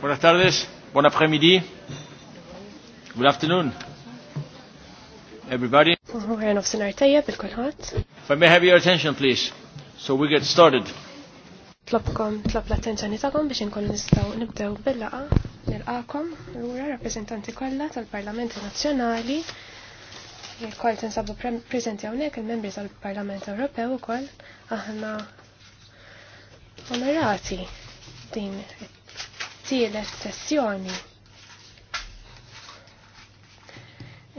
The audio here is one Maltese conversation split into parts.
Buenas tardes, buen après-midi. Good afternoon. Everybody. If I may have your attention, please, so we get started. Tlobkom, tlob l-attenzjoni tagħkom biex inkunu nistgħu nibdew bil-laqa nilqakom lura rappreżentanti kollha tal-Parlamenti Nazzjonali il-kol tinsabu prezenti hawnhekk il-membri tal-Parlament Ewropew ukoll aħna onorati din tielet sessjoni.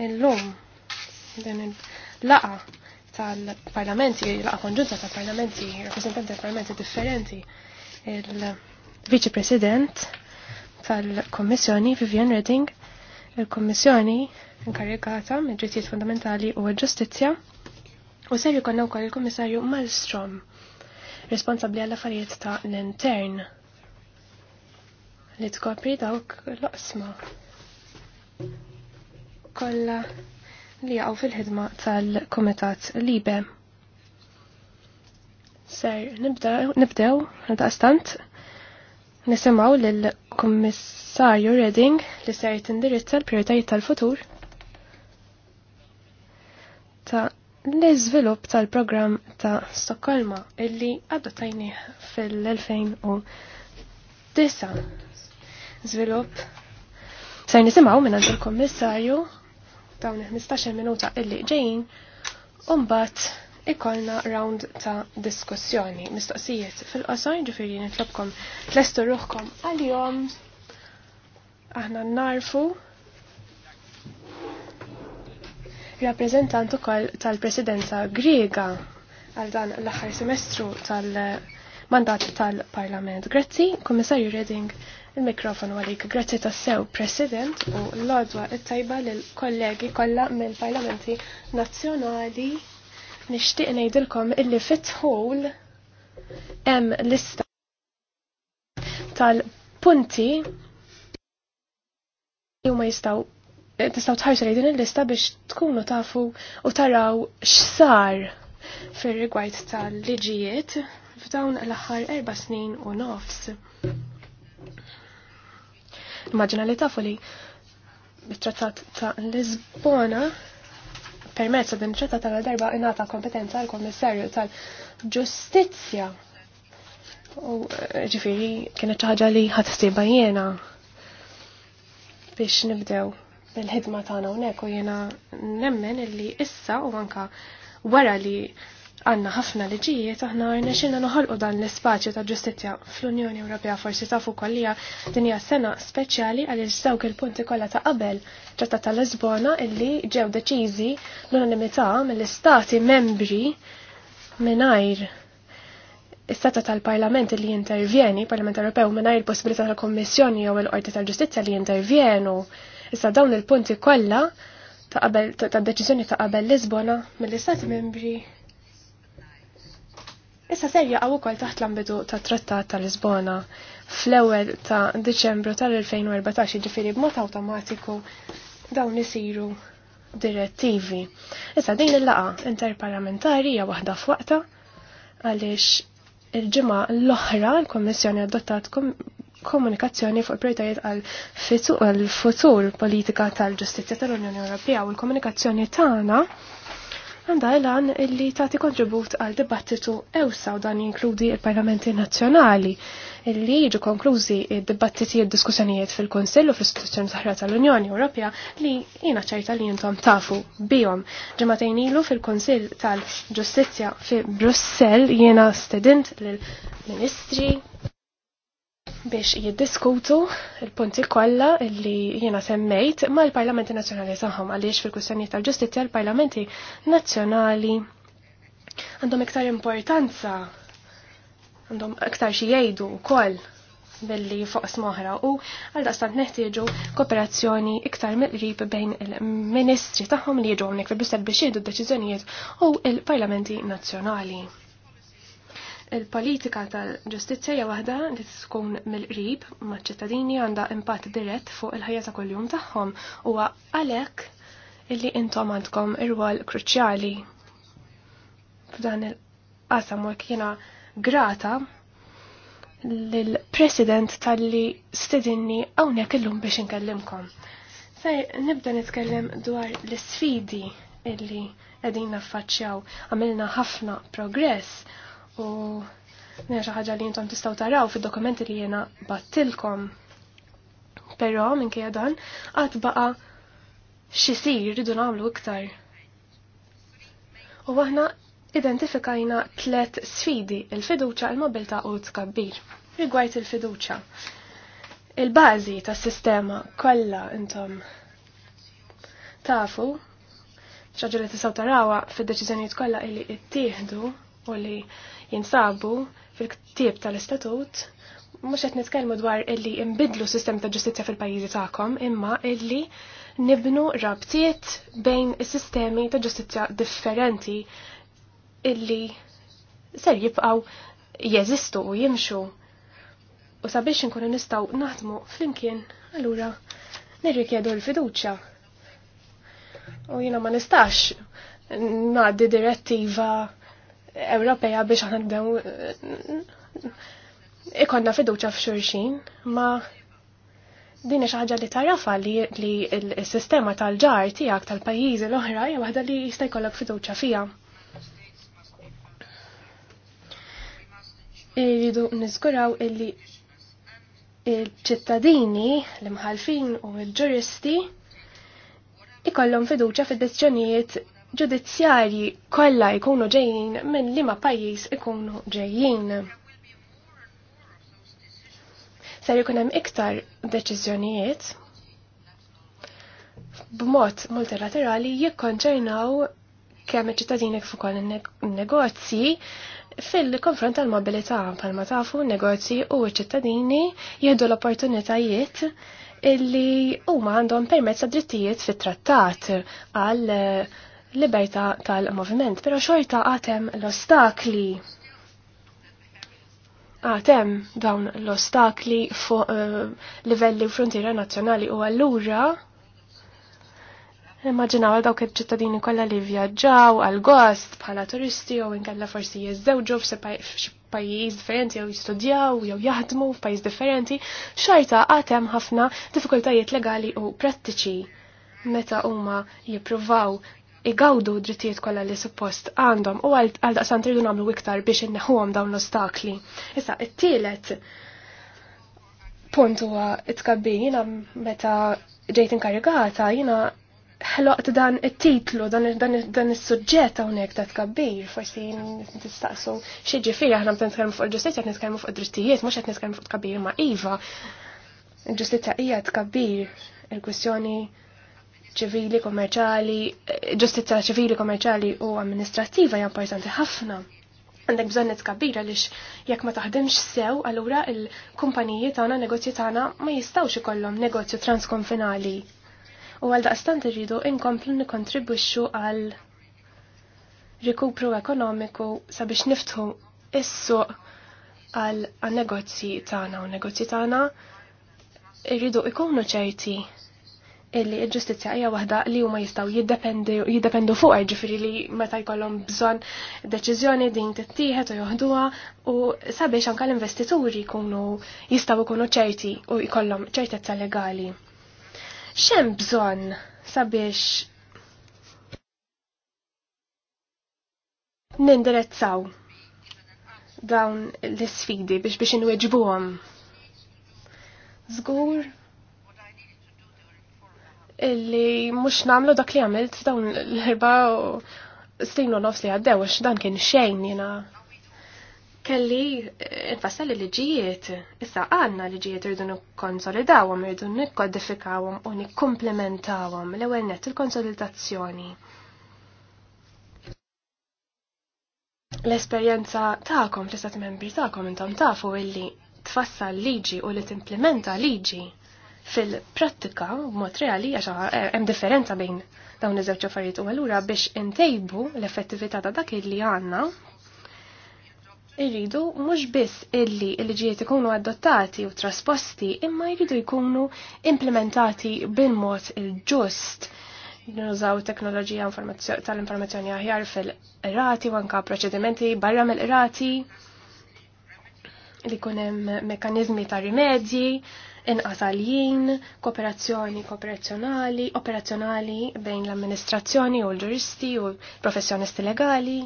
Illum din il-laqa tal-parlamenti, laqa konġunta tal-parlamenti, rappresentanti tal-parlamenti differenti, il-Vice President tal-Kommissjoni Vivian Redding, il-Kommissjoni inkarigata mid-drittijiet fundamentali u l-ġustizzja, u ser jkollna wkoll il-Kummissarju Malmstrom responsabli għall affarijiet ta' l-intern li tkopri dawk l-osma kolla li għaw fil-ħidma tal-Komitat Libe. Ser, nibdew, għal-daqstant, nisimaw l komissarju Redding li ser tindirizza l-prioritajiet tal-futur ta' l-izvilup tal-program ta' Stokkolma illi adottajni fil-2009. Zvilup sajn nisimaw minn għandu l kommissarju dawn il-15 minuta illi ġejn umbat ikolna round ta' diskussjoni, mistoqsijiet fil qosaj ġifiri nitlobkom lestu ruħkom għal-jom aħna narfu rappresentant ukoll tal-Presidenza Griega għal dan l-aħħar semestru tal-mandat tal-Parlament. Grazzi, Kummissarju Reding, il-mikrofonu għalik. Grazzi tassew, President, u l-odwa it-tajba l-kollegi kollha mill-Parlamenti Nazzjonali nixtieq ngħidilkom illi fitħul hemm lista tal-punti li huma jistgħu tistaw tħarġu din il-lista biex tkunu tafu u taraw x'sar fir-rigward tal-liġijiet f'dawn l-aħħar erba' snin u nofs. Immaġina li tafu li bit-trattat ta' Lisbona permezz din it-trattat tal-darba ingħata kompetenza għal kommissarju tal-Ġustizzja. U eh, ġifiri kienet ħaġa li ħadd jiena biex nibdew l-ħidma tagħna hawnhekk u jiena nemmen illi issa u anka wara li għanna ħafna liġijiet aħna għarna xilna noħolqu dan l-ispazju ta' ġustizzja fl-Unjoni Ewropea forsi tafu kollija dinja sena speċjali għaliex dawk il-punti kollha ta' qabel ċatta ta' Lisbona illi ġew deċiżi l-unanimità mill-istati membri mingħajr istata tal-Parlament li jintervjeni, Parlament Ewropew mingħajr possibilità tal-Kommissjoni jew il-Qorti tal-Ġustizzja li jintervjenu. Issa dawn il-punti kollha ta' deċizjoni ta' deċiżjoni ta' qabel Lisbona mill-Istati Membri Issa serja għaw wkoll taħt l-ambidu ta' Trattat ta' Lisbona fl-ewwel ta' Diċembru tal-2014 ġifieri b'mod awtomatiku dawn isiru direttivi. Issa din il-laqa interparlamentari hija waħda f'waqta għaliex il-ġimgħa l-oħra l kummissjoni adottat komunikazzjoni fuq il-prioritajiet għal futur politika tal-ġustizja tal-Unjoni Ewropea u l-komunikazzjoni tagħna għandha elan illi tagħti kontribut għal dibattitu ewsa u dan jinkludi il-Parlamenti Nazzjonali illi jiġu konklużi id-dibattiti id diskussjonijiet fil-Konsillu fl-istituzzjoni saħra tal-Unjoni Ewropea li jiena ċajta li jintom tafu bihom. Ġematejn ilu fil-Konsill tal-Ġustizzja fi Brussell jiena stedint lill-Ministri biex jiddiskutu il-punti kollha li jiena semmejt ma il parlamenti Nazzjonali saħħom għaliex fil-kwistjonijiet tal-ġustizzja l-Parlamenti Nazzjonali għandhom iktar importanza għandhom iktar xi jgħidu wkoll billi fuq smoħra u għal daqstant neħtieġu kooperazzjoni iktar mill rib bejn il-ministri tagħhom li jiġu hawnhekk fil-Brussell biex jgħidu d-deċiżjonijiet u l-Parlamenti Nazzjonali. Il-politika tal-ġustizzja hija waħda li tkun mill-qrib maċ-ċittadini għandha impatt dirett fuq il-ħajja ta' kuljum tagħhom huwa għalhekk illi intom għandkom ir-rwol kruċjali f'dan il-qasam u jiena grata lill-President tal-li stedinni hawnhekk illum biex inkellimkom. Sej nibda nitkellem dwar l-sfidi illi qegħdin naffaċċjaw għamilna ħafna progress u xi ħaġa li intom tistaw taraw fid-dokumenti li jiena battilkom. Però minkejja dan għad baqa' x'isir ridu nagħmlu iktar. U aħna identifikajna tlet sfidi, il-fiduċa, il-mobilta u kabbir. Rigwajt il-fiduċa. Il-bażi tas-sistema kollha intom tafu ċaġu li tisaw tarawa fil-deċizjoniet kollha li ittieħdu u li jinsabu fil-ktieb tal-istatut mhux qed nitkellmu dwar illi imbidlu sistem ta' ġustizzja fil-pajjiżi tagħkom, imma illi nibnu rabtiet bejn is-sistemi ta' ġustizzja differenti illi ser jibqaw jeżistu u jimxu. U sabiex nkunu nistaw naħdmu flimkien, allura nirrikjedu l-fiduċa. U jina ma nistax naħdi direttiva Ewropea biex aħna nibdew ikonna fiduċa f'xurxin, ma din xi ħaġa li tarafa li s sistema tal-ġar tiegħek tal-pajjiżi l-oħra hija waħda li jista' jkollok fiduċa fiha. Iridu niżguraw illi il-ċittadini, l-imħalfin u l-ġuristi ikollhom fiduċa fid-deċiżjonijiet ġudizzjarji kollha jkunu ġejjin minn liema pajjiż ikunu ġejjin. Ser jkun hemm iktar deċiżjonijiet b'mod multilaterali jikkonċernaw kemm iċ-ċittadini kif ukoll in-negozji fil-konfront tal-mobilità bħalma tafu n-negozji u ċ-ċittadini jieħdu l-opportunitajiet illi huma għandhom permezz ta' drittijiet fit-trattat għal libertà tal-moviment, pero xorta għatem l-ostakli għatem dawn l-ostakli fuq uh, livelli frontiera nazzjonali u għallura Immaginaw għal dawk il-ċittadini kollha li vjaġġaw għal gost bħala turisti jew inkella forsi jizzewġu f'xi pajjiż differenti jew jistudjaw jew jaħdmu f'pajjiż differenti, xorta għatem ħafna diffikultajiet legali u prattiċi meta huma jippruvaw igawdu drittijiet kollha li suppost għandhom u għal daqsan tridu nagħmlu iktar biex inneħuhom dawn l-ostakli. Issa, it-tielet punt huwa it-tkabbi jiena meta ġejt inkarigata jiena ħloqt dan it-titlu, dan is-suġġett hawnhekk ta' tkabbir, forsi tistaqsu xi ġifier aħna meta nitkellmu fuq il-ġustizzja qed nitkellmu fuq id-drittijiet, mhux qed nitkellmu fuq tkabbir ma' iva. Il-ġustizzja hija tkabbir il-kwistjoni ċivili, komerċali, eh, ġustizza ċivili, komerċali u amministrattiva hija importanti ħafna. Għandek bżonn kabira lix jekk ma taħdimx sew, allura il-kumpaniji tagħna, negozji tagħna ma jistgħux ikollhom negozju transkonfinali. U għal daqstant irridu inkomplu nikontribwixxu għal rikupru ekonomiku sabiex niftħu is-suq għal negozji tagħna u negozji tagħna irridu ikunu ċerti illi il-ġustizja hija waħda li huma jistgħu jiddependu fuq ġifieri li meta jkollhom bżonn deċiżjoni din tittieħed u joħduha u sabiex anke l-investituri jkunu jistgħu jkunu ċerti u jkollhom ċertezza legali. X'hemm bżonn sabiex nindirezzaw dawn l-sfidi biex biex inweġbuhom. Żgur illi mux namlu dak li għamilt dawn l-erba snin u nofs li għaddew, għax dan kien xejn jena. Kelli eh, nfassal l-liġijiet, issa għanna liġijiet irridu nikkonsolidawhom, irridu nikkodifikawhom u nikkomplementawhom l-ewwel net il-konsolidazzjoni. L-esperjenza ta'kom fl-istat membri ta'kom intom tafu illi tfassal liġi u li timplementa liġi fil-prattika mod reali għax eh, hemm differenza bejn dawn iż-żewġ affarijiet u allura biex intejbu l-effettività ta' dak li għandna irridu mhux biss illi l ġijiet ikunu adottati u trasposti imma jridu jkunu implementati bil-mod il-ġust nużaw teknoloġija tal-informazzjoni aħjar fil-irati u anka proċedimenti barra mill-irati li kunem mekanizmi ta' rimedji inqas kooperazzjoni kooperazzjonali, operazzjonali bejn l-amministrazzjoni u l-ġuristi u professjonisti legali.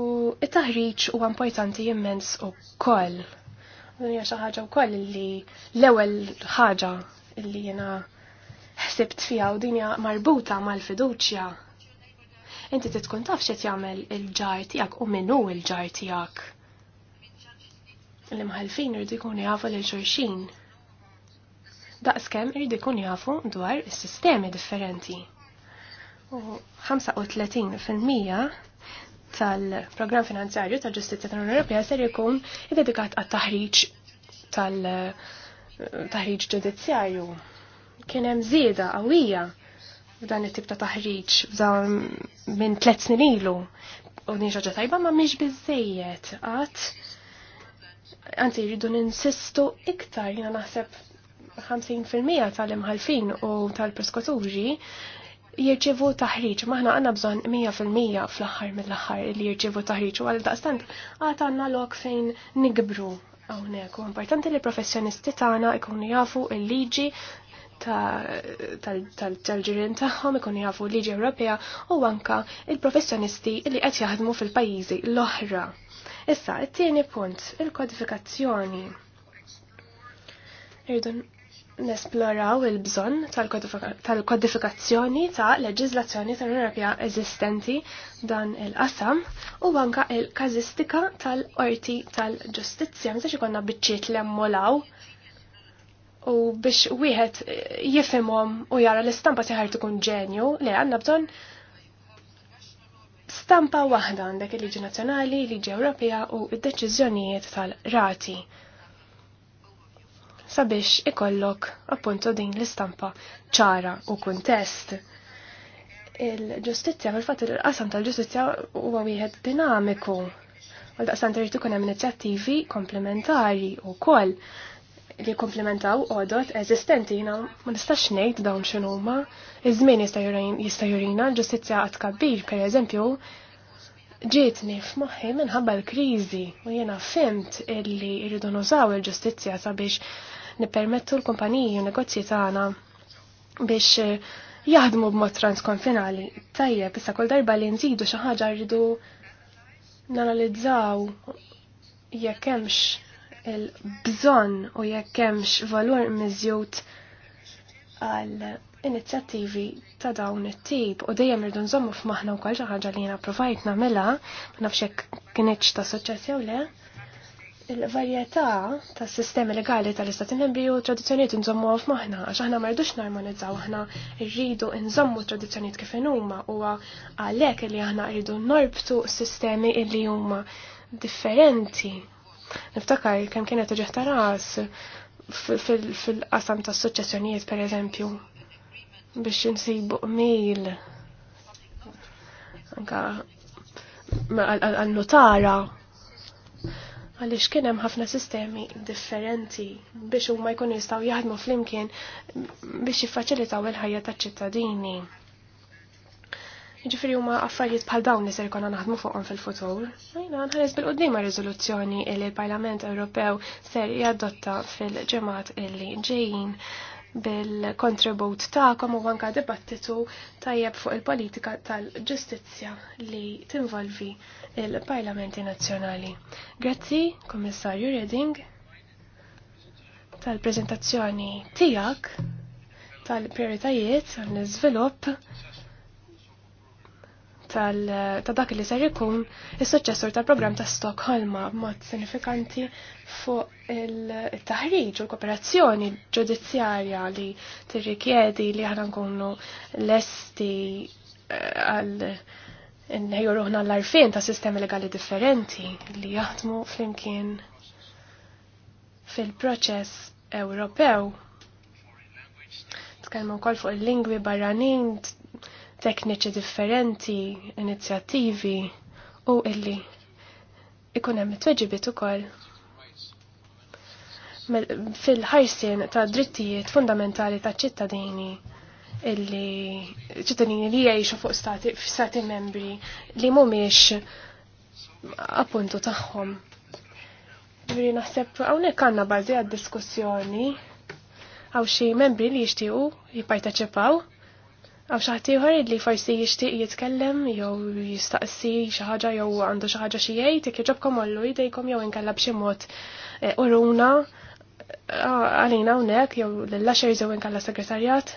U it-taħriġ huwa importanti immens ukoll. Hija xi ħaġa wkoll li l-ewwel ħaġa li jiena ħsibt fiha u dinja marbuta mal-fiduċja. Inti titkun taf x'qed jagħmel il-ġar tiegħek u minnu il-ġar tiegħek l-imħalfin irdu jkunu jafu lil xulxin daqskem irdu jkun jafu dwar is-sistemi differenti. U 35% tal-programm finanzjarju tal-ġustizja tal-Unjoni Ewropea ser ikun iddedikat għat taħriġ tal-taħriġ eh, ġudizzjarju. Kien hemm żieda qawwija f'dan it-tip ta' taħriġ minn tliet snin ilu. U din xaġa tajba ma mhix biżejjed qatt anzi jridu ninsistu iktar jina naħseb 50% tal-imħalfin u tal preskoturi jirċivu taħriġ. Maħna għanna bżon 100% fl-axar mill-axar li jirċivu taħriġ u għal-daqstant għatanna l lok fejn nigbru għawnek. U importanti li professjonisti tagħna ikunu jafu il-liġi tal-ġirin tagħhom ikun jafu l-liġi Ewropea u għanka il-professjonisti li qed jaħdmu fil-pajjiżi l-oħra. Issa, it-tieni punt, il-kodifikazzjoni. Irridu nesploraw il-bżonn tal-kodifikazzjoni ta' leġiżlazzjoni tal-Europja eżistenti dan il-qasam u anka il-kazistika tal-qorti tal-ġustizzja meta ikonna biċċiet li ammolaw u biex wieħed jifhimhom u jara l-istampa seħar tkun ġenju li għandna bżonn stampa waħda għandek il-liġi nazzjonali, liġi Ewropea u id-deċiżjonijiet tal-rati. Sabiex ikollok appunto din l-istampa ċara u kuntest. Il-ġustizzja, fil-fatt il-qasam tal-ġustizzja huwa wieħed dinamiku. Għal daqsan trid ikun hemm inizjattivi komplementari wkoll li komplementaw odot eżistenti jina ma nistax ngħid dawn x'inhuma. Iż-żmien jista' jurina l-ġustizzja qatt kabbir pereżempju ġietni f'moħħi minħabba l-kriżi u jiena fimt illi jridu nużaw il-ġustizzja sabiex nippermettu l-kumpaniji u negozji tagħna biex eh, jaħdmu b'mod transkonfinali. Tajjeb, issa kull darba li nżidu xi ħaġa rridu nanalizzaw jekk hemmx il-bżon u jekk hemmx valur miżjud għal inizjattivi ta' dawn it-tip u dejjem irdu nżommu f'maħna wkoll xi ħaġa li jena provajt nagħmilha, ma nafx hekk ta' suċċess jew le. Il-varjetà ta' sistemi legali tal-istati membri u tradizzjonijiet nżommu f'maħna, għax aħna rridux normalizzaw, aħna rridu nżommu tradizzjonijiet kif huma u għalhekk li aħna rridu norbtu sistemi illi huma differenti Niftakar kemm kienet uġeħta ras fil-qasam tas suċċessjonijiet per eżempju biex nsibu qmil anka għal-notara għalix kien hemm ħafna sistemi differenti biex huma jistaw jistgħu jaħdmu flimkien biex jiffaċilitaw il-ħajja taċ-ċittadini. Ġifiri huma affarijiet bħal dawn li ser ikonna naħdmu fuqhom fil-futur. Jina nħares bil-qudiem riżoluzzjoni li l-Parlament Ewropew ser jadotta fil-ġemat illi ġejjin bil-kontribut ta'kom u anka dibattitu tajjeb fuq il-politika tal-ġustizzja li tinvolvi il-parlamenti nazzjonali. Grazzi, Komissarju Reding, tal-prezentazzjoni tijak tal-prioritajiet għall-izvilupp ta' dak li ser ikun is-suċċessur tal-programm ta' Stokholma b'mod sinifikanti fuq il-taħriġ u l-kooperazzjoni ġudizzjarja li tirrikjedi li aħna nkunu lesti eh, għal nħejju ruħna l-arfin ta' sistemi legali differenti li jaħdmu flimkien fil-proċess Ewropew. Tkellmu wkoll fuq il-lingwi barranin, tekniċi differenti, inizjattivi u illi ikun hemm it-tweġibiet ukoll fil-ħarsien ta' drittijiet fundamentali ta' ċittadini illi ċittadini li jgħixu fuq stati, stati membri li mumiex appuntu tagħhom. Ġifieri naħseb hawnhekk għandna bażi għad-diskussjoni għaw xi membri li jixtiequ jipparteċipaw Għaw xaħtiħor li forsi jishtiq jitkellem, jew jistaqsi xaħġa jew għandu xaħġa xijaj, tik jġobkom għallu idejkom jew inkalla ximot eh, uruna eh, għalina unnek jew l-laxer jew inkalla segretarjat.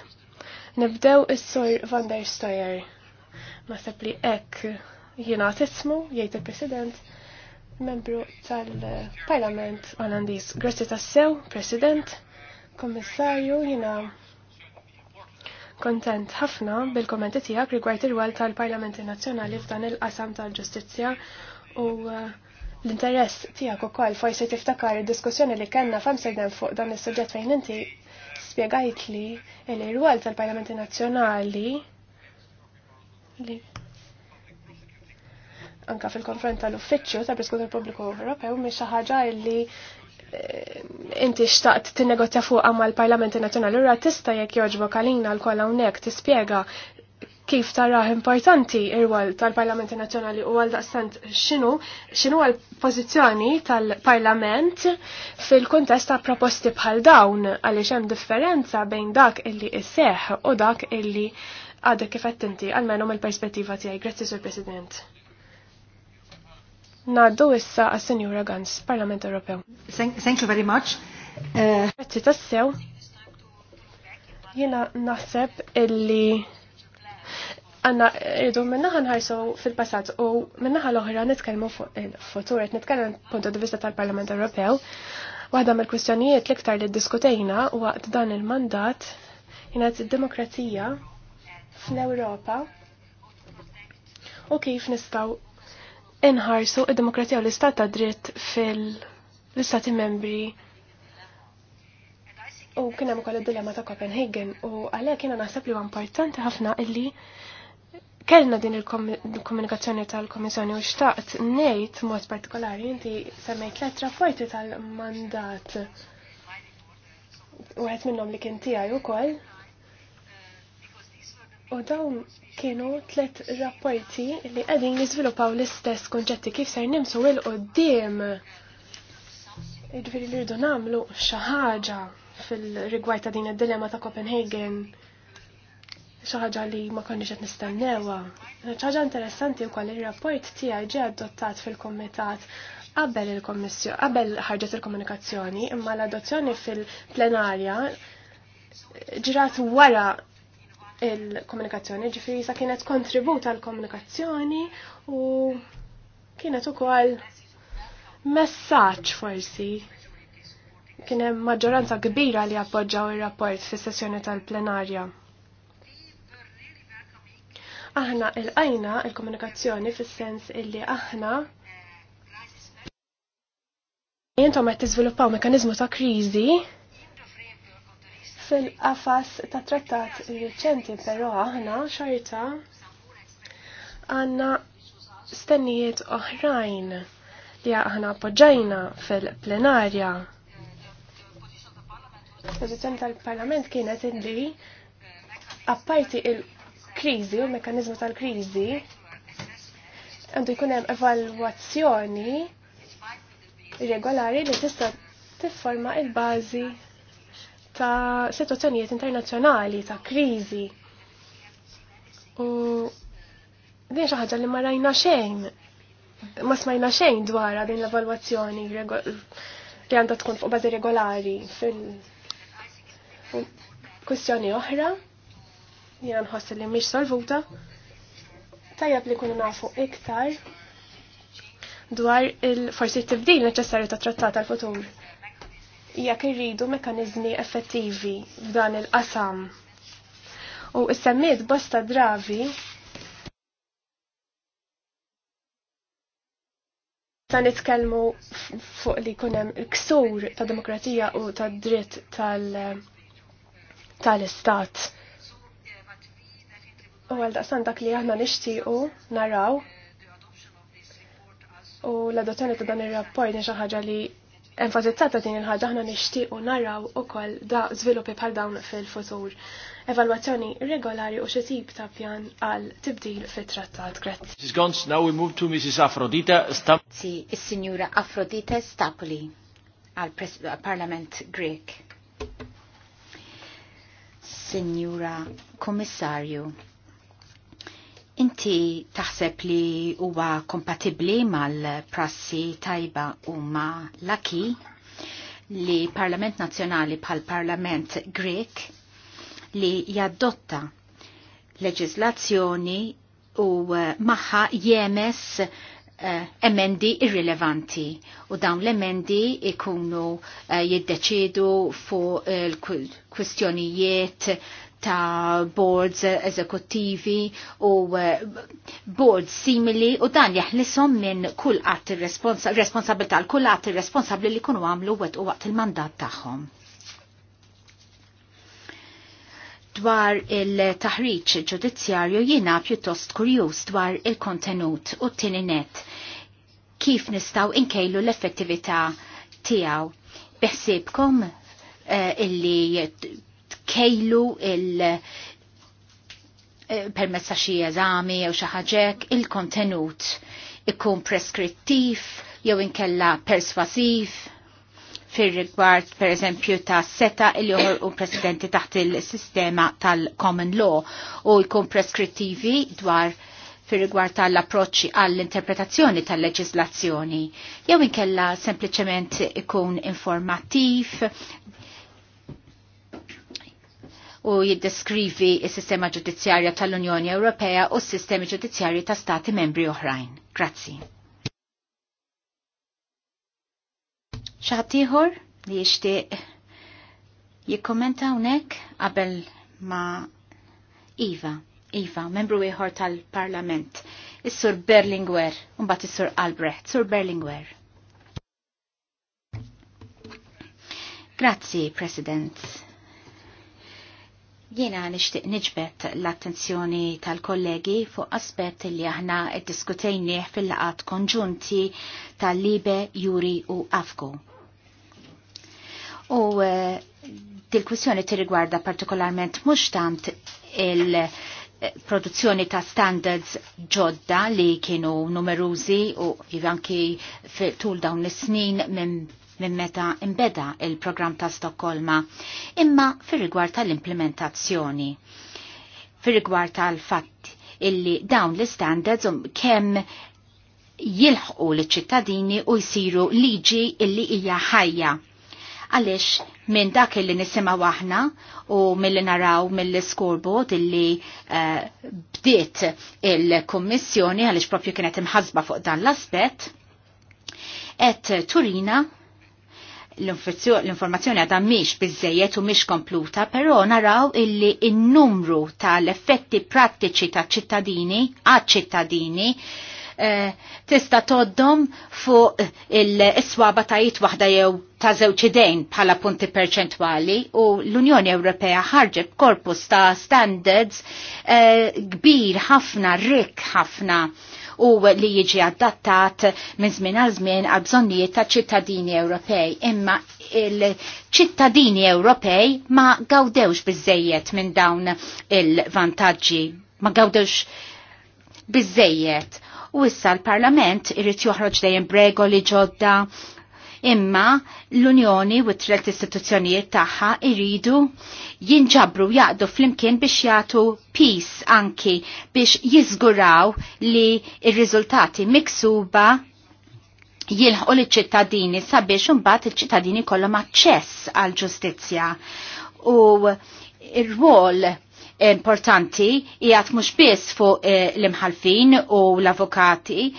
Nibdew is-sur van der Steyer. ma sepli ek jina t-ismu, jgħid il-President, membru tal-Parlament għalandis, grazie tassew, President, Kommissarju, jina kontent ħafna bil-kommenti tiegħek rigward ir-rwol tal-Parlamenti Nazzjonali f'dan il-qasam tal-ġustizzja u uh, l-interess tiegħek ukoll forsi tiftakar id-diskussjoni li kellna f'Amsterdam fuq dan is-suġġett fejn inti spjegajt li il wal tal-Parlamenti Nazzjonali li anka fil-konfront tal-uffiċċju tal-Preskutur Pubbliku Ewropew mhix xi ħaġa li inti xtaqt tinnegozja fuq mal parlamenti Nazzjonali ura tista' jekk joġbok għalina l unnek hawnhekk tispjega kif tarah importanti ir-rwol tal-Parlamenti Nazzjonali u għal daqstant xinu xinu għal pożizzjoni tal-Parlament fil-kuntest ta' proposti bħal dawn għaliex hemm differenza bejn dak illi isseħ u dak illi għadek kif qed inti għalmenu mill-perspettiva tiegħi. Grazzi Sur President. Naddu issa għas-Senjura Gans, Parlament Ewropew. Thank you very much. Uh, Grazzi tassew. Jena naħseb illi għanna rridu minnaħan ħarsu fil-passat u minnaħan l-oħra nitkellmu fil il-futur, eh, nitkellem punto di vista tal-Parlament Ewropew. Waħda mill-kwistjonijiet l-iktar li diskutejna u għad dan il-mandat jenet id demokratija fl-Ewropa u kif nistaw inħarsu id-demokrazija u l-istat ta' dritt fil-istati membri. U kien hemm ukoll id-dilemma ta' Copenhagen u għalhekk kiena naħseb li huwa importanti ħafna illi kellna din il-komunikazzjoni tal-Komissjoni u xtaqt ngħid mod partikolari inti semmejt tliet rapporti tal-mandat. Wieħed minnhom li kien tiegħi wkoll U dawn kienu tlet rapporti li għedin jizvilupaw l-istess konċetti kif ser nimsu il-qoddim. Iġviri li rridu namlu xaħġa fil-rigward ta' din id-dilemma ta' Copenhagen xaħġa li ma konniex qed nistennewa. Xaħġa interessanti wkoll ir-rapport tiegħi ġie adottat fil-kumitat qabel il-kommissju, qabel ħarġet il-komunikazzjoni, imma l-adozzjoni fil-plenarja ġirat wara il-komunikazzjoni, ġifiri sa kienet kontribut għal komunikazzjoni u kienet ukoll messaġġ forsi. Kien hemm maġġoranza kbira li appoġġaw ir-rapport fis-sessjoni tal-plenarja. Aħna il ajna il-komunikazzjoni fis-sens illi aħna Jentom għed tiżviluppaw mekanizmu ta' kriżi fil-qafas ta' trattat riċenti però aħna xorta għanna stennijiet oħrajn li aħna appoġġajna fil-plenarja. Pożizzjoni tal-Parlament kienet illi apparti il-kriżi u l-mekanizmu tal-kriżi għandu jkun hemm evalwazzjoni regolari li tista' tifforma il-bażi ta' situazzjonijiet internazzjonali, ta' krizi. U din xi ħaġa li ma rajna xejn. Ma smajna xejn dwarha din l-evalwazzjoni li għandha tkun fuq bażi regolari fil kwistjoni oħra li nħoss li mhix solvuta. Tajjeb li kunu nafu iktar dwar il-forsi tibdil neċessarju ta' trattat tal-futur jekk irridu mekanizmi effettivi f'dan il-qasam. U semmiet bosta dravi sa nitkellmu fuq li kunem il-ksur ta' demokratija u ta' dritt tal-istat. u għal-daqsan dak li aħna nixtiequ naraw u l-adozzjoni ta' dan ir-rapport xi ħaġa li enfatizzata din il-ħagġa ħna nixtiequ naraw ukoll da żviluppi bħal dawn fil-futur. Evalwazzjoni regolari u xi ta' pjan għal tibdil fit-trattat. Grazie. Mrs. Gons, now we move to Mrs. Afrodita Stapoli. Si, il-signura Afrodita Stapoli għal Parlament Greek. Signora Komissarju, Inti taħseb li huwa kompatibli mal-prassi tajba u ma laki li Parlament Nazzjonali bħal Parlament Grek li jaddotta leġislazzjoni u eh, maħħa jemes uh, emendi irrilevanti u dawn l-emendi ikunu uh, jiddeċidu fuq il-kwistjonijiet uh, ta' boards eżekuttivi u eh, boards simili u dan jaħlisom minn kull għat responsabilta għal kull għat responsabli li kunu għamlu wet u waqt il-mandat tagħhom. Dwar il-taħriċ ġudizzjarju jiena pjuttost kurjuż dwar il-kontenut u t tininet kif nistaw inkejlu l-effettività tiegħu. Beħsibkom eh, illi kejlu il- eh, permessa xi eżami jew xi ħaġek il-kontenut ikun preskrittiv jew inkella perswasiv fir-rigward per eżempju ta' seta il u presidenti taħt il-sistema tal-common law u jkun preskrittivi dwar fir-rigward tal-approċċi għall-interpretazzjoni tal-leġislazzjoni jew inkella sempliċement ikun informattiv u jiddeskrivi is-sistema ġudizzjarja tal-Unjoni Ewropea u s-sistemi ġudizzjarji ta' stati membri oħrajn. Grazzi. ċaħtiħor li jishtiq jikkommenta unek għabel ma Iva, Iva, membru ieħor tal-Parlament, is-Sur Berlinguer, unbat is-Sur Albrecht, Sur Berlinguer. Grazzi, President. Jiena nixtieq niġbet l-attenzjoni tal-kollegi fuq aspett li aħna iddiskutejnieh fil-laqat konġunti tal-Libe, Juri u Afku. U eh, dil-kwissjoni tirrigwarda partikolarment mhux tant il- produzzjoni ta' standards ġodda li kienu numerużi u jivanki tul dawn is-snin minn minn meta imbeda il-programm ta' Stokkolma, imma fir-rigward tal-implementazzjoni, fir-rigward tal-fatt illi dawn l-standards um kemm jilħqu l-ċittadini u jisiru liġi illi hija ħajja. Għalix minn dak illi nisimaw waħna u mill-li naraw mill-scoreboard illi eh, bdiet il-kommissjoni għalix propju kienet imħazba fuq dan l-aspet, et Turina l-informazzjoni għadha mhix bizzejiet u mhix kompluta, però naraw illi n-numru tal-effetti prattiċi ta' ċittadini għad ċittadini eh, tista' toddom fuq il-iswaba tajit waħda jew ta' zewċidejn bħala punti perċentwali u l-Unjoni Ewropea ħarġeb korpus ta' standards eh, kbir ħafna, rik ħafna u li jiġi adattat minn żmien għal żmien għal bżonnijiet ta' ċittadini Ewropej. Imma il-ċittadini Ewropej ma gawdewx biżejjed minn dawn il-vantaġġi, ma gawdewx biżejjed. U issa l-Parlament irrid joħroġ dejjem bregoli ġodda imma l-Unjoni u t-tret istituzzjonijiet tagħha iridu jinġabru jaqdu flimkien biex jagħtu peace anki biex jiżguraw li r-riżultati miksuba jilħu l-ċittadini sabiex imbagħad il-ċittadini kollhom aċċess għal ġustizzja. U r rwol importanti jgħat mux biss fuq eh, l-imħalfin u l-avokati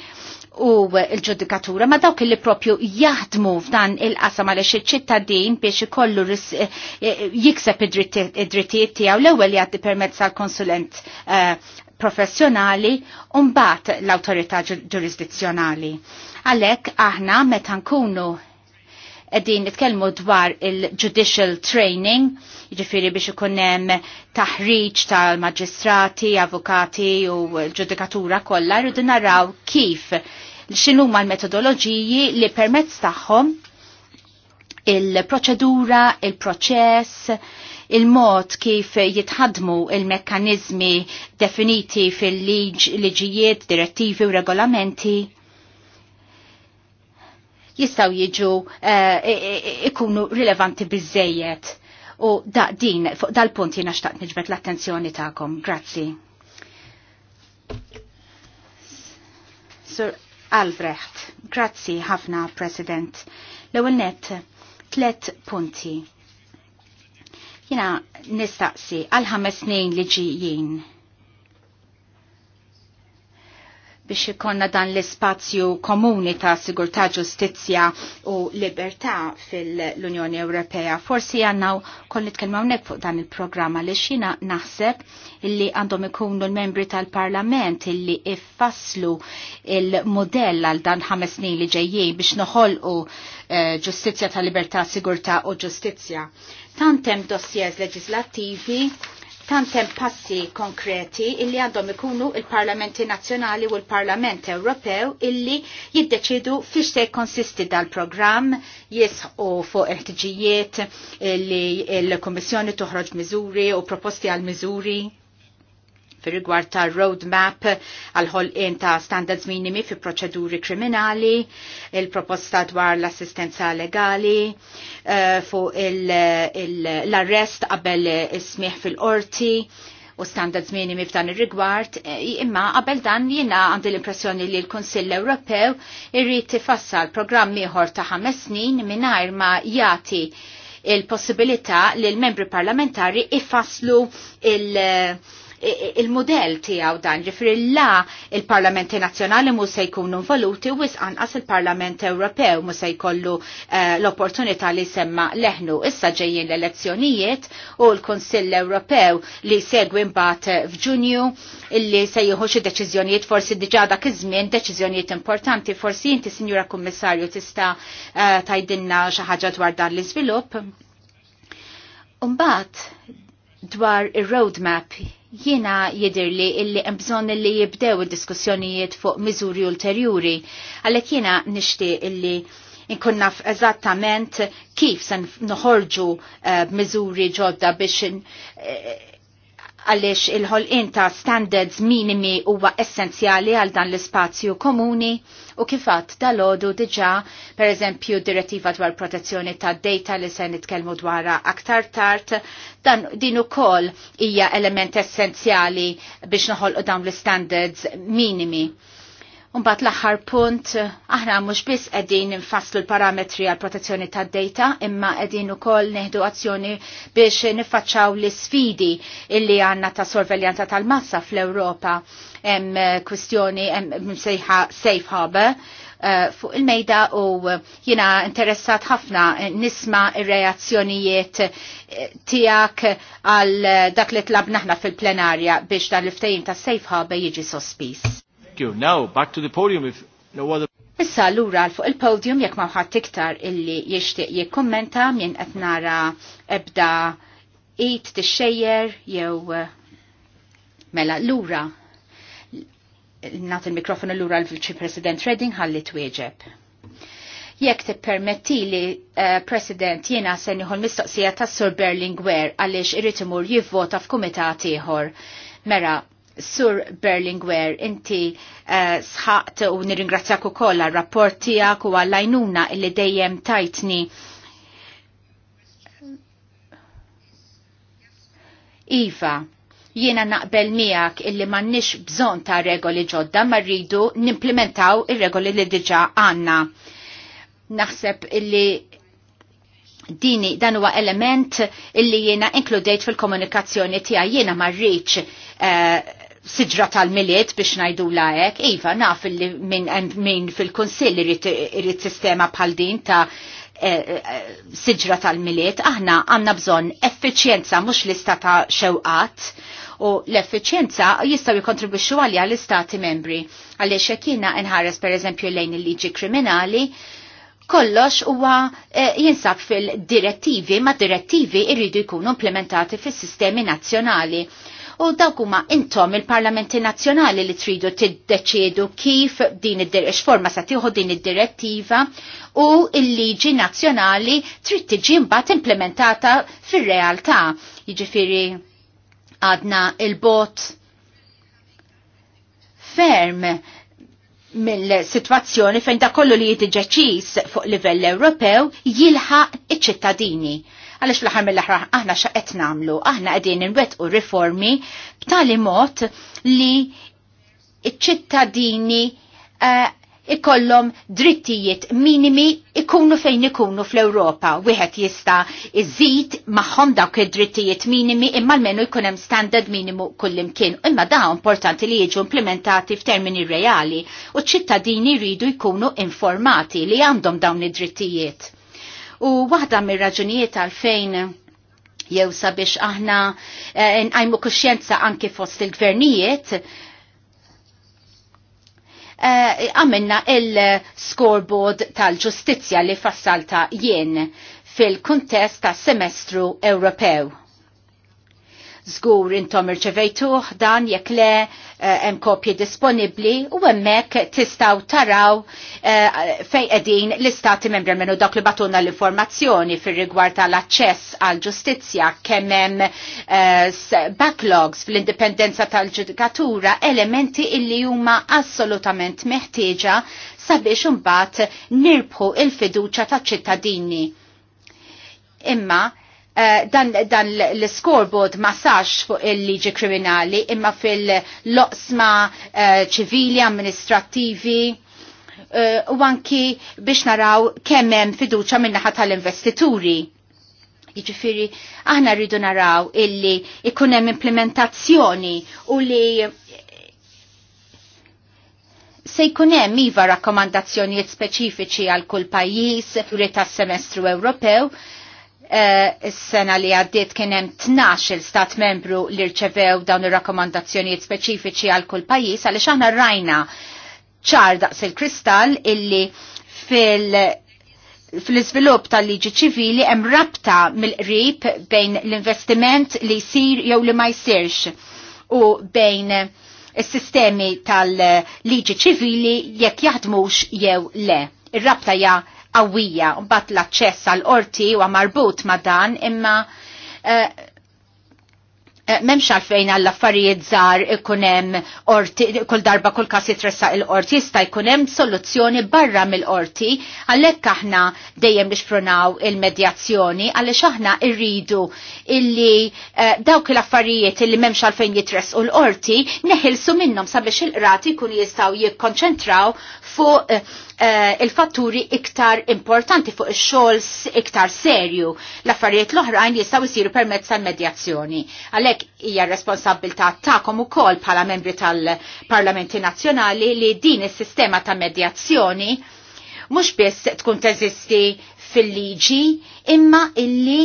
u l-ġudikatura ma dawk li propju jaħdmu f'dan il-qasam għaliex iċ-ċittadin biex ikollu eh, eh, jikseb id-drittijiet tiegħu l-ewwel jgħaddi permezz għall-konsulent eh, professjonali u mbagħad l-awtorità ġurisdizzjonali. Għalhekk aħna meta nkunu qegħdin nitkellmu dwar il-judicial training, jiġifieri biex ikun hemm taħriġ tal-maġistrati, avukati u l-ġudikatura kollha rridu naraw kif xinu ma l-metodoloġiji li permezz tagħhom il-proċedura, il-proċess, il-mod kif jitħadmu il-mekkanizmi definiti fil-liġijiet, direttivi u regolamenti jistaw jiġu eh, ikunu rilevanti bizzejiet. U da din, fuq dal-punt jina xtaqt nġbet l-attenzjoni ta'kom. Grazzi. Sir Albrecht. Grazzi ħafna, President. L-ewwel tlet punti. Jina nistaqsi għal ħames snin li ġijin biex ikonna dan l-ispazju komuni ta' sigurtà ġustizzja u libertà fil-Unjoni Ewropea. Forsi għannaw kon nitkellmaw nek fuq dan il-programma li xina naħseb illi għandhom ikunu l-membri tal-Parlament illi iffasslu il-modell għal dan ħames snin li ġejjin biex noħolqu eh, ġustizzja ta' libertà, sigurtà u ġustizzja. Tantem dossiers leġislattivi tantem passi konkreti illi għandhom ikunu il-Parlamenti Nazzjonali u l-Parlament Ewropew illi jiddeċidu fiex se konsisti dal-programm u fuq il-ħtiġijiet li l komissjoni toħroġ miżuri u proposti għal miżuri fi rigward ta' roadmap għal-ħolqien ta' standards minimi fi proċeduri kriminali, il-proposta dwar l-assistenza legali, eh, fuq l-arrest qabel ismiħ fil-qorti, u standards minimi f'dan ir-rigward, eh, imma qabel dan jiena għandi l-impressjoni li l-Kunsill Ewropew irrid tifassal programm ieħor ta' ħames snin mingħajr ma jagħti il-possibilità li l-membri parlamentari ifasslu il- il model tiegħu dan ġifri la il-Parlamenti Nazzjonali mhux se jkunu involuti u anqas il-Parlament Ewropew mhux se jkollu eh, l-opportunità li semma leħnu. Issa ġejjin l-elezzjonijiet u l-Kunsill Ewropew li segwi mbagħad f'Ġunju illi se jieħu xi deċiżjonijiet forsi diġà dak iż-żmien deċiżjonijiet importanti forsi inti Sinjura Kummissarju tista' eh, tajdinna xi ħaġa dwar dan l-iżvilupp. Umbat dwar ir-roadmap Jiena jidir li illi mbżon illi jibdew il-diskussjonijiet fuq miżuri ulterjuri, għalek jiena nishti illi nkun naf eżattament kif se noħorġu b'miżuri eh, ġodda biex eh, għalix il-ħolqin ta' standards minimi huwa essenzjali għal dan l-ispazju komuni U kifat dal-ħodu diġa, per eżempju, direttiva dwar protezzjoni ta' data li se nitkellmu dwarha aktar tard, dan din ukoll hija element essenzjali biex noħolqu dawn l-standards minimi Umbat l-aħħar punt, aħna mhux biss qegħdin nfasslu l-parametri għal protezzjoni tad-data, imma qegħdin ukoll neħdu azzjoni biex niffaċċaw l-sfidi illi għandna ta' sorveljanza tal-massa fl-Ewropa hemm eh, kwistjoni hemm msejħa mm, safe harbor uh, fuq il-mejda u jina interessat ħafna nisma ir-reazzjonijiet eh, tijak għal dak li tlabna fil-plenarja biex dan l-ftajim ta' safe harbor jiġi sospis. Thank you. Now, back to the podium if no other... Issa l-ura fuq il-podium jekk mawħat iktar illi jishtiq jikkommenta minn qed nara ebda the tixxejjer jew eh, mela l-ura nagħti il-mikrofonu l-ura l-Viċi President Redding ħalli twieġeb. Jekk tippermetti li uh, President jiena se nieħu mistoqsija tas-Sur Berlinguer għaliex irid imur jivvota f'kumitat ieħor. Mera, Sur Berlingwer, inti uh, sħaqt u nirringrazzjak u kolla tijak u għallajnuna illi dejjem tajtni. Iva, jiena naqbel miegħek illi m'għandniex bżonn ta' regoli ġodda ma rridu nimplementaw ir-regoli li diġà għandna. Naħseb illi dini dan huwa element illi jiena inkludejt fil-komunikazzjoni tiegħi jiena ma rridx uh, siġra tal-miliet biex najdu lajek, Iva, naf li minn fil konsil irrit sistema bħal din ta' eh, eh, siġra tal-miliet, aħna għanna bżon effiċjenza mux lista ta' xewqat u l-effiċjenza jistaw jikontribuxxu għalja l-istati membri. Għaliex xekina nħares per eżempju lejn il-liġi kriminali, kollox huwa eh, jinsab fil-direttivi, ma direttivi irridu jkunu implementati fis-sistemi nazzjonali u dawk huma intom il-Parlamenti Nazzjonali li tridu tiddeċiedu kif din id-direx forma sa tieħu din id-direttiva u il-liġi nazzjonali trid tiġi mbagħad implementata fir-realtà. Jiġifieri għadna il-bot ferm mill-situazzjoni fejn da kollu li jitiġeċis fuq livell Ewropew jilħaq iċ-ċittadini għaliex fl-aħħar mill-aħħar aħna xaqet nagħmlu, aħna qegħdin u riformi b'tali mod li iċ-ċittadini eh, ikollom drittijiet minimi ikunu fejn ikunu fl-Ewropa. Wieħed jista' iżid magħhom dawk id-drittijiet minimi imma almenu jkun hemm standard minimu kullimkien. Imma da importanti li jiġu implementati f'termini reali u ċ-ċittadini jridu jkunu informati li għandhom dawn id-drittijiet. U waħda mir-raġunijiet għalfejn jew sabiex aħna eh, nqajmu kuxjenza anki fost il-gvernijiet, eh, għamilna eh, il-scoreboard tal-ġustizja li fassalta jien fil-kuntest ta' semestru Ewropew Zgur intom irċevejtuh dan jekk le eh, hemm kopji disponibbli u hemmhekk tistgħu taraw eh, fejn qegħdin l-istati membri minnu dak li batuna l-informazzjoni fir-rigward tal-aċċess għall ġustizzja kemm hemm eh, backlogs fl-indipendenza tal-ġudikatura elementi illi huma assolutament meħtieġa sabiex imbagħad nirbħu il-fiduċja taċ-ċittadini imma Eh, dan, dan l-scoreboard ma sax fuq il-liġi kriminali imma fil-loqsma eh, ċivili, amministrativi eh, u anki biex naraw kemmem fiduċa minnaħat tal-investituri. Jiġifieri aħna rridu naraw illi ikun hemm implementazzjoni u li se jkun hemm iva rakkomandazzjonijiet speċifiċi għal kull pajjiż, turi tas-semestru Ewropew, Eh, is-sena li għaddit kien hemm tnax il stat membru li rċevew dawn ir-rakkomandazzjonijiet speċifiċi għal kull pajjiż għaliex aħna rajna ċar daqs il-kristall illi fil- fil-izvilup tal-liġi ċivili hemm rabta mill-qrib bejn l-investiment li jsir jew li ma jsirx u bejn is-sistemi tal-liġi ċivili jekk jaħdmux jew le. Ir-rabta ja qawwija u mbagħad l-aċċess għall qorti huwa marbut ma' dan imma uh, eh, eh, memx għalfejn għall affarijiet żgħar ikun hemm orti kull darba kull każ jitressaq il-qorti jista' jkun hemm soluzzjoni barra mill-qorti għalhekk aħna dejjem pronaw il-medjazzjoni għaliex aħna rridu illi eh, dawk l-affarijiet illi memx għalfejn jitressqu l-qorti neħilsu minnhom sabiex il-qrati jkunu jistgħu jikkonċentraw fuq eh, il-fatturi iktar importanti fuq ix-xogħol iktar serju. L-affarijiet l-oħrajn jistgħu jsiru permezz tal-medjazzjoni. Għalhekk hija responsabilità tagħkom ukoll bħala membri tal-Parlamenti Nazzjonali li din is-sistema ta' medjazzjoni mhux biss tkun teżisti fil-liġi imma illi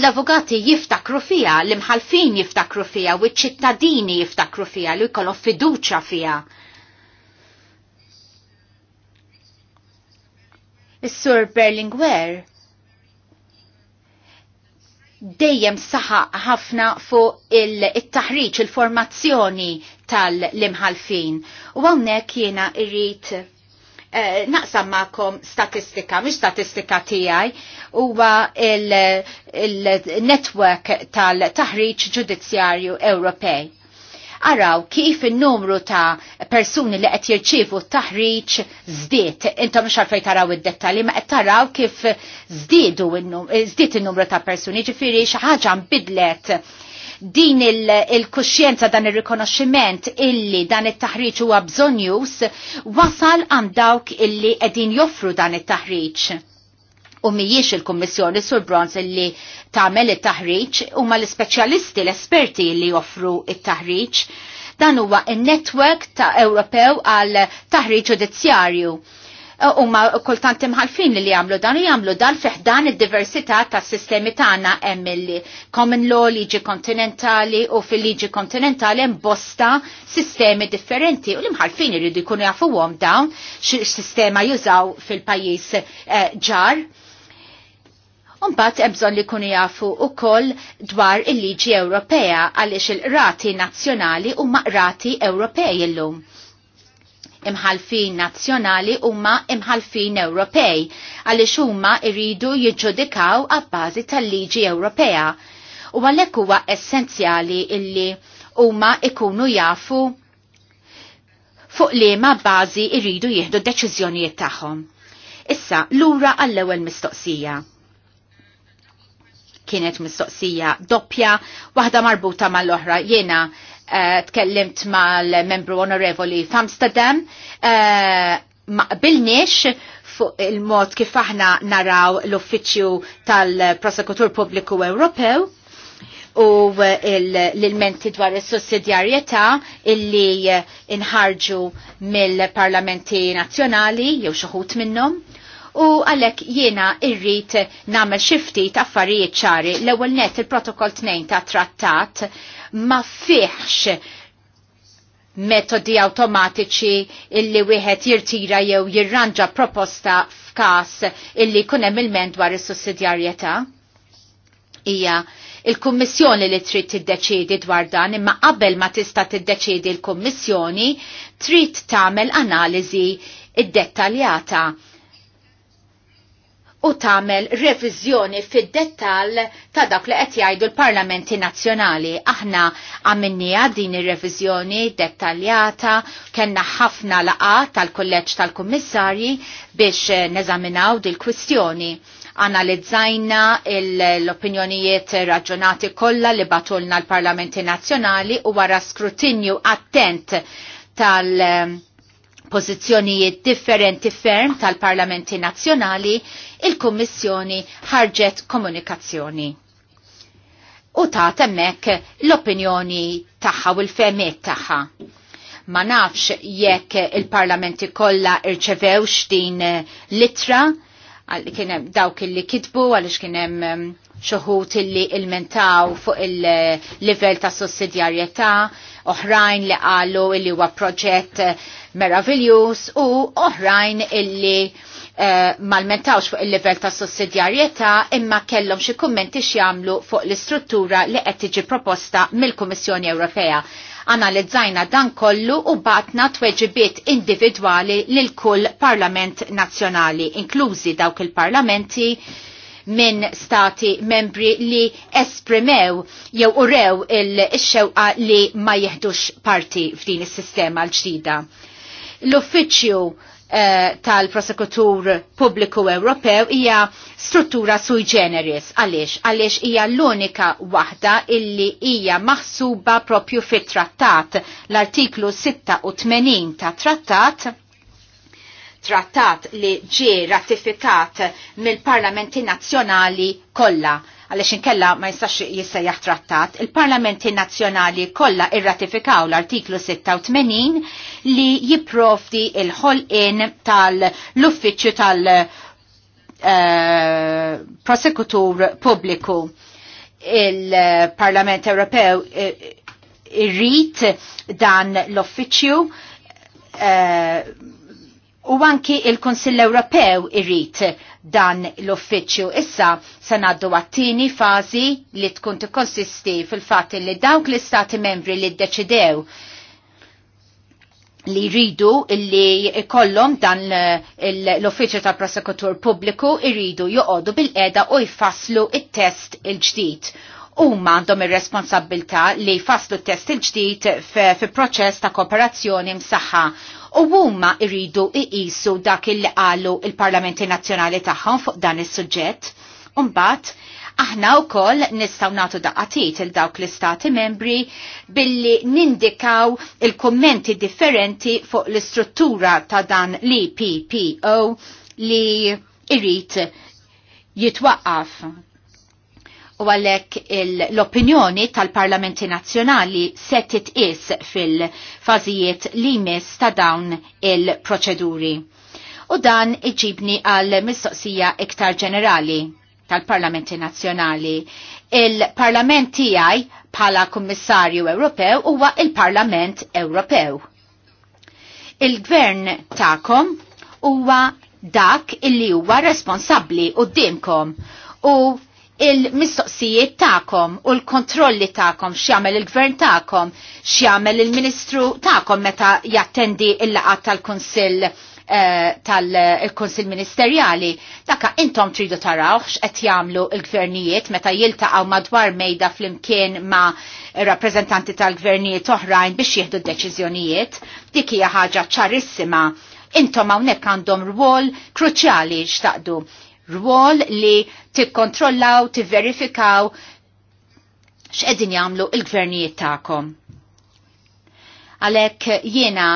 l-avukati jiftakru fija, l-imħalfin jiftakru fija, u ċittadini jiftakru fija, li jkollhom fiduċa fija. Is-Sur Berlingwer dejjem saħaq ħafna fuq il-taħriġ, il-formazzjoni tal-imħalfin. U għonek jiena irrit eh, naqsam ma'kom statistika, mux statistika tijaj, huwa il-network tal taħriġ ġudizzjarju Ewropej araw kif il-numru ta' persuni li qed jirċievu taħriġ żdied. Intom xarfej taraw id-dettalji, ma qed taraw kif żdiedu eh, żdied in-numru ta' persuni, ġifieri xi ħaġa nbidlet din il-kuxjenza il dan il-rikonoxximent illi dan it-taħriġ huwa bżonjus wasal għand illi qegħdin joffru dan it-taħriġ u mijiex il-Kommissjoni Sur Bronz li tagħmel it-taħriġ huma l-ispeċjalisti l-esperti li joffru it-taħriġ. Dan huwa in-netwerk ta' Ewropew għal taħriġ ġudizzjarju. E, ma kultant imħalfin li jagħmlu dan u jagħmlu dan fiħdan id-diversità tas sistemi tagħna hemm il-common law, liġi kontinentali u fil-liġi kontinentali hemm bosta sistemi differenti u l-imħalfin iridu jkunu jafuhom dawn x'sistema jużaw fil-pajjiż e, ġar. Eh, Unbat ebżon li kunu jafu u koll dwar il-liġi Ewropea għalix il-rati nazjonali u maqrati Ewropej illum. Imħalfin nazjonali huma imħalfin Ewropej għalix huma iridu jiġġudikaw għabbażi tal-liġi Ewropea. U għalhekk huwa essenzjali illi huma ikunu jafu fuq li ma bażi iridu jieħdu deċiżjonijiet tagħhom. Issa lura għall-ewwel mistoqsija kienet mistoqsija doppja, waħda marbuta mal-oħra. Jena eh, tkellimt mal-membru onorevoli f'Amsterdam, eh, ma qbilniex fuq il-mod kif aħna naraw l-uffiċju tal-prosekutur pubbliku Ewropew u l-ilmenti dwar is-sussidjarjetà illi inħarġu mill-parlamenti nazzjonali jew xi minnom minnhom u għalek jiena irrit namel xifti affarijiet ċari l ewwel net il-protokoll 2 ta' trattat ma fiħx metodi automatiċi illi wieħed jirtira jew jirranġa proposta f'każ illi jkun hemm il-ment dwar is-sussidjarjetà. Hija il-Kummissjoni li trid tiddeċiedi dwar dan imma qabel ma tista' tiddeċiedi l-Kummissjoni trid tagħmel analiżi id-dettaljata u tagħmel reviżjoni fid-dettall ta' dak li qed jgħidu l-Parlamenti Nazzjonali. Aħna għamilniha din ir-reviżjoni dettaljata, kellna ħafna laqa tal-kulleġġ tal-kummissarji biex neżaminaw dil-kwistjoni analizzajna l-opinjonijiet raġunati kollha li batulna l-Parlamenti Nazzjonali u wara skrutinju attent tal- pożizzjonijiet differenti ferm tal-parlamenti nazzjonali, il-Kummissjoni ħarġet komunikazzjoni. U ta' temmek l-opinjoni tagħha u l-femiet tagħha. Ma nafx jekk il-parlamenti kollha irċevewx din litra, kienem dawk li kitbu għaliex kienem xoħut illi il-mentaw fuq il-level ta' sussidjarjetà, oħrajn li qalu illi huwa proġett eh, meraviljus u oħrajn illi ma eh, mal-mentawx fuq il-level ta' sussidjarjetà imma kellhom xi kummenti x'jagħmlu fuq l-istruttura li qed tiġi proposta mill-Kummissjoni Ewropea analizzajna dan kollu u batna tweġibiet individwali lil kull parlament nazzjonali, inklużi dawk il-parlamenti minn stati membri li esprimew jew urew il-xewqa li ma jihdux parti f'din is-sistema l-ġdida. L-uffiċċju eh, tal-prosekutur pubbliku Ewropew hija struttura sui generis. Għaliex? Għaliex hija l-unika waħda illi hija maħsuba propju fit-trattat. L-artiklu 86 ta' trattat trattat li ġie ratifikat mill-parlamenti nazzjonali kollha għalix inkella ma jistax jissejjaħ trattat, il-Parlamenti Nazzjonali kollha irratifikaw l-artiklu 86 li jipprovdi il-ħolqin tal-uffiċċju tal-prosekutur eh, uh, pubbliku. Il-Parlament Ewropew eh, irrit dan l-uffiċċju uh, U anki il-Konsill Ewropew irrit dan l-uffiċċju. Issa se ngħaddu għat-tieni fażi li tkun tikkonsisti fil-fatt li dawk l-istati membri li ddeċidew li jridu li kollom dan l-uffiċċju tal prosekutur pubbliku jridu joqogħdu bil-qeda u jfasslu it-test il-ġdid. il il ġdid huma għandhom ir responsabilta li faslu t-test il-ġdid fi proċess ta' kooperazzjoni msaħħa u huma jridu iqisu dak il qalu il-Parlamenti Nazzjonali tagħhom fuq dan is-suġġett. Mbagħad aħna wkoll nistgħu nagħtu daqatit il dawk l-istati membri billi nindikaw il-kummenti differenti fuq l-istruttura ta' dan l-PPO li irrit jitwaqqaf u għallek l-opinjoni tal-parlamenti nazjonali setit is fil-fazijiet limis ta' dawn il-proċeduri. U dan iġibni għal mistoqsija iktar ġenerali tal-parlamenti nazjonali. Il-parlament tijaj pala kummissarju Ewropew huwa il-parlament Ewropew. Il-gvern ta'kom huwa dak illi huwa responsabli u dimkom u il-mistoqsijiet ta'kom u l-kontrolli ta'kom, x'jagħmel il-gvern ta'kom, x'jagħmel il-ministru ta'kom meta jattendi il-laqat tal-Kunsill eh, tal-Konsil Ministerjali, daka intom tridu tarawx qed jagħmlu l-gvernijiet meta jiltaqgħu madwar mejda flimkien ma' rappreżentanti tal-gvernijiet oħrajn biex jieħdu d-deċiżjonijiet, dik hija ħaġa ċarissima intom hawnhekk għandhom rwol kruċjali xtaqdu rwol li tikkontrollaw, tivverifikaw x'qegħdin jagħmlu l-gvernijiet tagħkom. Għalhekk jiena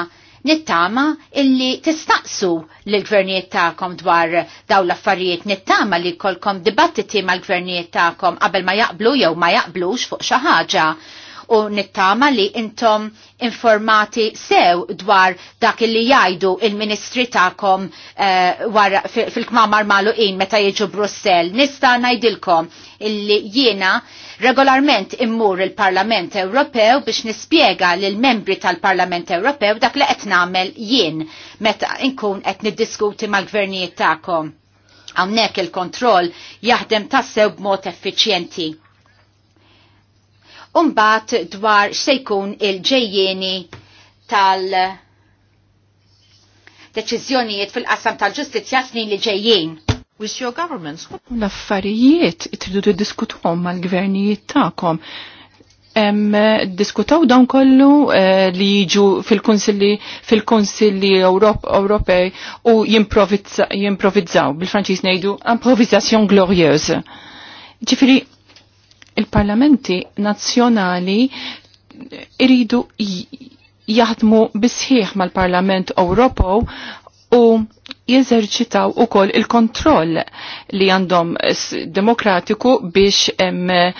nittama illi tistaqsu l-gvernijiet tagħkom dwar daw l-affarijiet nittama li kolkom dibattiti mal-gvernijiet tagħkom qabel ma jaqblu jew ma jaqblux fuq xi ħaġa u nittama li intom informati sew dwar dak li jajdu il-ministri ta'kom uh, eh, fil-kmamar malu in meta jieġu Brussel. Nista najdilkom illi jiena regolarment immur il-Parlament Ewropew biex nispiega l membri tal-Parlament Ewropew dak li qed nagħmel jien meta nkun qed niddiskuti mal-gvernijiet tagħkom. Hawnhekk il-kontroll jaħdem tassew b'mod effiċjenti. Umbat dwar xsejkun il-ġejjeni tal- deċiżjonijiet fil-qasam tal-ġustizja snin li ġejjin. With your governments. L-affarijiet t-diskutuħom ma mal-gvernijiet tagħkom. Em, diskutaw dawn kollu eh, li jiġu fil-Konsilli fil Ewropej u jimprovizzaw, bil-Franċiż ngħidu improvizzazzjon glorjeuse. Ġifiri, il-parlamenti nazzjonali iridu jaħdmu bisħieħ mal-Parlament Ewropew u jeżerċitaw ukoll il-kontroll li għandhom demokratiku biex eh,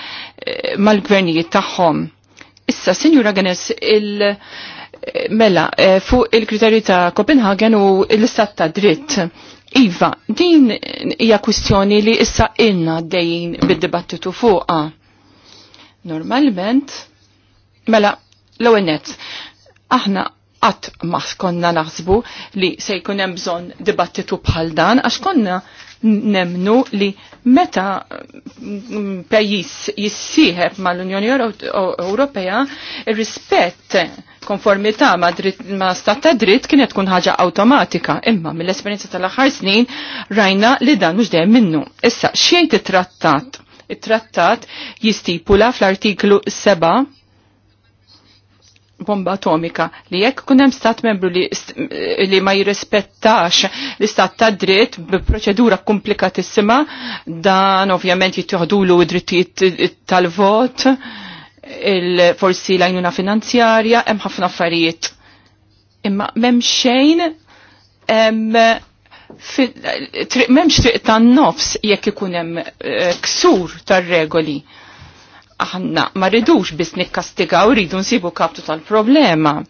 mal-gvernijiet tagħhom. Issa, Sinjura Ganes, il- mela, eh, fuq il-kriterji ta' Kopenhagen u l-istat ta' dritt. Iva, din hija kwistjoni li issa inna dejjin bid-dibattitu fuqha Normalment, mela, l-ewwel nett, aħna qatt ma konna naħsbu li se jkun hemm bżonn dibattitu bħal dan għax konna nemnu li meta mm, pajjiż jissieħeb mal-Unjoni Ewropea rispett konformità ma, ma stat ta' dritt kienet tkun ħaġa awtomatika, imma mill-esperjenza tal-aħħar snin rajna li dan mhux dejjem minnu. Issa xejn it-trattat it-trattat jistipula fl-artiklu 7 bomba atomika li jekk kun hemm stat membru li, li ma jirrispettax l-istat ta' dritt b'proċedura komplikatissima dan ovvjament jittieħdulu d-drittijiet tal-vot forsi l-għajnuna finanzjarja hemm ħafna affarijiet imma m'hemm xejn memx triq tan-nofs jekk ikun hemm eh, ksur tar-regoli. Aħna ma ridux biss nikkastigaw rridu nsibu kaptu tal-problema.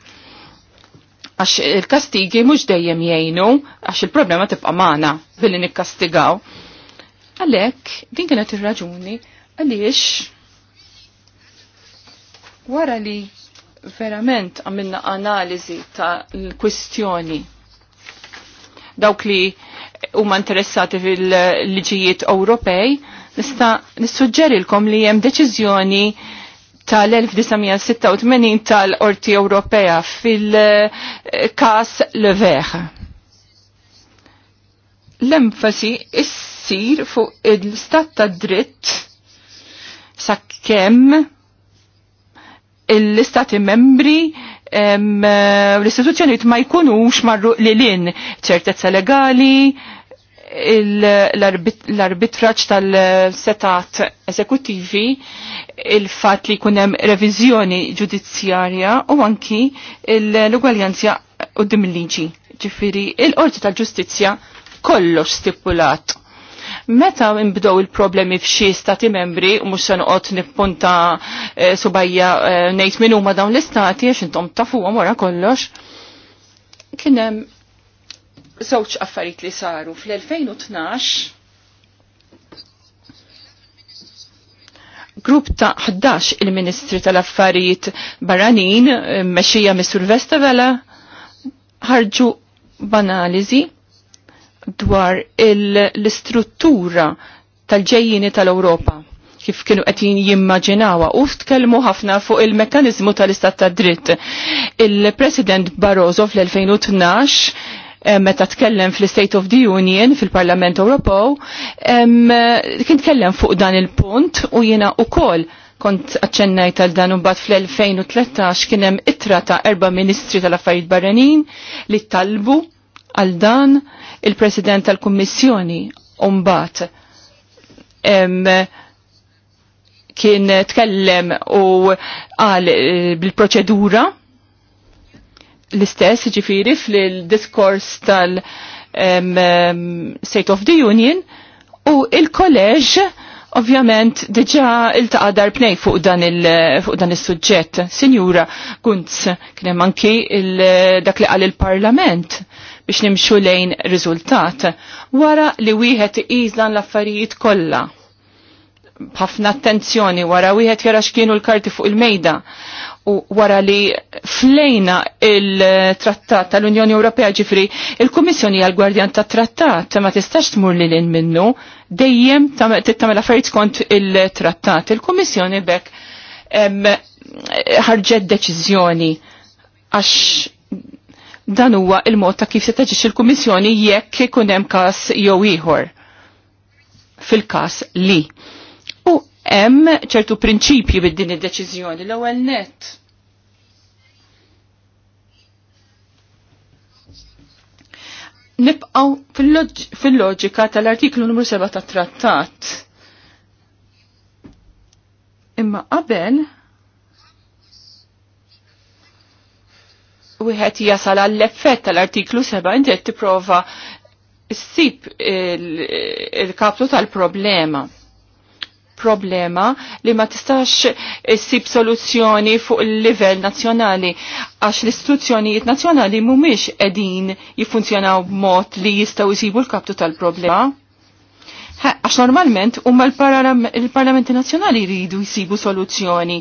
Għax il-kastigi mhux dejjem jgħinu għax il-problema tibqa' magħna billi nikkastigaw. Għalhekk din kienet ir-raġuni għaliex wara li verament għamilna analiżi tal-kwistjoni dawk li huma interessati fil-liġijiet Ewropej, nista' nissuġġerilkom li hemm deċiżjoni tal-1986 tal-Qorti Ewropea fil-kas l'Eveh. L-enfasi issir fuq il-stat ta' dritt kemm l istati membri Eh, l-istituzzjoniet ma jkunux marru li lin ċertezza legali, l-arbitraċ tal-setat eżekutivi, il-fat li kunem revizjoni ġudizzjarja u anki l-ugwaljanzja u dim liġi. Ġifiri, il-qorti tal-ġustizja kollox stipulat Meta imbdow il-problemi f'xi stati membri, u se noqgħod nippunta e, subajja e, eh, nejt minn huma dawn l-istati, għax intom tafuhom wara kollox, kienem żewġ affarijiet li saru fl-2012 grupp ta' 11 il-Ministri tal-Affarijiet Barranin, eh, Mexija Mr. Vestavela, ħarġu banalizi dwar l-istruttura tal-ġejjini tal-Ewropa kif kienu qed jimmaġinawa u tkellmu ħafna fuq il mekanizmu tal-istat ta' dritt. Il-President Barroso fl-2012 eh, meta tkellem fl-State of the Union fil-Parlament Ewropew, kien tkellem fuq dan il-punt u jiena ukoll kont aċċennajt għal dan bat fl-2013 kien hemm ittra ta' erba' ministri tal-affarijiet barranin li talbu għal dan il-President tal-Kummissjoni umbat kien tkellem u għal eh, bil-proċedura l-istess ġifiri fil-diskors tal-State of the Union u il-kolleġ Ovvjament, diġa il-taqadar pnej fuq dan il-sujġet. Sinjura Gunz, kienem anki dak li għal il-parlament biex nimxu lejn riżultat wara li wieħed iżlan l-affarijiet kollha. B'ħafna attenzjoni wara wieħed jara x'kienu l-karti fuq il-mejda u wara li flejna il-trattat tal-Unjoni Ewropea ġifri il-Kummissjoni għal-Gwardjan ta' Trattat ma tistax tmur li lin minnu dejjem tittamel affarijiet kont il-trattat. Il-Kummissjoni bekk ħarġet deċiżjoni għax Dan huwa il-mod ta' kif se taġix il-Kummissjoni jekk ikun hemm każ jew ieħor fil-każ li. U hemm ċertu prinċipji bid-din id-deċiżjoni l-ewwel net. Nibqaw fil-loġika tal-artiklu numru 7 tat-trattat. Imma qabel wieħed jasal għall-effett tal-artiklu 7 inti qed tipprova ssib il-kaptu tal-problema. Problema li ma tistax ssib soluzzjoni fuq il-livell nazzjonali għax l-istituzzjonijiet nazzjonali mhumiex qegħdin jiffunzjonaw b'mod li jistgħu jsibu l-kaptu tal-problema. Għax normalment umma l-Parlamenti Nazjonali jridu jisibu soluzzjoni,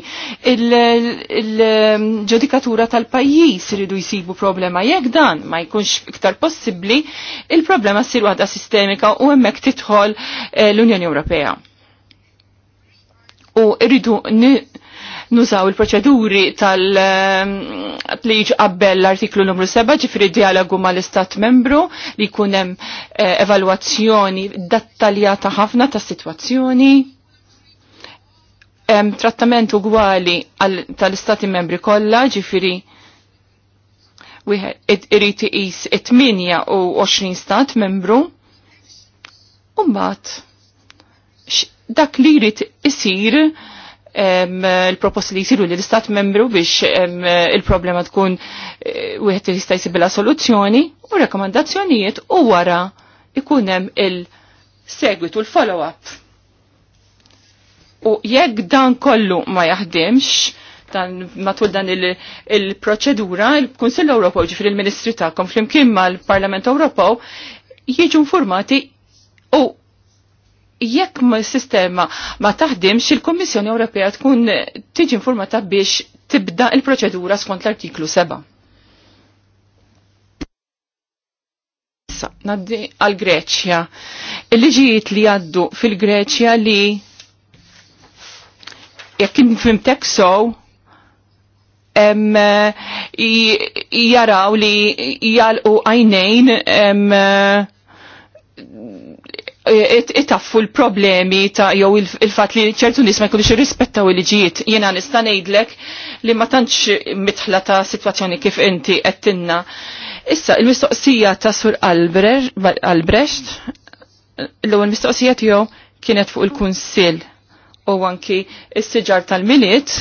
il-ġudikatura tal-pajjiż jridu jisibu problema. Jekk dan ma jkunx iktar possibbli, il-problema ssir waħda sistemika u hemmhekk titħol eh, l-Unjoni Ewropea. U rridu nużaw il-proċeduri tal ehm, pliġ qabbel l-artiklu numru 7 ġifri dialogu mal-istat membru li kunem eh, evalwazzjoni dettaljata ħafna ta' situazzjoni ehm, trattament ugwali tal-istati membri kollha ġifiri irrit iqis 28 stat membru mbagħad dak li jrid isir il-proposti li jisiru li l-istat membru biex il-problema tkun eh, wieħed li jista' jsibilha soluzzjoni u rekomandazzjonijiet u wara ikunem hemm il-segwitu l-follow-up. U jekk dan kollu ma jaħdimx, dan matul dan il-proċedura, il il-Kunsill Ewropew ġifir il-Ministri tagħkom flimkien mal-Parlament Ewropew jiġu informati u jekk ma sistema ma taħdimx il-Kommissjoni Ewropea tkun tiġi informata biex tibda il-proċedura skont l-artiklu 7. naddi għal Greċja. Il-liġijiet li għaddu fil-Greċja li jekk fimtek sow jaraw li jgħalqu għajnejn itaffu l-problemi ta' jew il-fat li ċertu nies ma jkunux irrispettaw il-liġijiet. Jiena nista' ngħidlek li ma tantx mitħla ta' sitwazzjoni kif inti għettinna. Issa il-mistoqsija ta' Sur Albrecht l-ewwel mistoqsija tiegħu kienet fuq il-kunsill u anki s-siġar tal-miliet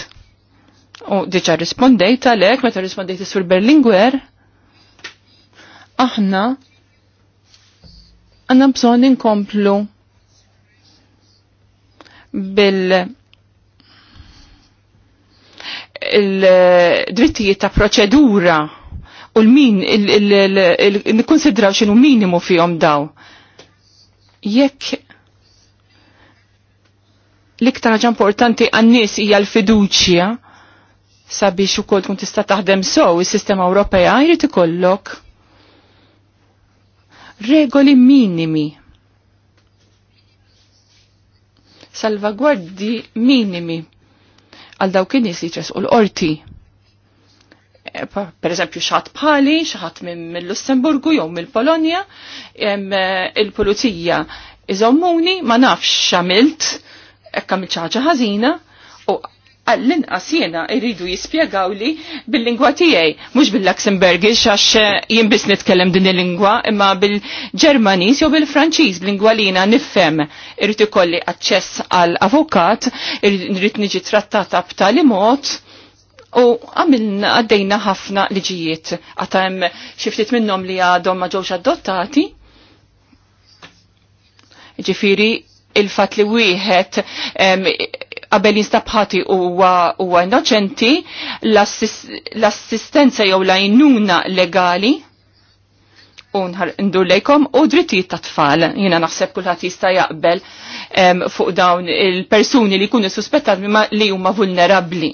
u diġa rispondejt għalek, meta rispondejta sur Berlinguer, aħna għanna bżon inkomplu bil il-drittijiet ta' proċedura u l-min il nikkonsidraw xinu minimu fihom daw. Jekk l-iktar ħaġa importanti għan-nies hija l-fiduċja sabiex ukoll tkun tista' taħdem sew is-sistema Ewropea jrid ikollok regoli minimi salvagwardi minimi għal dawk in-nies li ċesqu l-qorti. E, per eżempju, xaħat bħali, xaħat mill-Lussemburgu jew mill-Polonja, e, il-pulizija iżommuni, ma nafx xamilt, ekk għamil ċaġa ħażina, u għall-inqas jena irridu jispjegaw li bil-lingwa tiegħi, mhux bil-Luxemburgish għax eh, jien nitkellem din il-lingwa, imma bil-Ġermaniż jew bil-Franċiż bil-lingwa li jina nifhem. Irrid ikolli aċċess għal avukat, irrid niġi trattata b'tali mod u għamilna għaddejna ħafna liġijiet għatem xiftit minnom li għadhom ma ġewx adottati. Ġifiri, il-fat li wieħed qabel jinstabħati huwa innoċenti l-assistenza jew la jnuna legali u ndur lejkom u drittijiet ta' tfal. Jiena naħseb kullħat jista' jaqbel fuq dawn il-persuni li jkunu suspettati li huma vulnerabbli.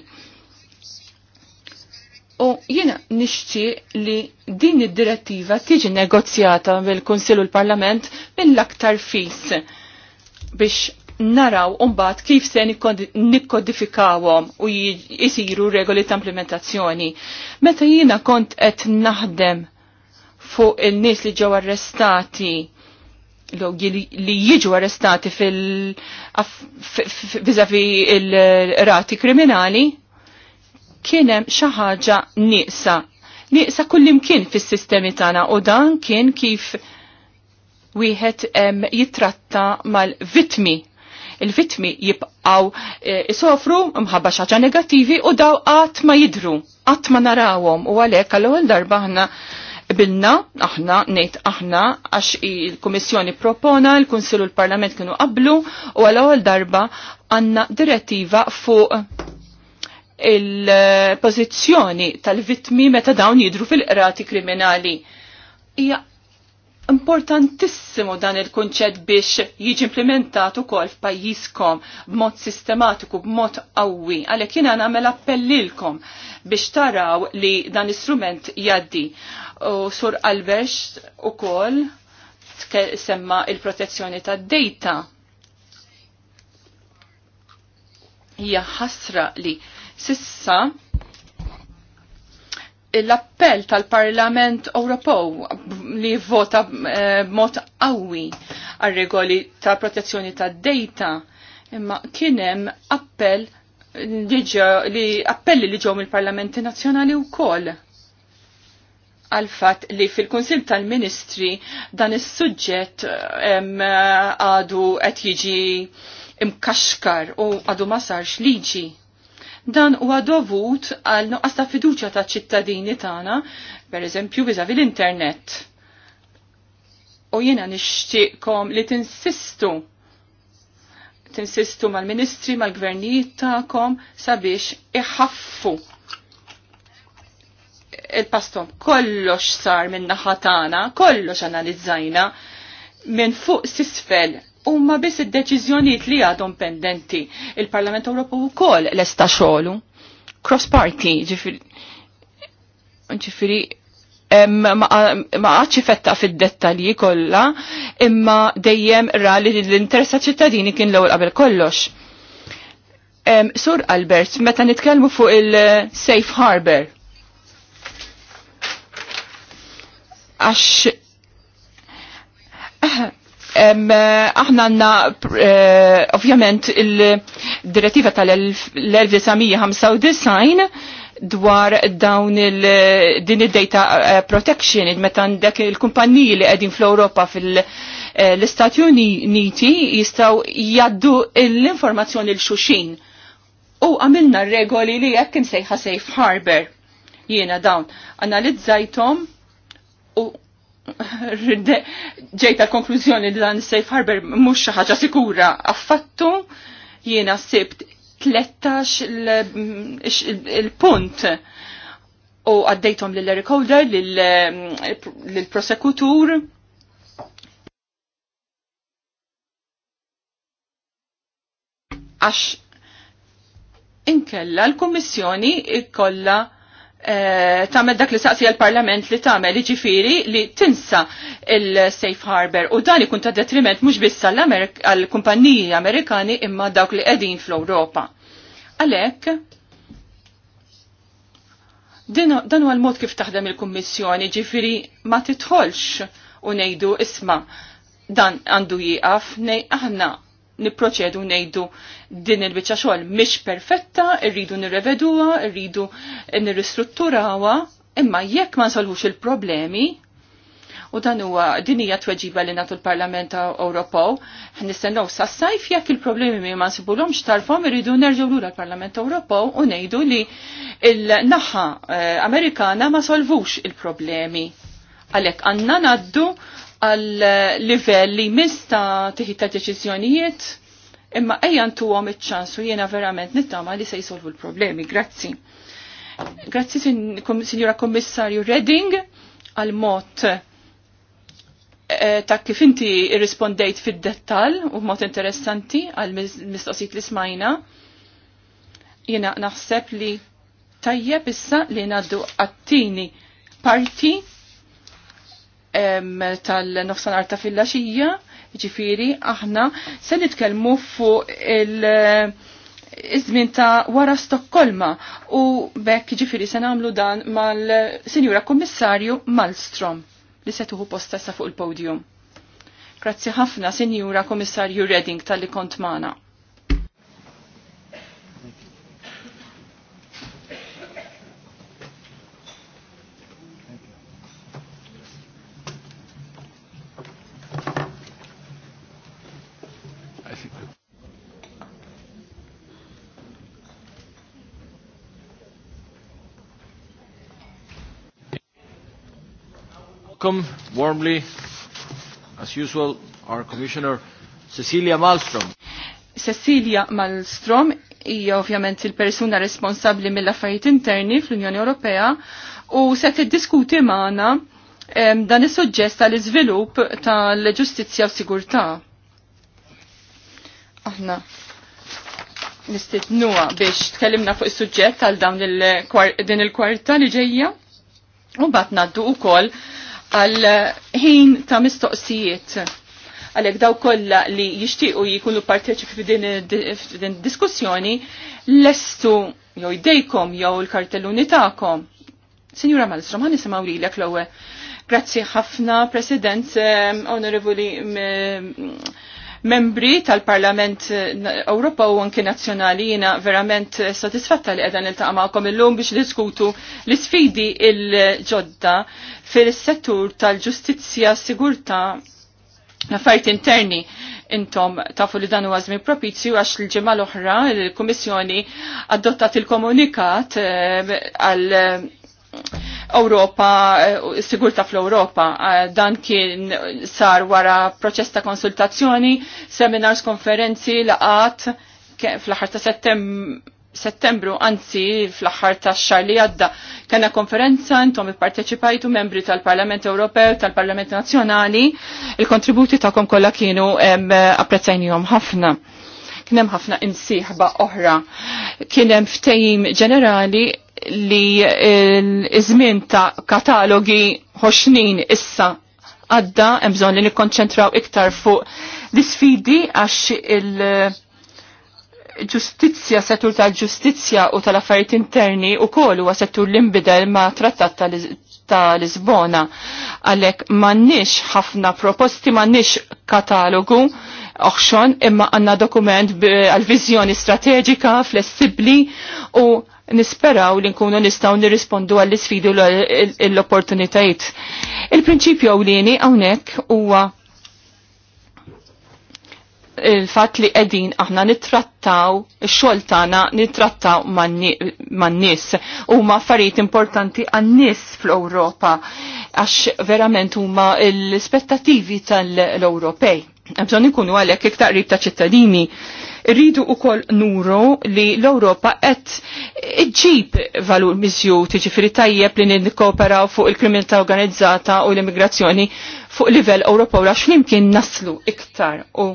U jiena nixtieq li din id-direttiva tiġi negozjata mill-Kunsill u l-Parlament mill-aktar fis biex naraw umbat kif se nikkodifikawhom u jisiru regoli ta' implementazzjoni. Meta jiena kont qed naħdem fuq il-nies li ġew arrestati li jiġu arrestati fil vizavi il-rati kriminali, kienem xaħġa nieqsa. Nieqsa kullimkien fis-sistemi tagħna u dan kien kif wieħed jitratta mal-vitmi il-vitmi jibqaw e, isofru mħabba xaġa negativi u daw għat ma jidru, għat ma narawom u għalek għall-ewwel darba ħna bilna, aħna, nejt aħna, għax il-Komissjoni propona, il-Kunsilu l-Parlament kienu qablu u għal-ewwel darba għanna direttiva fuq il-pozizjoni tal-vitmi meta dawn jidru fil-qrati kriminali hija Importantissimo dan il-kunċett biex jiġi implementat ukoll f'pajjiżkom b'mod sistematiku, b'mod qawwi. Għalhekk jiena nagħmel appellilkom biex taraw li dan istrument jaddi. U sur Albex ukoll semma il-protezzjoni tad-data. Hija ħasra li sissa l-appell tal-Parlament Ewropew li vota b'mod eh, qawwi għal regoli ta' protezzjoni ta' data imma kienem appell li appelli li ġew mill-Parlamenti Nazzjonali wkoll għal fatt li fil-Kunsil tal-Ministri dan is-suġġett għadu qed jiġi imkaxkar u għadu ma sarx liġi Dan huwa dovut għal nuqqas ta' fiduċja ta' ċittadini tagħna, pereżempju biżavi l-internet. U jiena nixtieqkom li tinsistu tinsistu mal-ministri, mal-gvernijiet tagħkom sabiex iħaffu il-pastom kollox sar minna ħatana, kollox analizzajna minn fuq sisfel huma biss id-deċiżjonijiet li għadhom pendenti. Il-Parlament Ewropew ukoll lesta xogħlu. Cross party, ġifiri ma għadx ifetta fid-dettalji kollha, imma dejjem ra li l-interess ta' ċittadini kien l-ewwel qabel kollox. Sur Albert, meta nitkellmu fuq il-Safe Harbor, għax Eh, aħna għanna, eh, ovvjament, il-direttiva tal-1995 dwar dawn il-din il-data eh, protection, meta għandek il-kumpanniji li għedin fl-Europa fil-Istati Uniti jistaw jaddu l-informazzjoni l-xuxin. U għamilna regoli li jekk sejħa safe harbor. Jiena dawn. Analizzajtom u ġejta konklużjoni li dan safe harbor mhux xi ħaġa sikura affattu jiena sibt 13 il-punt u għaddejtom lill recorder lill-prosekutur għax inkella l-Kommissjoni ikkolla Eh, tamed dak li saqsija l parlament li li ġifiri li tinsa il-safe harbor u dan ikun ta' detriment mux biss għal-kumpanniji amerikani imma dawk li edin fl-Europa. Għalek, dan huwa l-mod kif taħdem il-Kummissjoni ġifiri ma titħolx u nejdu isma' dan għandu jieqaf nej aħna niproċedu nejdu din il-bicċa xogħol mhix perfetta, irridu nirrevedua, irridu nirristrutturawha, imma jekk ma nsolvux il-problemi, u dan huwa din hija tweġiba li nagħtu l-Parlament Ewropew, nistennew sa sajf jekk il-problemi ma nsibulhomx tarfhom irridu nerġgħu lura l-Parlament Ewropew u ngħidu li l-naħa eh, Amerikana ma solvux il-problemi. Għalhekk għandna ngħaddu għal livell li mista tiħi ta' deċiżjonijiet, imma ejja ntuhom iċ iċċansu jiena verament nittama li se jsolvu l-problemi. Grazzi. Grazzi Sinjura Kommissarju Redding għal mod eh, ta' kif inti irrispondejt fid-dettal u mod interessanti għal mistoqsijiet li smajna. Jiena naħseb li tajjeb issa li ngħaddu għattini parti tal-nofsan arta fil-laxija, ġifiri, aħna se nitkellmu fuq il- iż-żmien ta' wara Stokkolma u bekk ġifiri se nagħmlu dan mal-Sinjura Kommissarju Malstrom li se tuħu post-sa fuq il-podium. Grazzi ħafna, Sinjura Kommissarju Redding tal-li kont ma'na. welcome warmly, as usual, our Commissioner Cecilia Malmstrom. Cecilia Malmström hija ovvjament il-persuna responsabbli mill-affarijiet interni fl-Unjoni Ewropea u se tiddiskuti magħna ehm, dan is-suġġest l iżvilupp tal-ġustizzja u sigurtà. Aħna nistidnuha biex tkellimna fuq is-suġġett tal dawn din il-kwarta li ġejja u bat naddu wkoll għal ħin ta' mistoqsijiet għalek daw kolla li jishtiqu jikunu parteċipi f'din diskussjoni lestu jew idejkom jew il-kartelluni ta'kom. Signora Malstrom, għan nisimaw li l-ewwel. Grazzi ħafna, President, eh, onorevoli eh, membri tal-Parlament eh, Ewropa u anki nazzjonali jiena verament eh, satisfatta li qegħda niltaqa' magħkom illum biex diskutu l-isfidi il-ġodda fil-settur tal-ġustizzja sigurtà l-affarijiet interni intom tafu li dan huwa żmien propizju għax l-ġimgħa l-oħra il-Kummissjoni adottat il-komunikat eh, għal eh, Europa, eh, sigurta fl-Europa, eh, dan kien sar wara proċess ta' konsultazzjoni, seminars, konferenzi, laqat fl-ħar ta' settembru, anzi fl-ħar ta' xar li għadda, kena konferenza, intom parteċipajtu membri tal-Parlament Ewropew, tal-Parlament Nazjonali, il-kontributi ta' kom kolla kienu apprezzajnijom ħafna kienem ħafna imsiħba oħra, kienem ftejim ġenerali li iż-żmien ta' katalogi ħoxnin issa għadda hemm bżonn li nikkonċentraw iktar fuq l-isfidi għax il- ġustizzja, settur tal-ġustizzja u tal-affarijiet interni u kollu huwa settur li nbidel ma' trattat ta' Lisbona. Għalek mannix ħafna proposti, mannix katalogu oħxon imma għanna dokument għal-vizjoni strateġika, flessibli u nisperaw li nkunu nistaw nirrispondu għall isfidu l-opportunitajiet. Il-prinċipju għawlini għawnek huwa il-fat li edin aħna nittrattaw, xol tana nittrattaw man-nis. U ma affarijiet importanti għan-nis fl-Europa, għax verament huma l-spettativi tal-Ewropej. Bżon ikunu għalek iktar rib ta' ċittadini Rridu koll nuru li l-Ewropa qed iġġib valur miżjut, jiġifieri tajjeb li nikkooperaw fuq il-kriminalità organizzata u l-immigrazzjoni fuq livell Ewropew għax flimkien naslu iktar u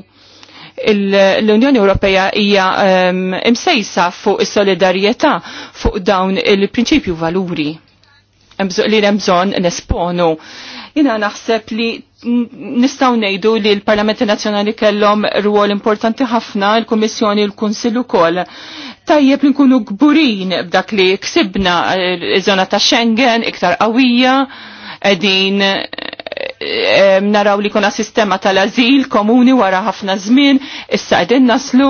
l-Unjoni Ewropea hija ehm, imsejsa fuq is-solidarjetà fuq dawn il-prinċipju valuri li hemm bżonn nesponu Jina naħseb li nistaw nejdu li l-Parlamenti Nazjonali kellhom rwol importanti ħafna, l-Kummissjoni, l-Kunsill ukoll. Tajjeb li nkunu gburin b'dak li ksibna iż-żona eh, ta' Schengen iktar qawwija, qegħdin eh, naraw li kuna sistema tal-azil komuni wara ħafna żmien, issa qegħdin naslu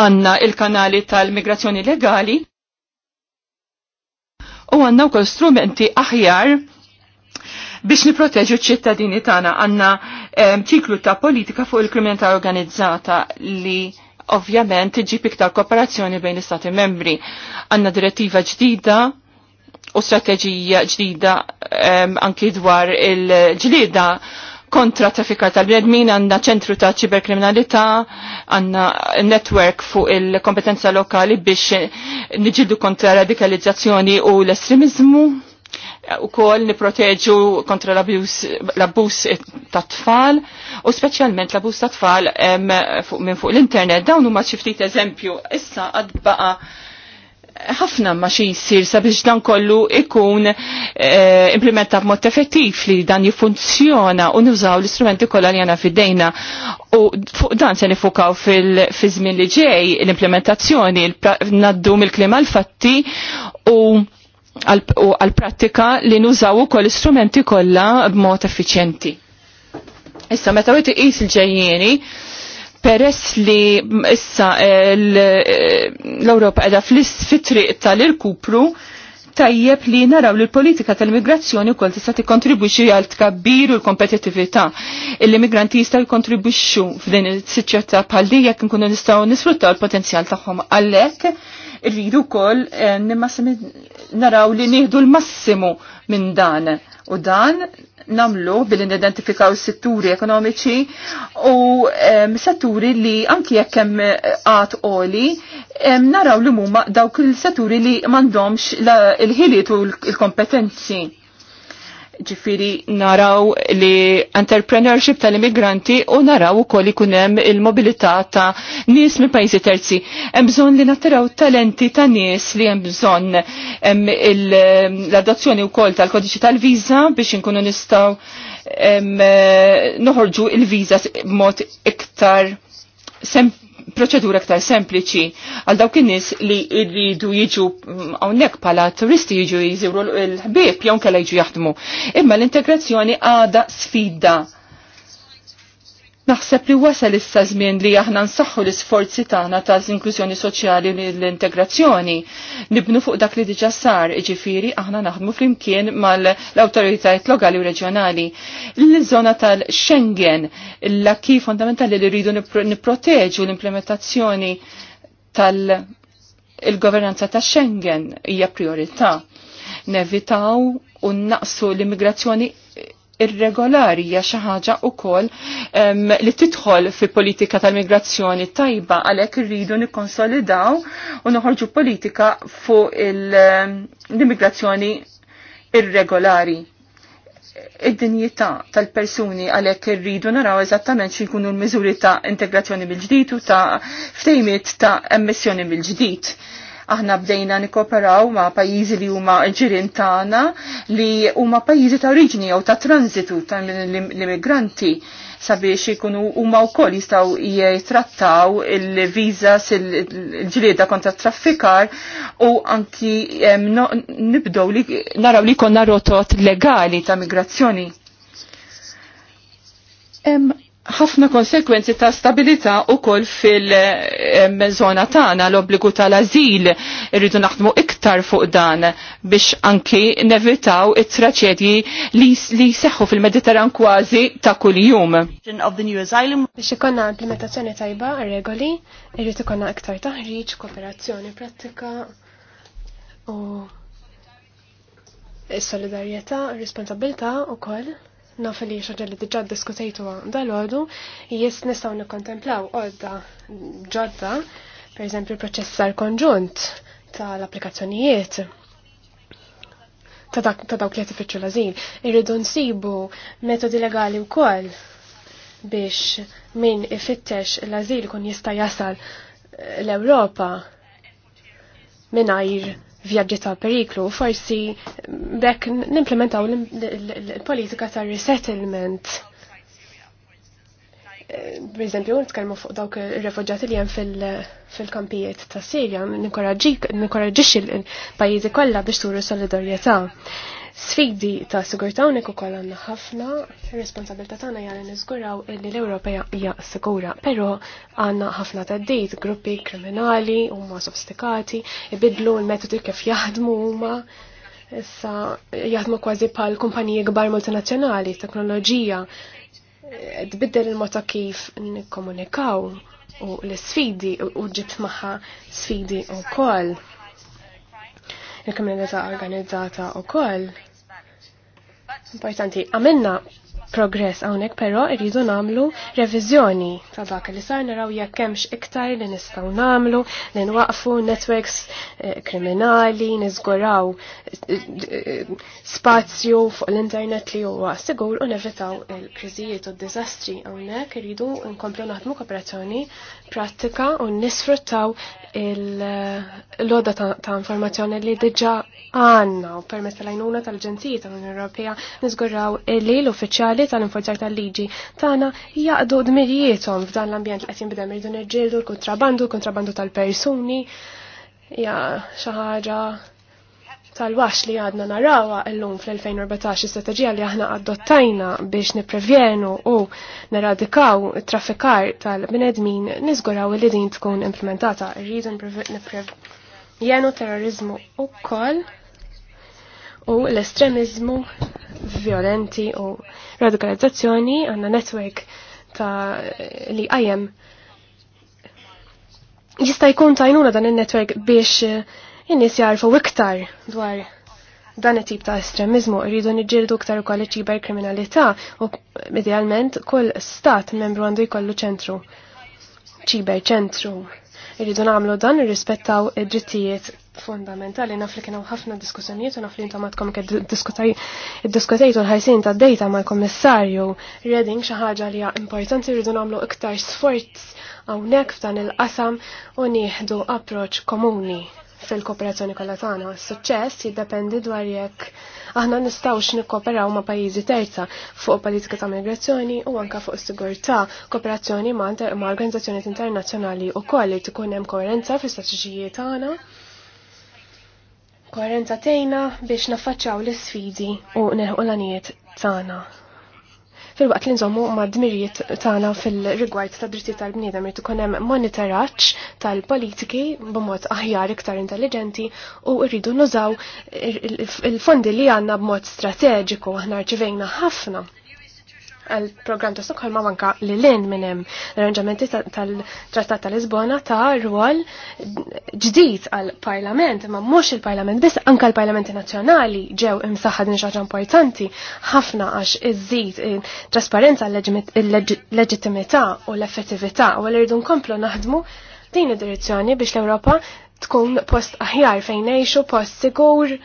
għandna il-kanali tal-migrazzjoni legali u għanna u strumenti aħjar biex niproteġu ċ-ċittadini tagħna għandna ċiklu ta' politika fuq il-kriminalità organizzata li ovvjament tiġi iktar kooperazzjoni bejn l-Istati membri. Għandna direttiva ġdida u strateġija ġdida anki dwar il-ġlida kontra trafikar tal-bnedmin, għanna ċentru ta' ċiberkriminalità, għanna network fuq il-kompetenza lokali biex niġildu kontra radikalizzazzjoni u l-estremizmu u kol niproteġu kontra l-abus ta' tfal u specialment l-abus ta' tfal minn fuq l-internet dawn huma ċiftit eżempju issa għad baqa ħafna ma xi jsir sabiex dan kollu ikun implementa eh, implementat mod effettiv li dan jifunzjona u nużaw l-istrumenti kollha li għana fidejna u fuq dan se nifukaw fil-żmien li ġej l-implementazzjoni naddu mill-klima l-fatti u għal-prattika li nużaw ukoll istrumenti kollha b'mod effiċjenti. Issa meta wieħed is il-ġejjieni, peress li issa eh, eh, l-Ewropa qiegħda fl-isfitriq tal-irkupru, tajjeb li naraw li l-politika tal-immigrazzjoni wkoll tista' tikkontribwixxi għal tkabbir u l kompetitivita Il-immigranti jista' jkontribwixxu f'din is-siċċetta bħal li jekk nkunu nistgħu nisfruttaw l potenzjal tagħhom. Għalhekk irridu wkoll eh, nimma naraw li nieħdu l-massimu minn dan u dan namlu billi nidentifikaw setturi ekonomiċi u um, setturi li anki jekk hemm eh, għat oli um, naraw li huma dawk il-setturi li m'għandhomx il-ħiliet u l-kompetenzi ġifiri naraw li entrepreneurship tal-immigranti u naraw u koll ikunem il-mobilità ta' nis minn pajzi terzi. Mbżon li nattiraw talenti ta' nis li mbżon l-adozzjoni u koll tal-kodiċi tal-viza biex nkunu nistaw eh, noħorġu il-viza mod iktar sempliċi proċedura aktar sempliċi għal dawk in-nies li jridu jiġu mm, hawnhekk bħala turisti jiġu jżuru l-ħbieb jew kellha jiġu jaħdmu. Imma l-integrazzjoni għada sfida Naħseb li wasal issa żmien li aħna nsaħħu l-isforzi tagħna ta' inklużjoni soċjali u l-integrazzjoni. Nibnu fuq dak li diġà sar, jiġifieri aħna naħdmu flimkien mal-awtoritajiet lokali u reġjonali. L-żona tal-Schengen, l-akki fondamentali li rridu nipproteġu l-implementazzjoni tal- il-governanza ta' Schengen hija priorità. Nevitaw u naqsu l-immigrazzjoni irregolari hija xi ħaġa wkoll li tidħol fi politika tal-migrazzjoni tajba għalhekk irridu nikkonsolidaw u noħorġu politika fuq l-immigrazzjoni irregolari id-dinjità tal-persuni għalhekk irridu naraw eżattament xi jkunu l-miżuri ta' integrazzjoni mill-ġdid u ta' ftejmiet ta' emissjoni mill-ġdid Aħna bdejna nikoperaw ma' pajjiżi li huma ġirin tagħna li huma pajjiżi ta' oriġini jew ta' transitu ta' l-immigranti sabiex ikunu huma wkoll jistgħu jitrattaw il-viża il-ġlieda kontra traffikar u anki nibdow li naraw li konna rotot legali ta' migrazzjoni ħafna konsekwenzi ta' stabilità u koll fil-zona tagħna l-obbligu tal-azil irridu naħdmu iktar fuq dan biex anki nevitaw it-traċedji li seħu fil-Mediterran kważi ta' kuljum. Biex ikonna implementazzjoni tajba regoli, rridu ikonna iktar taħriġ, kooperazzjoni prattika u solidarjetà, responsabilità u koll naf li xaġa li diġad diskutajtu dal-ħodu, jess nistaw nikontemplaw għodda ġodda, per eżempju, proċessar konġunt tal-applikazzjonijiet ta' dawk li għati l lażin. Irridu nsibu metodi legali wkoll biex min ifittex l-azil kun jista' jasal l-Ewropa mingħajr vjaġġi ta' periklu, forsi bekk nimplementaw l-politika ta' resettlement. Per eżempju, nitkellmu fuq dawk ir-refuġjati li hemm fil-kampijiet ta' Sirja, ninkoraġġix l pajjiżi kollha biex turu solidarjetà. Sfidi ta' sigurtà unik ukoll għandna ħafna, responsabilità tagħna jara niżguraw illi l-Ewropea hija sigura, pero għandna ħafna taddejt, gruppi kriminali huma sofistikati, ibidlu l-metodi kif jaħdmu huma issa jaħdmu kważi bħal kumpaniji kbar multinazzjonali, teknoloġija, tbiddel il mota kif nikkomunikaw u l-sfidi u ġibt maħħa sfidi u kol il-kriminalità organizzata u koll. Importanti, għamilna progress hawnhekk però rridu nagħmlu reviżjoni ta' dak li sar naraw jekk hemmx iktar li nistgħu nagħmlu li nwaqfu networks eh, kriminali niżguraw eh, spazju fuq l-internet li huwa sigur u nevitaw il-kriżijiet u d-diżastri hawnhekk irridu nkomplu naħdmu kooperazzjoni pratika u nisfruttaw il-loda eh, ta' informazzjoni li diġa għanna u permess tal-għajnuna tal-ġenziji tal-Unjoni Ewropea nizgurraw li l-uffiċjali tal-inforzjar tal-liġi tagħna jaqdu dmirjietom f'dan l-ambjent li qed jinbidem irdu nirġieldu l-kontrabandu, l-kontrabandu tal-persuni, ja xi ħaġa tal-wax li għadna narawa l-lum fl-2014 strategija li aħna adottajna biex niprevjenu u neradikaw traffikar tal-bnedmin nizguraw li din tkun implementata. Rridu niprevjenu terrorizmu u koll u l-estremizmu violenti u radikalizzazzjoni għanna network ta' li għajem jista' jkun tajnuna dan il netwerk biex in-nies jarfu iktar dwar dan it-tip ta' estremizmu rridu niġġieldu iktar ukoll ċiberkriminalità u idealment kull stat membru għandu jkollu ċentru ċiber ċentru. Irridu nagħmlu dan irrispettaw id-drittijiet fundamentali naf li kienu ħafna diskussjonijiet u naf li intom għadkom id-diskutajtu l-ħajsin ta' dejta mal kommissarju Reading xi ħaġa li hija importanti rridu nagħmlu iktar sforz hawnhekk f'dan il-qasam u nieħdu approċ komuni fil-kooperazzjoni kollha tagħna. Suċċess jiddependi dwar jekk aħna nistgħux nikkooperaw ma' pajjiżi terza fuq politika ta' migrazzjoni u anka fuq sigurtà, kooperazzjoni ma' organizzazzjonijiet internazzjonali wkoll li tkun hemm koerenza fl-istrateġiji tagħna. Koerenza tgħinna biex naffaċċaw l-isfidi u neħu l-anijiet tagħna fil-waqt li nżommu ma' dmirijiet tagħna fil-rigward ta' dritti tal-bniedem li ikun hemm monitoraġġ tal-politiki b'mod aħjar iktar intelligenti u rridu nużaw il-fondi li għandna b'mod strateġiku aħna rċivejna ħafna għal-program ta' Stockholm ma' manka li l-in minnem l-arranġamenti tal-Trattat tal-Lisbona ta' rwol ġdid għal-Parlament, ma' mux il-Parlament, biss anka l-Parlamenti nazjonali ġew imsaħħa din xaġa importanti ħafna għax iżid trasparenza l-leġittimità u l-effettività u l-irdu nkomplu naħdmu din id-direzzjoni biex l-Ewropa tkun post aħjar fejn post sigur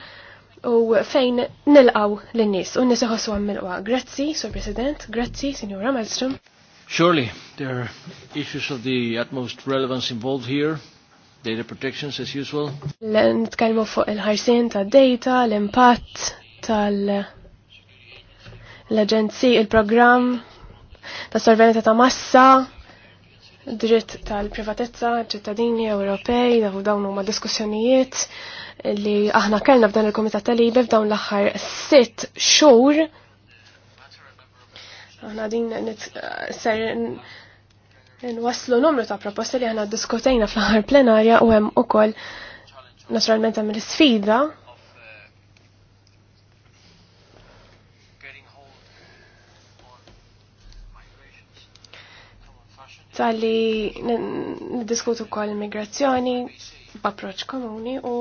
u fejn nilqaw l-nis u nisiħosu għam milqwa. Grazzi, Sur President, grazzi, Signora Malmström. Surely, there are issues of the utmost relevance involved here. Data protections as usual. Nitkellmu fuq il-ħarsin ta' data, l-impatt tal- l-aġenzi, il-programm ta' sorvenza ta' massa, dritt tal-privatezza, ċittadini Ewropej, dawn huma diskussjonijiet li aħna kellna f'dan il-Komitat tal-Libe f'dawn l-aħħar sitt xhur. Aħna din ser nwaslu numru ta' proposti li aħna diskutejna fl-aħħar plenarja u hemm ukoll naturalment hemm l-isfida tal-li diskutu kol immigrazzjoni b'approċ komuni u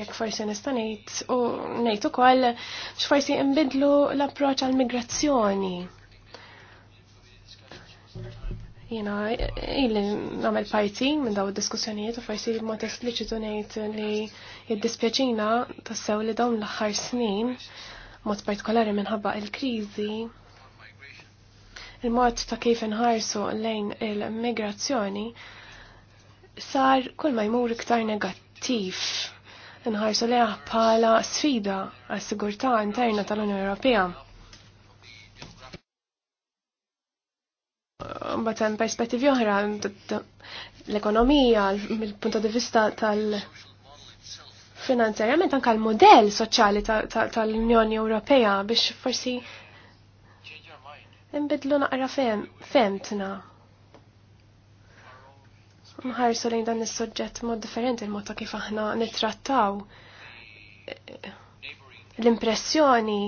jekk forsi nista' ngħid u ngħid ukoll x'forsi nbidlu l-approċċ għall-migrazzjoni. Jiena ili nagħmel parti minn daw id-diskussjonijiet u forsi mod espliċitu ngħid li jiddispjaċina tassew li dawn l-aħħar snin mod partikolari minħabba il-kriżi il-mod ta' kif inħarsu lejn il-migrazzjoni sar kull ma jmur iktar negattiv nħarsu leħ bħala sfida għas sigurtà interna tal-Unjoni Ewropea. hemm perspettivi oħra, l-ekonomija, mill-punta di vista tal- finanzjarjament anke l-modell soċjali tal-Unjoni Ewropea biex forsi nbidlu naqra femtna mħarsu lejn dan is-soġġett mod differenti l-mod ta' kif aħna nittrattaw l-impressjoni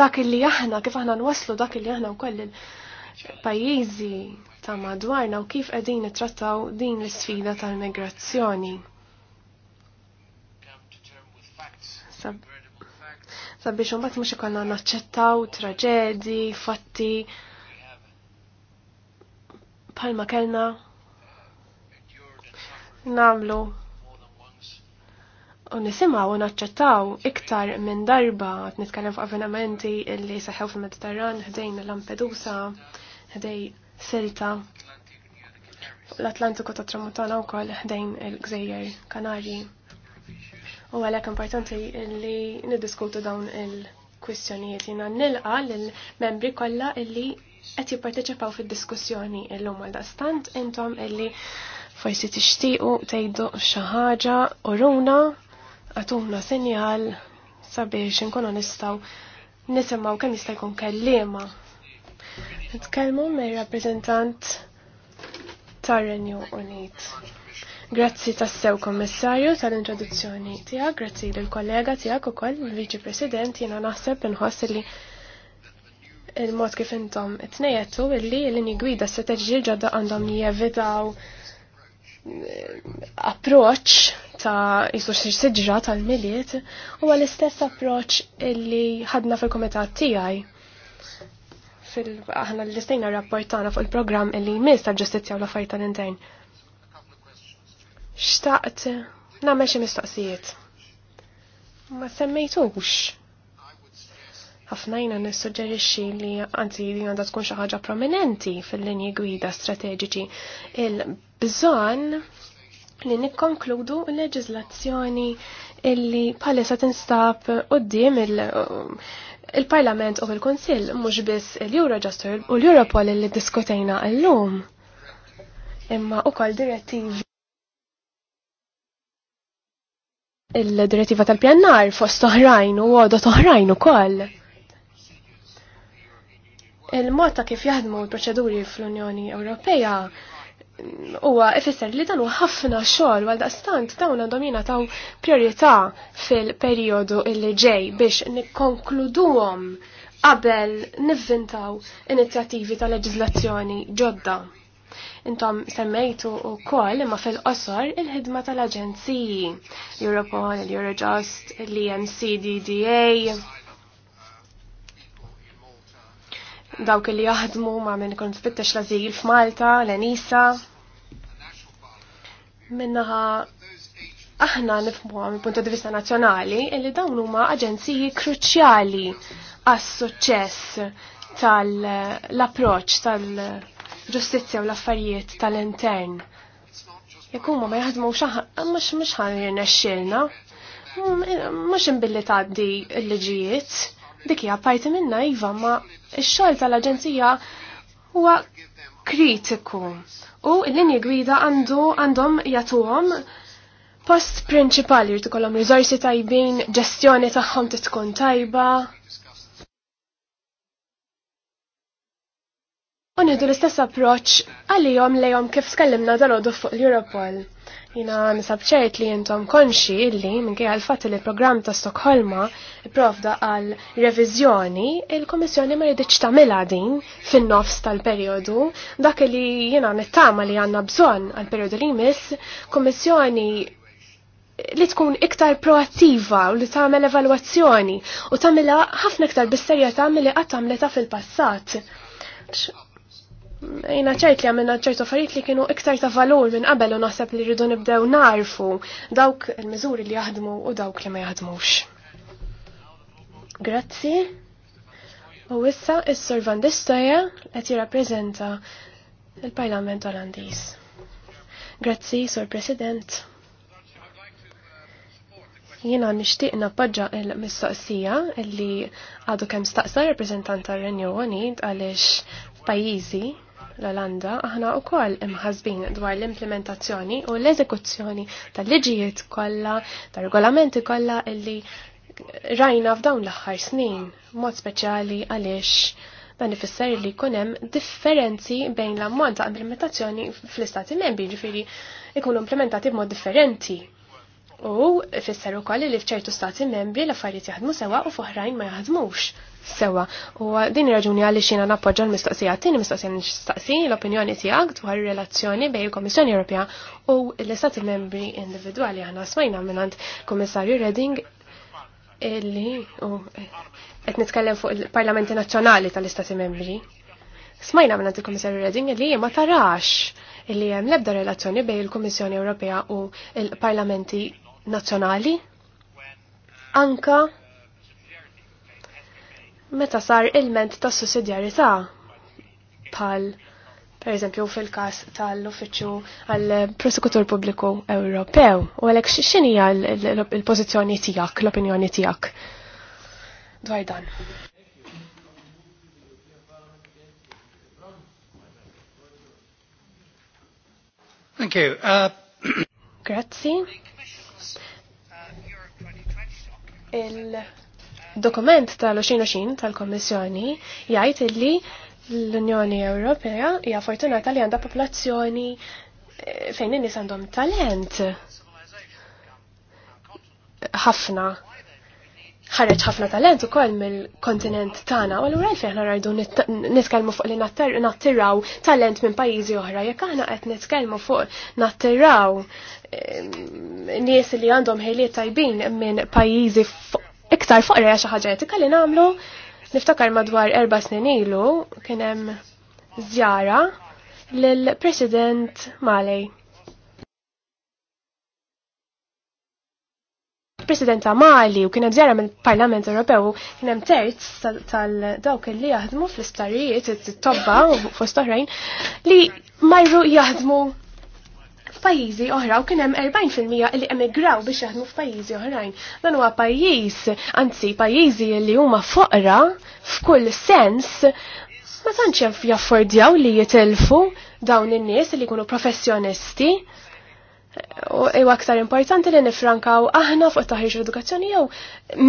dak illi aħna kif aħna nwaslu dak illi aħna wkoll il-pajjiżi ta' madwarna u kif qegħdin nittrattaw din l-isfida tal-migrazzjoni. Sabiex bat mhux ikollna naċċettaw traġedji, fatti, bħalma kellna namlu u nisima u naċċettaw iktar minn darba qed nitkellem fuq avvenimenti li seħew fil-Mediterran ħdejn Lampedusa, ħdej Silta, l-Atlantiku ta' u wkoll ħdejn il-Gżejjer Kanarji. U għalhekk importanti illi niddiskutu dawn il-kwistjonijiet jina nilqa lill membri kollha illi qed jipparteċipaw fid-diskussjoni l-lum għal dastant intom illi forsi tixtiequ tgħidu xi ħaġa uruna għatuna sinjal sabiex inkunu nistgħu nisimgħu kemm jista' jkun kelliema. Nitkellmu mir-rappreżentant tar-Renju Unit. Grazzi tassew kommissarju tal-introduzzjoni tijak, grazzi l-kollega tijak u koll, il-Viċi President, jena naħseb nħoss li il-mod kif intom tnejettu illi l ini gwida strateġi ġadda għandhom jevitaw eh, approċ ta' jisu xirsidġa tal-miliet u għal-istess approċ illi ħadna fil-komitat tijaj. Fil-ħana l-istejna rapportana fuq il-program illi jmiss ta' ġustizja u l-affarijiet tal-intern. Xtaqt namel xi mistoqsijiet. Ma semmejtux ħafna jina nissuġġerixxi li anzi li għandha tkun xi ħaġa prominenti fil-linji gwida strateġiċi il-bżonn li nikkonkludu l-leġiżlazzjoni illi palissa tinstab qudiem il-Parlament u il kunsill mhux biss l eurojust u l-Europol li diskutejna llum. Imma wkoll direttivi il-direttiva tal-PNR fost oħrajn u għodot oħrajn u koll il-mod ta' kif jaħdmu l-proċeduri fl-Unjoni Ewropea mm, huwa ifisser li dan ħafna xogħol għaldaqstant dawn għandhom jingħataw priorità fil-perjodu illi ġej biex nikkonkluduhom qabel nivvintaw inizjattivi ta' leġiżlazzjoni ġodda. Intom semmejtu u koll imma fil-qosor il-ħidma tal-aġenziji Europol, il-Eurojust, l-EMCDDA, dawk li jaħdmu ma' minn kon tfittex l f'Malta, l-Enisa. Minnaħa aħna nifmu minn punta di vista nazzjonali li dawn huma aġenziji kruċjali għas-suċċess tal-approċ tal-ġustizzja u l-affarijiet tal-intern. Jekk huma ma jaħdmu mhux mhux ħan mhux inbilli tgħaddi l-liġijiet dik hija parti minna iva ma x-xogħol tal-aġenzija huwa kritiku u l-linji gwida għandu għandhom jagħtuhom post prinċipali jrid ikollhom riżorsi tajbin, ġestjoni tagħhom tkun tajba, U l-istess approċ għalihom lejhom kif skellimna dalodu fuq l-Europol. Jina nisab ċert li jintom konxi illi minkejja għal fatt li l-programm ta' Stokholma provda għal reviżjoni, il-Komissjoni ma jridx tagħmilha din fin-nofs tal-perjodu, dak li jina nittama li għandna bżonn għal-perjodu li jmiss, Komissjoni li tkun iktar proattiva u li tagħmel evalwazzjoni u tagħmilha ħafna iktar bis-serjetà milli qatt tagħmilha fil-passat. Jina ċert li għamilna ċertu affarijiet li kienu iktar ta' valur minn qabel u naħseb li rridu nibdew narfu dawk il-miżuri li jaħdmu u dawk li ma jaħdmux. Grazzi. U issa is-Sur Van Distoja qed jirrappreżenta il-Parlament Olandiż. Grazzi, Sur President. Jiena nixtieq nappoġġa il-mistoqsija illi għadu kemm staqsa rappreżentant tar-Renju Unit għaliex pajjiżi l-Olanda aħna u koll imħazbin dwar l-implementazzjoni u l-eżekuzzjoni tal-liġijiet kollha, tal-regolamenti kollha illi rajna f'dawn l-aħħar snin, mod speċjali għaliex dan ifisser li jkun hemm differenzi bejn l-ammont ta' implementazzjoni fl-istati membri, ġifiri ikunu implementati b'mod differenti. U ifisser ukoll li f'ċertu stati membri l-affarijiet jaħdmu sewa u fuħrajn ma jaħdmux sewa. U din raġuni għalli xina nappoġġa l-mistoqsija għattini mistoqsija nistaqsi l-opinjoni tijak dwar relazzjoni bej il-Komissjoni Ewropea u l-Istati membri individuali għana smajna minnant Komissarju Redding illi u qed nitkellem fuq il-Parlamenti Nazzjonali tal-Istati membri. Smajna minnant il-Komissarju Redding illi ma tarax illi hemm l-ebda relazzjoni bej il-Komissjoni Ewropea u il-Parlamenti Nazzjonali anka meta sar ilment ta' sussidjarità pal per eżempju fil-kas tal-Uffiċċju għall-Prosekutur Pubbliku Ewropew. U għalhekk x'inhi l-pożizzjoni tiegħek, l-opinjoni tiegħek dwar dan. Thank you. Uh... Grazie. Il dokument tal-2020 tal-Kommissjoni jgħid li l-Unjoni Ewropea hija fortunata li għandha popolazzjoni eh, fejn in-nies għandhom talent ħafna ħareġ ħafna talent ukoll mill-kontinent tagħna, u allura għalfejn aħna rajdu nitkellmu fuq li nattiraw talent minn pajjiżi oħra, jekk aħna qed nitkellmu fuq nattiraw eh, nies li għandhom ħiliet tajbin minn pajjiżi iktar fuq reja xi ħaġa etika li nagħmlu niftakar madwar erba' snin ilu kien hemm żjara lill-President Malej. President ta' Mali u hemm ġara mill-Parlament Ewropew kien hemm terz tal-dawk li jaħdmu fl-istarijiet it-tobba u fost oħrajn li marru jaħdmu f'pajjiżi oħra u kien hemm 40% li emigraw biex jaħdmu f'pajjiżi oħrajn. Dan huwa pajjiż, anzi pajjiżi li huma foqra f'kull sens ma tantx jaffordjaw li jitilfu dawn in-nies li jkunu professjonisti. U aktar importanti li nifrankaw aħna fuq taħriġ edukazzjoni jew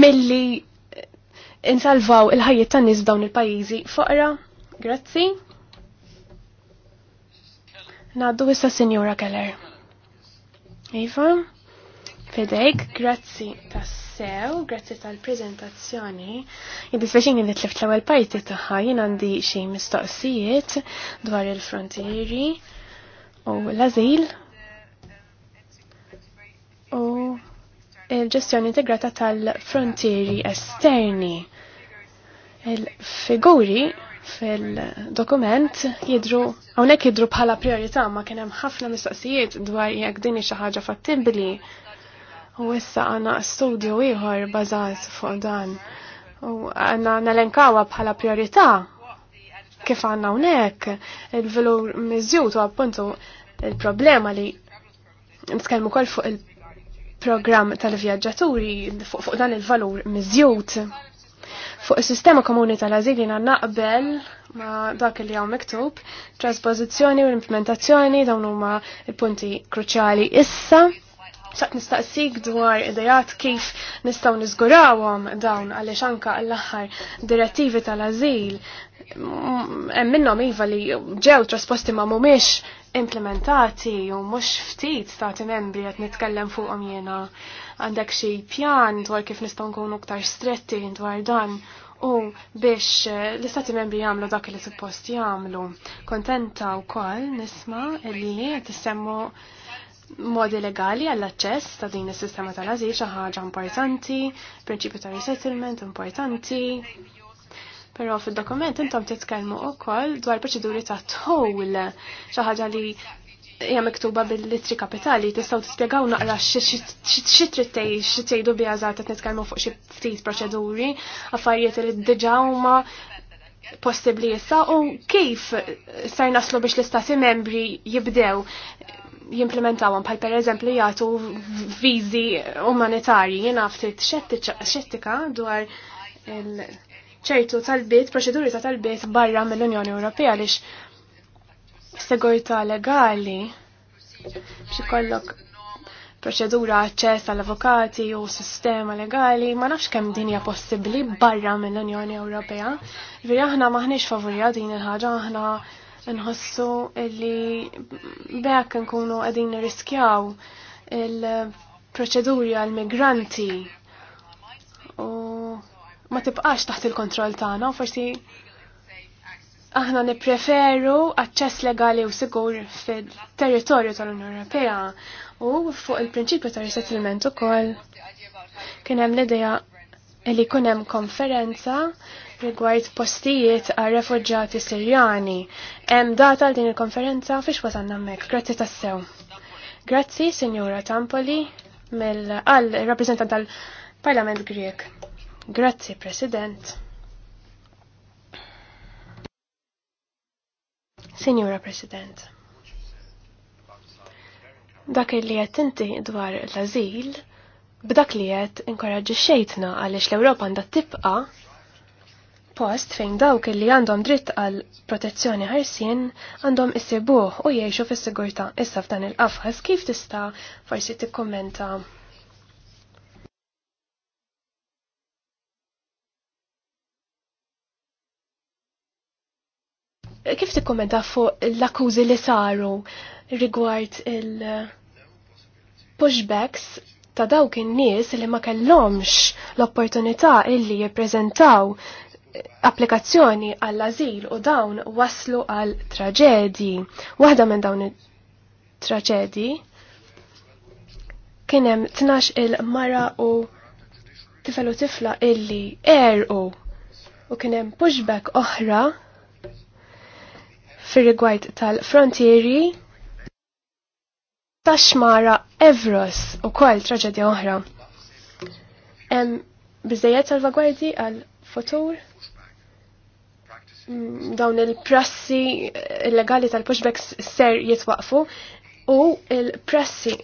milli insalvaw il-ħajjiet tan-nies f'dawn il-pajjiżi foqra. Grazzi. Naddu issa Sinjura Keller. Iva, fidejk, grazzi tas-sew, grazzi tal-prezentazzjoni. Jibbifaxini li tlift l-ewwel parti tagħha jien għandi xi mistoqsijiet dwar il-frontieri u l-azil u il-ġestjoni integrata tal-frontieri esterni. Il-figuri fil-dokument jidru, għonek jidru bħala priorità ma kienem ħafna mistoqsijiet dwar jek din xi ħaġa fattibli. U issa għana studju ieħor bażat fuq dan. U għana nalenkawa bħala priorità kif għanna unek il-velur mizjut u appuntu il-problema li nitkellmu kol fuq il-programm tal-vjaġġaturi fuq dan il-valur mizjut. Fuq is-sistema komuni tal azili jiena naqbel ma dak li hawn miktub, trasposizzjoni u l-implementazzjoni dawn huma l-punti kruċjali issa. Saq nistaqsik dwar idejat kif nistaw nizgurawom dawn għaliex anka l-aħħar direttivi tal-azil mm, hemm minnhom iva li ġew trasposti ma mhumiex implementati u mhux ftit stati membri qed nitkellem fuqhom jiena għandek xi pjan dwar kif nistgħu nkunu aktar stretti dwar dan u biex eh, l-istati membri jagħmlu dak li suppost jamlu. Kontenta wkoll nisma' li tissemmu modi legali għall-aċċess ta' din is-sistema tal-għażil xi ħaġa importanti, prinċipju ta' resettlement importanti. Però fil-dokument intom titkellmu wkoll dwar proċeduri ta' towl xi ħaġa li hija miktuba bil-litri kapitali, tistgħu tispjegaw naqra xi trid tgħix xi tgħidu biha żgħar qed nitkellmu fuq xi ftit proċeduri, affarijiet li diġà huma possibbli issa u kif sar naslu biex l-istati membri jibdew jimplementawhom bħal pereżempju jagħtu viżi umanitarji jiena ftit xettika dwar ċertu tal-bit, proċeduri ta' tal-bit barra mill-Unjoni Ewropea għaliex Segurità legali biex ikollok proċedura aċċess għall avukati u sistema legali ma nafx kemm din hija possibbli barra mill-Unjoni Ewropea. Ġifieri aħna maħniex favorija din il-ħaġa aħna nħossu li bekk nkunu qegħdin riskjaw il-proċeduri għall migranti u ma tibqax taħt il-kontroll tagħna forsi aħna nipreferu aċċess legali u sigur fil-territorju tal-Unjoni Ewropea u fuq il-prinċipju ta' resettlement ukoll kien hemm l-idea li jkun hemm konferenza rigward postijiet għal refuġġati Sirjani. Hemm data għal din il-konferenza fiex wasanna hemmhekk. Grazzi tassew. Grazzi, Sinjura Tampoli, mill għal rappreżentant tal-Parlament Grieg. Grazzi, President. Signora President, dak li qed inti dwar l-azil, b'dak li qed inkoraġġi xejtna għaliex l-Ewropa għandha tibqa' post fejn dawk li għandhom dritt għal protezzjoni ħarsien għandhom issibuh u jgħixu fis-sigurtà issa f'dan il-qafas kif tista' forsi tikkommenta Kif tikkommenta fuq l-akkużi li saru rigward il-pushbacks uh, ta' dawk in-nies li ma kellhomx l-opportunità illi jippreżentaw uh, applikazzjoni għall-azil u dawn waslu għal traġedji. Waħda minn dawn it-traġedji kienem tnax il-mara u tifel u tifla illi erqu u kienem pushback oħra fir-rigward tal-frontieri taxmara Evros u kol traġedja oħra. Hemm tal salvagwardji għal futur mm, dawn il-prassi illegali tal-pushbacks ser jitwaqfu u il-prassi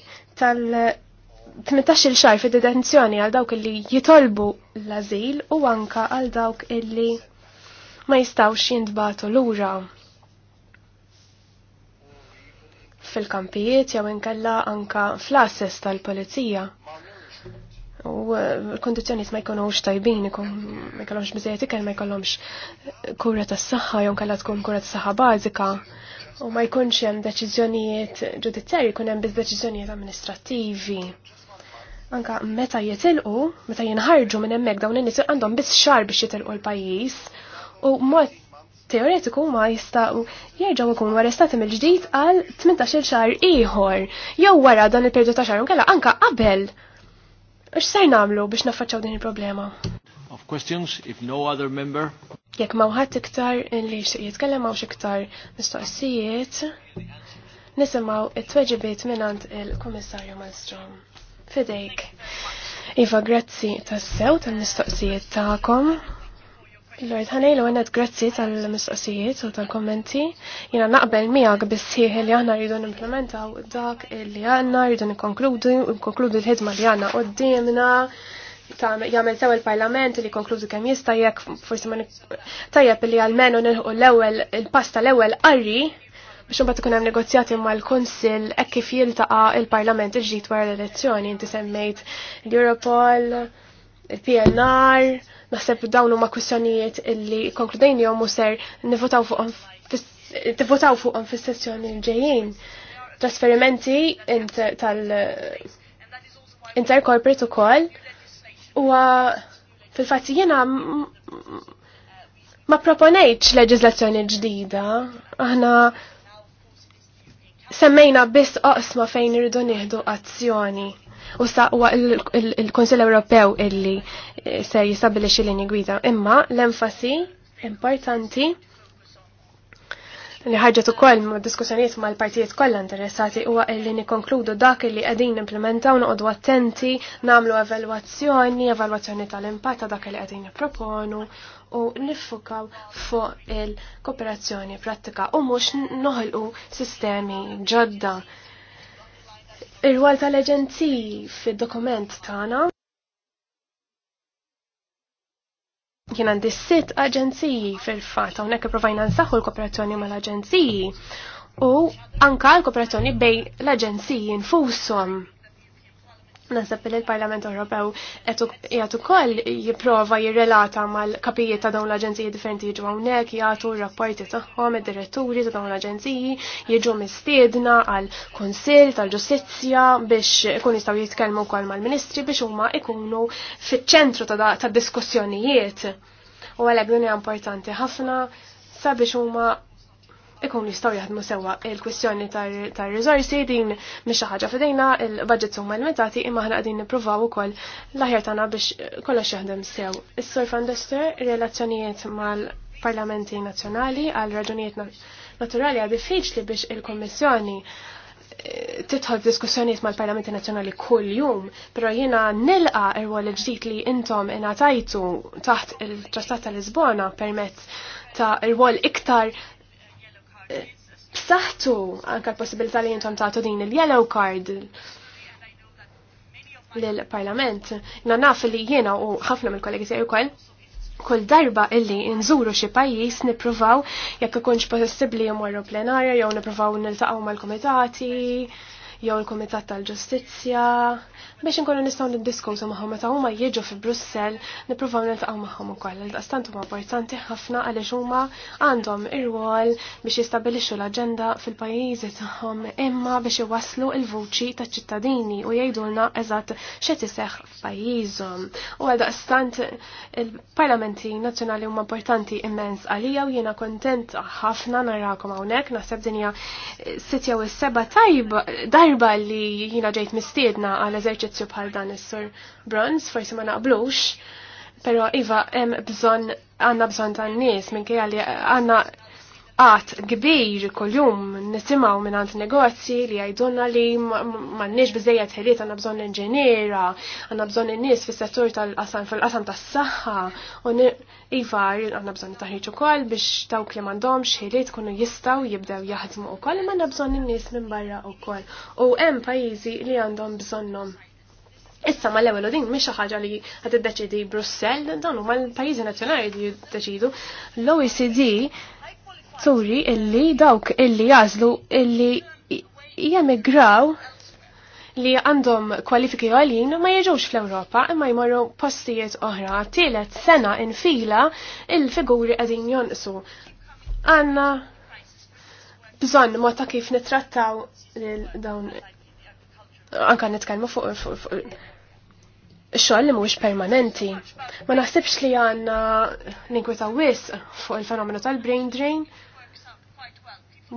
tal-18 il xar fi detenzjoni għal dawk illi jitolbu l-azil u anka għal dawk illi ma jistawx jintbatu l-ura. fil-kampijiet jew inkella anka fl-assess tal-polizija. U eh, l-kondizjoniet ma jkunux tajbin, ma jkollhomx biżejjed ikel, ma jkollhomx kura tas-saħħa jew kellha tkun kura tas-saħħa bażika. U ma jkunx hemm deċiżjonijiet ġudizzjarji, jkun hemm biss deċiżjonijiet amministrattivi. Anka meta jitilqu, meta jinħarġu minn hemmhekk dawn in-nies għandhom biss xar biex jitilqu l-pajjiż u mod teoretiku ma jistaw jerġgħu jkunu arrestati mill-ġdid għal 18-il xahar ieħor jew wara dan il-perjodu ta' xar, kella anka qabel. X'ser nagħmlu biex naffaċċaw din il-problema? Of questions if no other member Jekk mawħat wħadd iktar li xie jitkellem mawx iktar mistoqsijiet, nisimgħu it-tweġibiet mingħand il-Kummissarju Malstrom Fidejk. Iva, grazzi tas-sew tal-mistoqsijiet tagħkom. Lord Hanejlu għenet grazzi tal-mistoqsijiet u tal-kommenti. Jina naqbel miegħek bissieħ li aħna rridu nimplementaw dak li għanna, rridu n-konkludu l-ħidma li għanna d-dimna. jagħmel sew il-Parlament li konkludu kemm jista' jekk forsi ma tajjeb li għalmenu nilħu l-ewwel il-pasta l-ewwel qarri biex imbagħad ikun hemm negozjati mal-Kunsill hekk kif jiltaqa' il-Parlament il-ġid wara l-elezzjoni inti semmejt l-Europol, il-PNR, Naħseb dawn huma kwistjonijiet illi konkludejni u ser nivotaw fuqhom tivvotaw fuqhom fis-sessjoni l-ġejjin. Trasferimenti tal intercorporate ukoll u fil-fatt jiena ma proponejtx leġizlazzjoni ġdida. Aħna semmejna biss oqsma fejn irridu nieħdu azzjoni U sta il-Kunsill Ewropew illi eh, ser xi linji gwida. Imma l-enfasi importanti li ħarġet ukoll ma' diskussjonijiet mal partijiet kollha interessati huwa li nikkonkludu dak li qegħdin implementaw noqogħdu attenti, nagħmlu evalwazzjoni, evalwazzjoni tal-impatt ta' dak li qegħdin nipproponu u nifukaw fuq il-kooperazzjoni prattika u mhux noħolqu sistemi ġodda ir-rwal tal-Aġenziji fid-dokument tagħna. Jien għandi sitt aġenziji fil-fatt hawnhekk ipprovajna nsaħħu l-kooperazzjoni mal-aġenziji u anka l-kooperazzjoni bejn l-aġenziji infushom Nasab li l-Parlament Ewropew qed ukoll jipprova jirrelata mal-kapijiet ta' dawn l-aġenziji differenti jiġu hawnhekk, jagħtu rapporti tagħhom id-diretturi ta' dawn l-aġenziji, jiġu mistiedna għal konsil tal-ġustizzja biex ikun jistgħu jitkellmu wkoll mal-ministri biex huma ikunu fiċ-ċentru ta' diskussjonijiet. U għalhekk din importanti ħafna sabiex huma ikun jistgħu jaħdmu sewa il-kwistjoni tar-rizorsi din mhix xi ħaġa f'idejna il budget huma limitati imma aħna qegħdin nippruvaw ukoll l-aħjar tagħna biex kollox jaħdem sew. Is-Sur Fandester, relazzjonijiet mal-parlamenti nazzjonali għal raġunijiet naturali għad diffiċli biex il-Kommissjoni eh, titħol diskussjoniet mal-Parlamenti Nazzjonali kull jum, pero jiena nilqa ir wol ġdid li intom ingħatajtu taħt il-Trattat ta' Lisbona permezz ta' ir-rwol iktar b'saħħtu anke l-possibilità li jintom taħtu din il-yellow card lill-Parlament. Na naf li jiena u ħafna mill-kollegi tiegħi wkoll kull darba illi nżuru xi pajjiż nippruvaw jekk ikunx possibbli jmorru plenarja jew nippruvaw niltaqgħu mal-kumitati jew il-Kumitat tal-Ġustizzja biex inkunu nistgħu niddiskutu magħhom meta huma jiġu fi Brussell nippruvaw niltaqgħu magħhom ukoll. Daqstant huma importanti ħafna għaliex huma għandhom ir-rwol biex jistabilixxu l-aġenda fil-pajjiżi tagħhom imma biex iwasslu l-vuċi taċ-ċittadini u jgħidulna eżatt x'qed iseħħ f'pajjiżhom. U għaldaqstant il-parlamenti nazzjonali huma importanti immens għalija u jiena kontent ħafna narakom hawnhekk naħseb dinja sitja u is-seba' tajba darba li jina ġejt mistiedna għal eżerċizzju bħal dan is-sur Bronze, forsi ma naqblux, pero iva hemm bżonn għandna bżonn tan-nies minkejja li għandna għat kbir kol-jum nisimaw minnant negozji li għajdunna li mannix bizzejet ħiliet għanna bżon inġeniera, għanna bżon n-nis fis settur tal-qasam fil-qasam tas-saħħa, u iva għanna bżon taħriċ ukoll biex dawk li mandom xħiliet kunu jistaw jibdew jaħdmu ukoll, ma għanna bżon n-nis minn barra kol. U hemm pajjiżi li għandhom bżonnom. Issa ma l-ewwel din miex ħaġa li qed iddeċidi Brussell, dan huma l-pajjiżi nazzjonali li jiddeċidu. L-OECD turi illi dawk illi jazlu illi jemigraw li għandhom kwalifiki għalin ma jieġux fl-Europa imma jmorru postijiet oħra tielet sena fila il-figuri għadin jonqsu. Għanna bżonn mod ta' kif nitrattaw dawn anka nitkellmu fuq xogħol li mhuwiex permanenti. Ma naħsibx li għandna ninkwitaw wisq fuq il-fenomenu tal-brain drain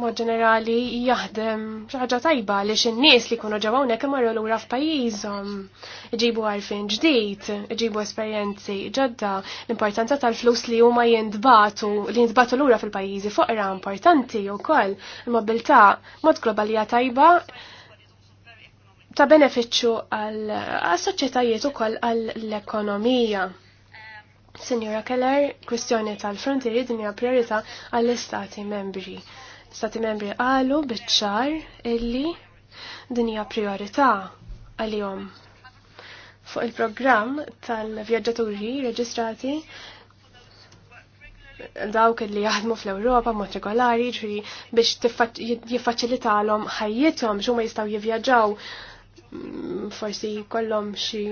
mod ġenerali jaħdem xi ħaġa tajba għaliex in-nies li jkunu ġewwa hawnhekk imorru lura f'pajjiżhom, iġibu għarfien ġdid, iġibu esperjenzi ġodda, l-importanza tal-flus li huma jintbatu li jintbatu lura fil-pajjiżi foqra importanti wkoll il-mobilità mod globalija tajba ta' benefiċċju għal-soċjetajiet ukoll għall-ekonomija. Signora Keller, kwestjoni tal-frontieri din hija priorità għall-istati membri stati membri qalu biċ-ċar illi din hija priorità għalihom. Fuq il-programm tal-vjaġġaturi reġistrati dawk li jaħdmu fl-Ewropa mod regolari ġri biex jiffaċilitalhom ħajjithom x'huma jistgħu jivvjaġġaw mm, forsi kollhom xi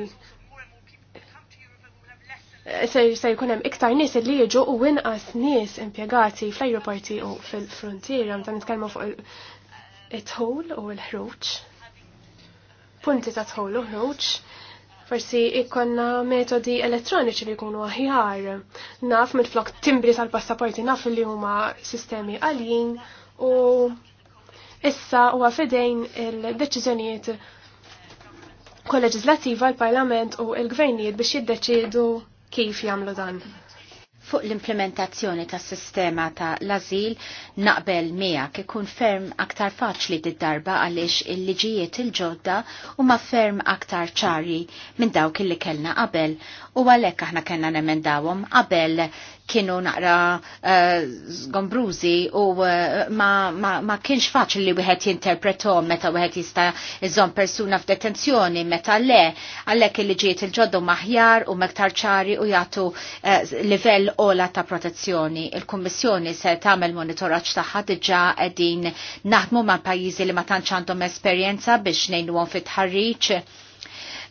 se jkun hemm iktar nies li jiġu u inqas nies impjegati fl-ajruporti u fil-frontiera meta nitkellmu fuq it-tħol u l-ħruġ. Punti ta' tħol u ħruġ. Forsi ikkonna metodi elettroniċi li jkunu aħjar. Naf minn flok timbri tal-passaporti naf li huma sistemi għaljin u issa huwa fidejn il-deċiżjonijiet kolleġislativa l-Parlament u l-gvernijiet biex jiddeċidu kif jagħmlu dan. Fuq l-implementazzjoni tas sistema ta' l-azil naqbel miegħek ikun ferm aktar faċli did-darba għaliex il-liġijiet il-ġodda u ma ferm aktar ċari minn dawk illi kellna qabel u għalek aħna kena nemendawom qabel kienu naqra eh, zgombruzi u eh, ma, kienx faċ li wieħed jinterpretom meta wieħed jista iżom persuna f'detenzjoni meta le għalek li ġiet il-ġoddu maħjar u mektar ċari u jagħtu eh, livell ola ta' protezzjoni. Il-Kummissjoni se tagħmel monitoraġġ tagħha diġà qegħdin naħdmu ma' pajjiżi li ma tantx għandhom esperjenza biex ngħinuhom fit-tħarriġ.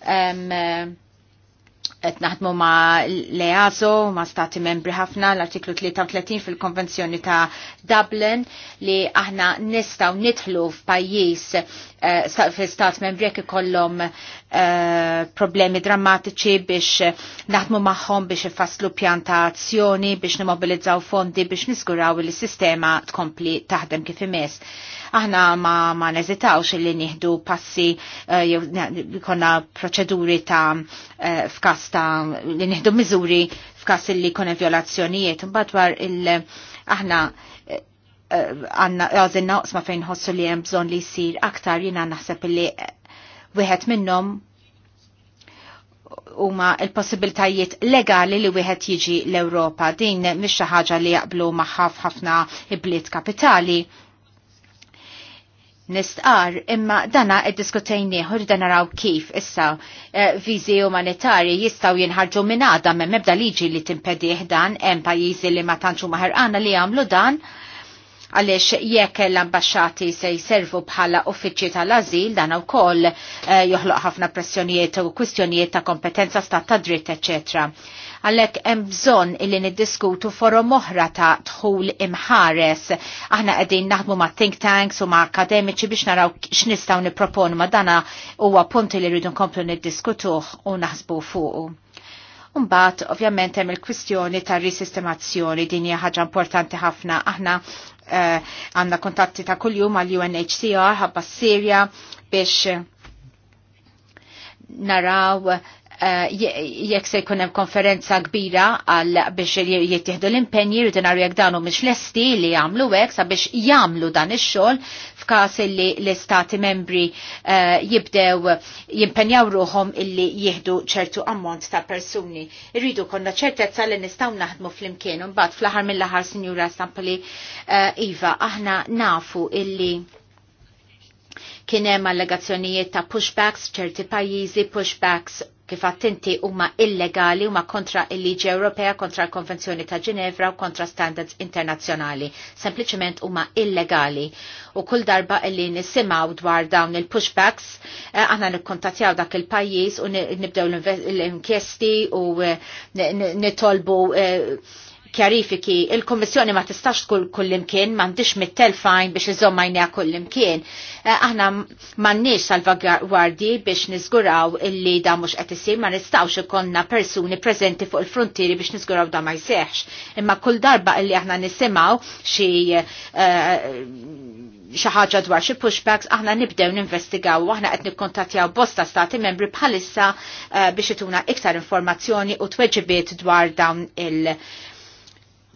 Um, qed naħdmu ma' l-EASO, ma' stati membri ħafna, l-artiklu 33 fil-Konvenzjoni ta' Dublin, li aħna nistaw nidħlu f'pajjiż eh, fil-stat membri jekk ikollhom Eh, problemi drammatiċi biex naħdmu maħħom biex ifasslu pjanta azzjoni biex nimobilizzaw fondi biex nisguraw li sistema tkompli taħdem kif imess. Aħna ma, ma neżitawx li nieħdu passi uh, jew konna proċeduri ta' uh, f'kas ta' li nieħdu miżuri f'kas li konna violazzjonijiet. Mbagħad dwar il- aħna għanna għazin naqsma fejn ħossu li hemm bżonn li jsir aktar jina naħseb li wieħed minnhom huma l-possibiltajiet legali li wieħed jiġi l-Ewropa. Din mhix xi ħaġa li jaqblu magħha ħafna ibliet kapitali. Nistqar, imma dana id-diskutejni ħur dan naraw kif issa e, viżi umanitari jistgħu jinħarġu minn għadam minn mebda liġi li timpedih dan hemm pajjiżi li ma tantxu maħerqana li jagħmlu dan għaliex jekk l-ambasċati se jservu bħala uffiċċji tal-azil dan ukoll eh, joħloq ħafna pressjonijiet u kwistjonijiet ta' kompetenza stat ta' dritt, ecc. Għalhekk hemm bżonn illi niddiskutu forum oħra ta' dħul imħares. Aħna qegħdin naħdmu ma' think tanks u ma' akademiċi biex naraw x'nistgħu nipproponu ma' dana huwa punti li rridu nkomplu niddiskutuh u naħsbu fuqu. Umbat, ovvjament, hemm il-kwistjoni ta' risistemazzjoni din hija ħaġa importanti ħafna. Aħna Eh, għanna kontatti ta' kuljum għal UNHCR ħabba Sirja biex eh, naraw eh, jekk se jkun hemm konferenza kbira għal biex jittieħdu l-impenji rridu naru jekk danu mhux lesti li jagħmlu hekk sabiex jagħmlu dan ix-xogħol f'każ illi l-istati membri uh, jibdew jimpenjaw ruhom illi jieħdu ċertu ammont ta' persuni. Irridu konna ċertezza li nistgħu naħdmu flimkien u mbagħad fl-aħħar mill-aħħar Sinjura Stampoli uh, Iva, aħna nafu illi kien hemm allegazzjonijiet ta' pushbacks ċerti pajjiżi, pushbacks kif attenti huma illegali huma kontra il-liġi Ewropea, kontra l-Konvenzjoni ta' Ginevra u kontra standards internazzjonali. Sempliċement huma illegali. U kull darba illi nisimgħu dwar dawn il-pushbacks, eh, aħna nikkontattjaw dak il-pajjiż u nibdew l-inkjesti u eh, nitolbu eh, kjarifiki, il-Kommissjoni ma tistax kull-imkien, kullimkien, m'għandix mit-telfajn biex iżommajnija kullimkien. Eh, aħna m'għandniex salvaguardi biex niżguraw illi da mhux qed isir, ma nistax ikollna persuni preżenti fuq il-frontieri biex niżguraw da ma jseħx. Imma kull darba illi aħna nisimgħu xi eh, xaħġa ħaġa dwar xi pushbacks aħna nibdew ninvestigaw aħna qed nikkontattjaw bosta stati membri bħalissa eh, biex ituna iktar informazzjoni u tweġibiet dwar dawn il-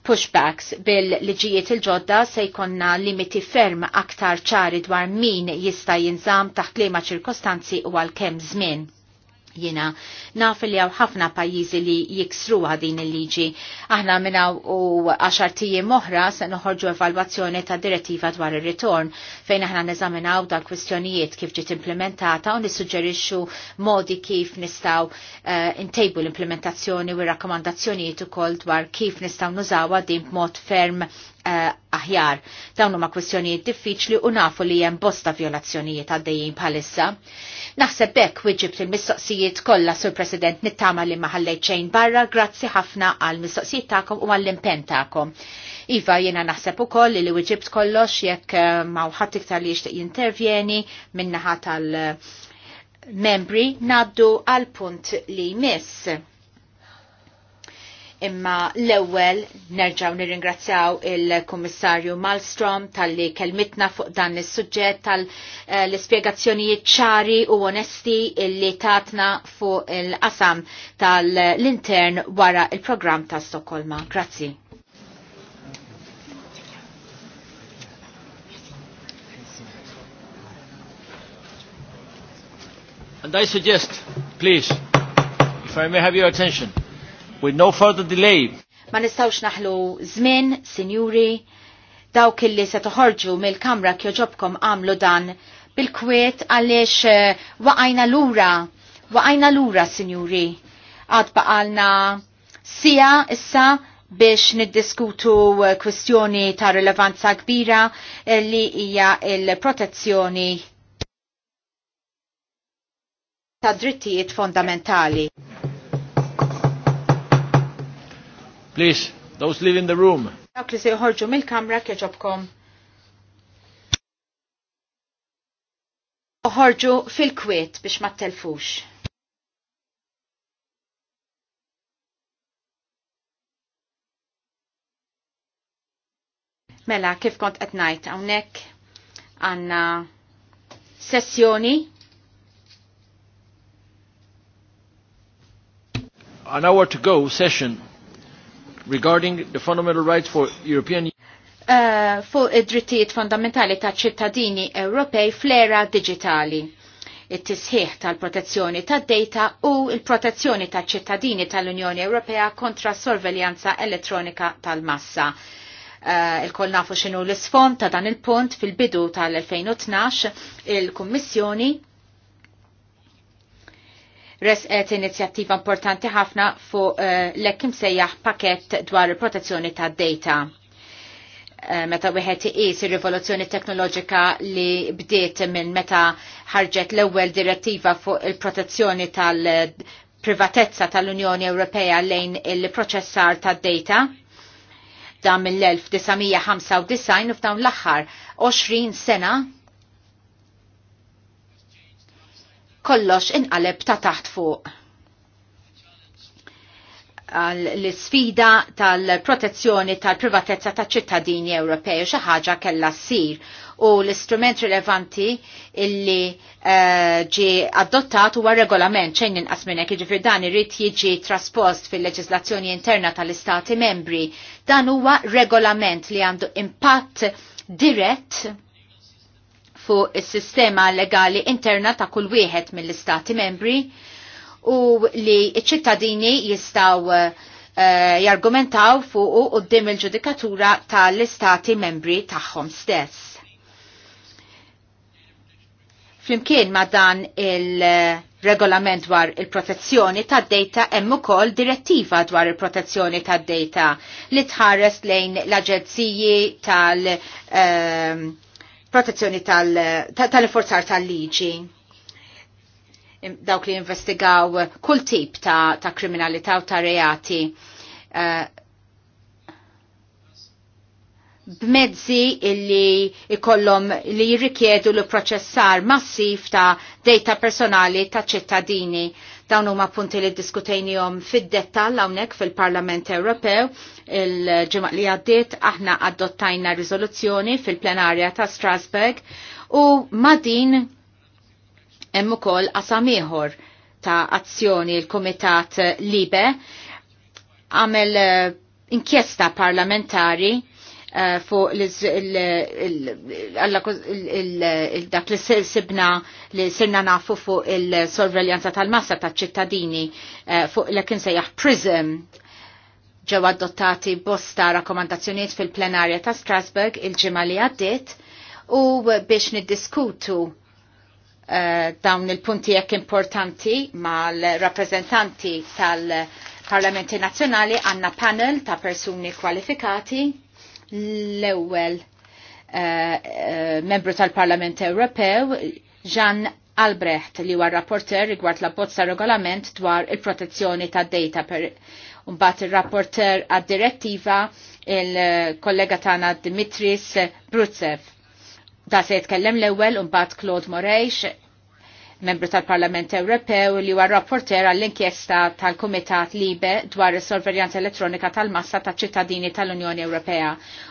pushbacks bil-liġijiet il-ġodda se jkonna limiti ferm aktar ċari dwar min jista' jinżam taħt liema ċirkostanzi u għal kemm żmien jina naf li għaw ħafna pajizi li jiksru din il-liġi. Aħna minna u għaxartijie moħra se nħorġu evalwazzjoni ta' direttiva dwar il-ritorn fejn aħna neżaminaw dal kwistjonijiet kif ġiet implementata u nissuġġerixxu modi kif nistaw uh, intejbu l-implementazzjoni u r rakkomandazzjonijiet ukoll dwar kif nistaw nużaw din b'mod ferm eh, aħjar. Dawn huma kwistjonijiet diffiċli u nafu li hemm bosta violazzjonijiet għaddejjin bħalissa. Naħseb hekk wiġib il-mistoqsijiet kollha sur President nittama li maħallejt xejn barra grazzi ħafna għal mistoqsijiet tagħkom u għall-impenn tagħkom. Iva jiena naħseb ukoll li wiġibt kollox jekk eh, ma ħadd iktar li jixtieq jintervjeni naħa tal- eh, membri naddu għal punt li miss. Imma l-ewwel nerġgħu nirringrazzjaw il-Kummissarju Malmstrom talli kelmitna fuq dan is-suġġett tal-ispjegazzjonijiet eh, ċari u onesti illi tatna fuq il-qasam tal-intern wara il-programm ta' Stokkolma. Grazzi. And I suggest, please, if I may have your attention with no further delay. Ma nistawx naħlu żmien, sinjuri, dawk illi se toħorġu mill-kamra kjoġobkom għamlu dan bil-kwiet għaliex eh, waqajna lura, waqajna lura, sinjuri. Għad baqalna sija issa biex niddiskutu eh, kwestjoni ta' rilevanza kbira eh, li hija il-protezzjoni ta' drittijiet fondamentali. Please, those leaving the room. Dawk li se jħorġu mill-kamra kieġobkom. Uħorġu fil-kwiet biex ma telfux. Mela, kif kont qed ngħid hawnhekk għandna sessjoni an hour to go session regarding the fundamental rights for European uh, fu id-drittijiet fundamentali ta' ċittadini Ewropej fl-era digitali it-tisħiħ tal-protezzjoni tad-data u il-protezzjoni ta' ċittadini tal-Unjoni Ewropea kontra sorveljanza elettronika tal-massa. Uh, Il-koll nafu xinu l-isfond ta' dan il-punt fil-bidu tal-2012 il-Kummissjoni resqet inizjattiva importanti ħafna fuq eh, l-ekkim sejjaħ pakett dwar il-protezzjoni ta' data eh, meta wieħed iqis ir-rivoluzzjoni teknoloġika li bdiet minn meta ħarġet l-ewwel direttiva fuq il-protezzjoni tal-privatezza tal-Unjoni Ewropea lejn il-proċessar tad-data dan mill-1995 u f'dawn l-aħħar 20 sena kollox inqaleb ta' taħt fuq l-sfida tal-protezzjoni tal-privatezza ta' ċittadini Ewropej xi ħaġa kellha ssir u l-istrument rilevanti illi eh, ġi uh, adottat huwa regolament xejn inqas hekk. jiġifier dan irid jiġi traspost fil-leġislazzjoni interna tal-istati membri. Dan huwa regolament li għandu impatt dirett fuq is-sistema legali interna ta' kull wieħed mill-istati membri u li ċ-ċittadini jistaw uh, jargumentaw fuq u qoddim il-ġudikatura tal-istati membri tagħhom stess. Flimkien ma dan il-regolament dwar il-protezzjoni tad data hemm ukoll direttiva dwar il-protezzjoni tad data li tħares lejn l-aġenziji tal- uh, protezzjoni tal-forzar tal-liġi dawk li investigaw kull tip ta', ta kriminalità u ta' reati uh, b'mezzi illi ikollhom li jirrikjedu l-proċessar massiv ta' data personali ta' ċittadini Dawn huma punti li diskutejnijom fid-dettall hawnhekk fil-Parlament Ewropew il-ġimgħa li għaddiet aħna adottajna riżoluzzjoni fil-plenarja ta' Strasbourg u ma' din hemm ukoll qasam ieħor ta' azzjoni l-Kumitat Libe għamel eh, inkjesta parlamentari Eh, fuq dak li sibna li sirna nafu fuq il-sorveljanza tal-massa ta' ċittadini eh, fuq l kien sejjaħ PRISM ġew adottati bosta rakkomandazzjonijiet fil-plenarja ta' Strasburg il-ġimgħa li għaddiet u biex niddiskutu eh, dawn il-punti jekk importanti mal-rappresentanti tal-Parlamenti Nazzjonali għanna panel ta' persuni kwalifikati l-ewwel eh, eh, membru tal-Parlament Ewropew, Jean Albrecht, li huwa rapporter rigward la bozza regolament dwar il-protezzjoni ta' data per unbat il-rapporter għad direttiva il-kollega tana Dimitris Brutsev. Da se jitkellem l-ewel unbat Claude Moreix, membru tal-Parlament Ewropew li huwa rapporter għall-inkjesta tal-Kumitat Libe dwar is-sorveljanza elettronika tal-massa ta' ċittadini tal-Unjoni Ewropea.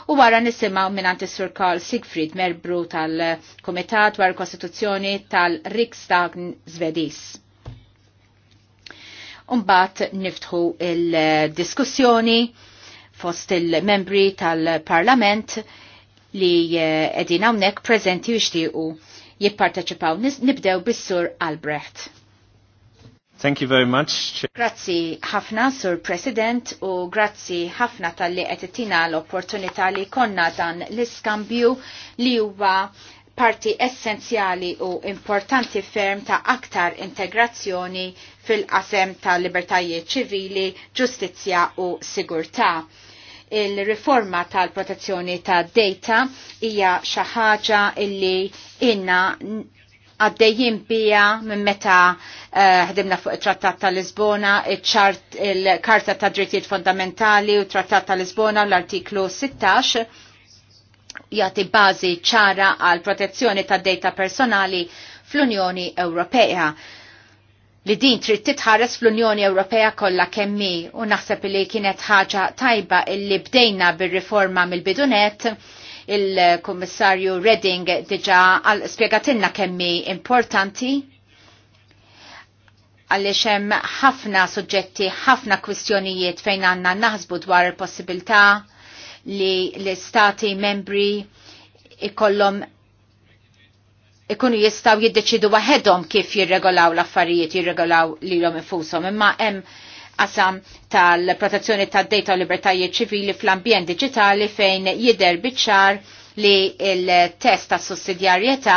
U wara nisimgħu minn is-Sur Karl Siegfried, membru tal-Kumitat dwar il-Kostituzzjoni tal-Riksdag Zvedis. Umbat niftħu il-diskussjoni fost il-membri tal-Parlament li eh, edin hawnhekk preżenti u xtiequ jipparteċipaw. Nibdew bis-Sur Albrecht. Thank you very much. Grazzi ħafna, Sur President, u grazzi ħafna tal-li għetettina l-opportunità li konna dan l-iskambju li huwa parti essenzjali u importanti ferm ta' aktar integrazzjoni fil-qasem ta' libertajiet ċivili, ġustizzja u sigurtà il-riforma tal-protezzjoni ta' data hija xi ħaġa illi inna għaddejjin bija minn meta eh, ħdimna uh, fuq it-Trattat ta' Lisbona, il-Karta ta' Drittijiet Fundamentali u Trattat ta' Lisbona l-artiklu 16 jagħti bażi ċara għal protezzjoni ta' data personali fl-Unjoni Ewropea li din trid titħares fl-Unjoni Ewropea kollha kemmi u naħseb li kienet ħaġa tajba illi bdejna bir-riforma mill-bidunet il-Kummissarju Redding diġa spiegatilna kemmi importanti għaliex hemm ħafna suġġetti, ħafna kwistjonijiet fejn għandna naħsbu dwar il-possibilità li l-istati membri ikollhom ikunu jistaw jiddeċidu waħedhom kif jirregolaw l-affarijiet, jirregolaw lilhom infusom. Imma hemm qasam tal-protezzjoni tad-data u libertajiet ċivili fl-ambjent digitali fejn jidher biċar li il-test ta' sussidjarjetà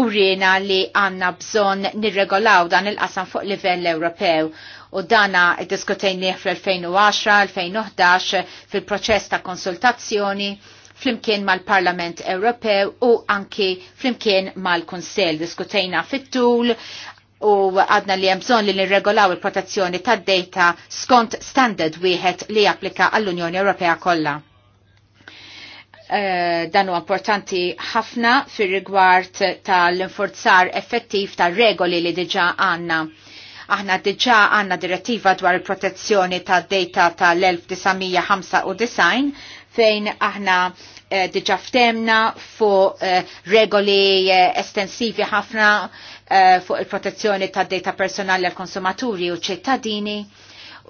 u rina li għanna bżon nirregolaw dan il-qasam fuq livell Ewropew. U dana diskutejni fl-2010-2011 fil-proċess ta' konsultazzjoni flimkien mal-Parlament Ewropew u anki flimkien mal kunsel Diskutejna fit-tul u għadna li jemżon li nirregolaw il-protezzjoni tad data skont standard wieħed li japplika għall-Unjoni Ewropea kollha. E, dan huwa importanti ħafna fir rigward tal inforzar effettiv tal-regoli li diġa għanna. Aħna diġa għanna direttiva dwar il-protezzjoni tad data tal-1995 fejn aħna eh, diġa ftemna fuq eh, regoli eh, estensivi ħafna eh, fuq il-protezzjoni ta' data personali għal konsumaturi u ċittadini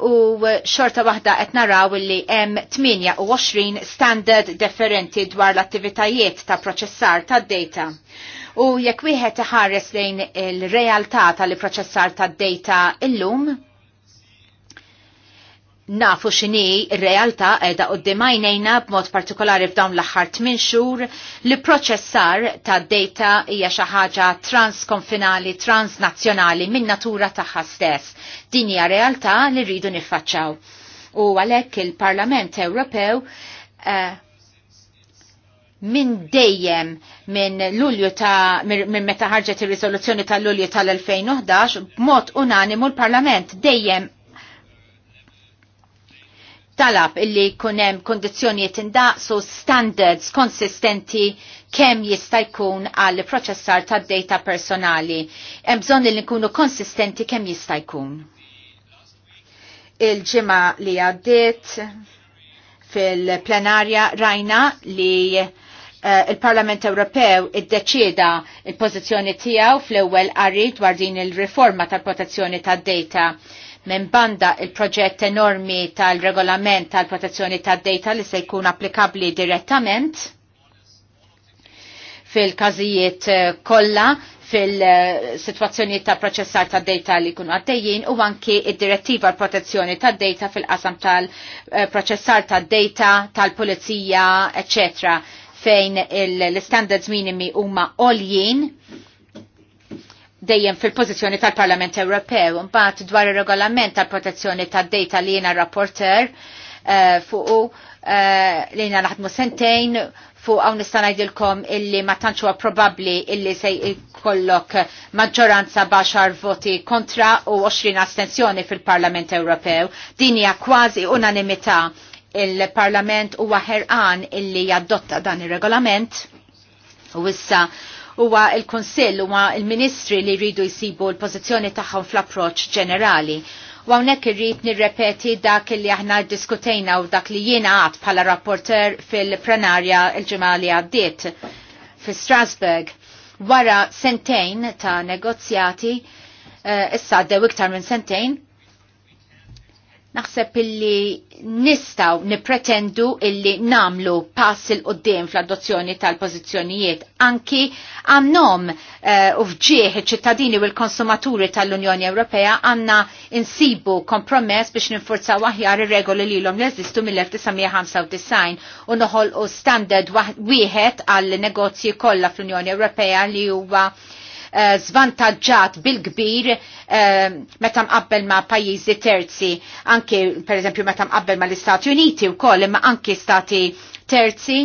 u eh, xorta waħda qed naraw li hemm 28 standard differenti dwar l-attivitajiet ta' proċessar ta' data. U jekk wieħed iħares lejn il-realtà tal-proċessar ta' data illum, nafu xini r-realtà edha qoddim b b'mod partikolari f'dawn l-aħħar minn xhur li proċessar ta' data hija xi ħaġa transkonfinali, transnazzjonali minn natura tagħha stess. Din hija realtà li rridu niffaċċaw. U għalhekk il-Parlament Ewropew uh, minn dejjem minn lulju ta' minn meta ħarġet ir-riżoluzzjoni ta' lulju tal-2011 b'mod unanimu l-Parlament dejjem talab illi kunem kondizjoniet indaqsu standards konsistenti kemm jista' jkun għal proċessar ta' data personali. Hemm bżonn li nkunu konsistenti kemm jista' jkun. Il-ġimgħa li għaddiet fil-plenarja rajna li Uh, il-Parlament Ewropew iddeċieda il-pożizzjoni tiegħu fl-ewwel qari dwar din il-riforma tal-protezzjoni tad-data minn banda il-proġett enormi tal-regolament tal-protezzjoni tad-data li se jkun applikabli direttament fil-każijiet eh, kollha fil-situazzjoni ta' proċessar ta' data li kun għaddejjien u anki id-direttiva protezzjoni ta' data fil-qasam tal-proċessar eh, ta' data tal-polizija, etc. fejn l-standards minimi huma oljien dejjem fil-pozizjoni tal-Parlament Ewropew, mbagħad dwar ir-regolament tal-protezzjoni tad-data li jiena rapporter uh, eh, fuq uh, eh, li jiena naħdmu sentejn fuq hawn nista' ngħidilkom illi ma tantx huwa probabbli illi se jkollok maġġoranza baxar voti kontra u 20 astensjoni fil-Parlament Ewropew. Din hija kważi unanimità il-Parlament huwa ħerqan illi jadotta dan ir-regolament u issa huwa il-Konsill huwa il-Ministri li jridu jsibu l-pożizzjoni tagħhom fl-approċċ ġenerali. U hawnhekk irrid nirrepeti dak li aħna diskutejna u dak li jiena għad bħala rapporter fil-plenarja l-ġimgħa li għaddiet fi Strasbourg. Wara sentejn ta' negozjati, eh, issa għaddew iktar minn sentejn, Naħseb illi nistaw nipretendu illi namlu pass il qoddim fl-adozzjoni tal-pozizjonijiet anki għannom eh, u uh, fġieħ ċittadini u l-konsumaturi tal-Unjoni Ewropea għanna insibu kompromess biex ninforza aħjar ir-regoli li l-om jeżistu mill-1995 u noħol u standard wieħed għall-negozji kollha fl-Unjoni Ewropea li huwa uh, Eh, zvantagġat bil-kbir eh, meta mqabbel ma' pajjiżi terzi, anke eżempju meta mqabbel ma' l-Istati Uniti wkoll imma anke stati terzi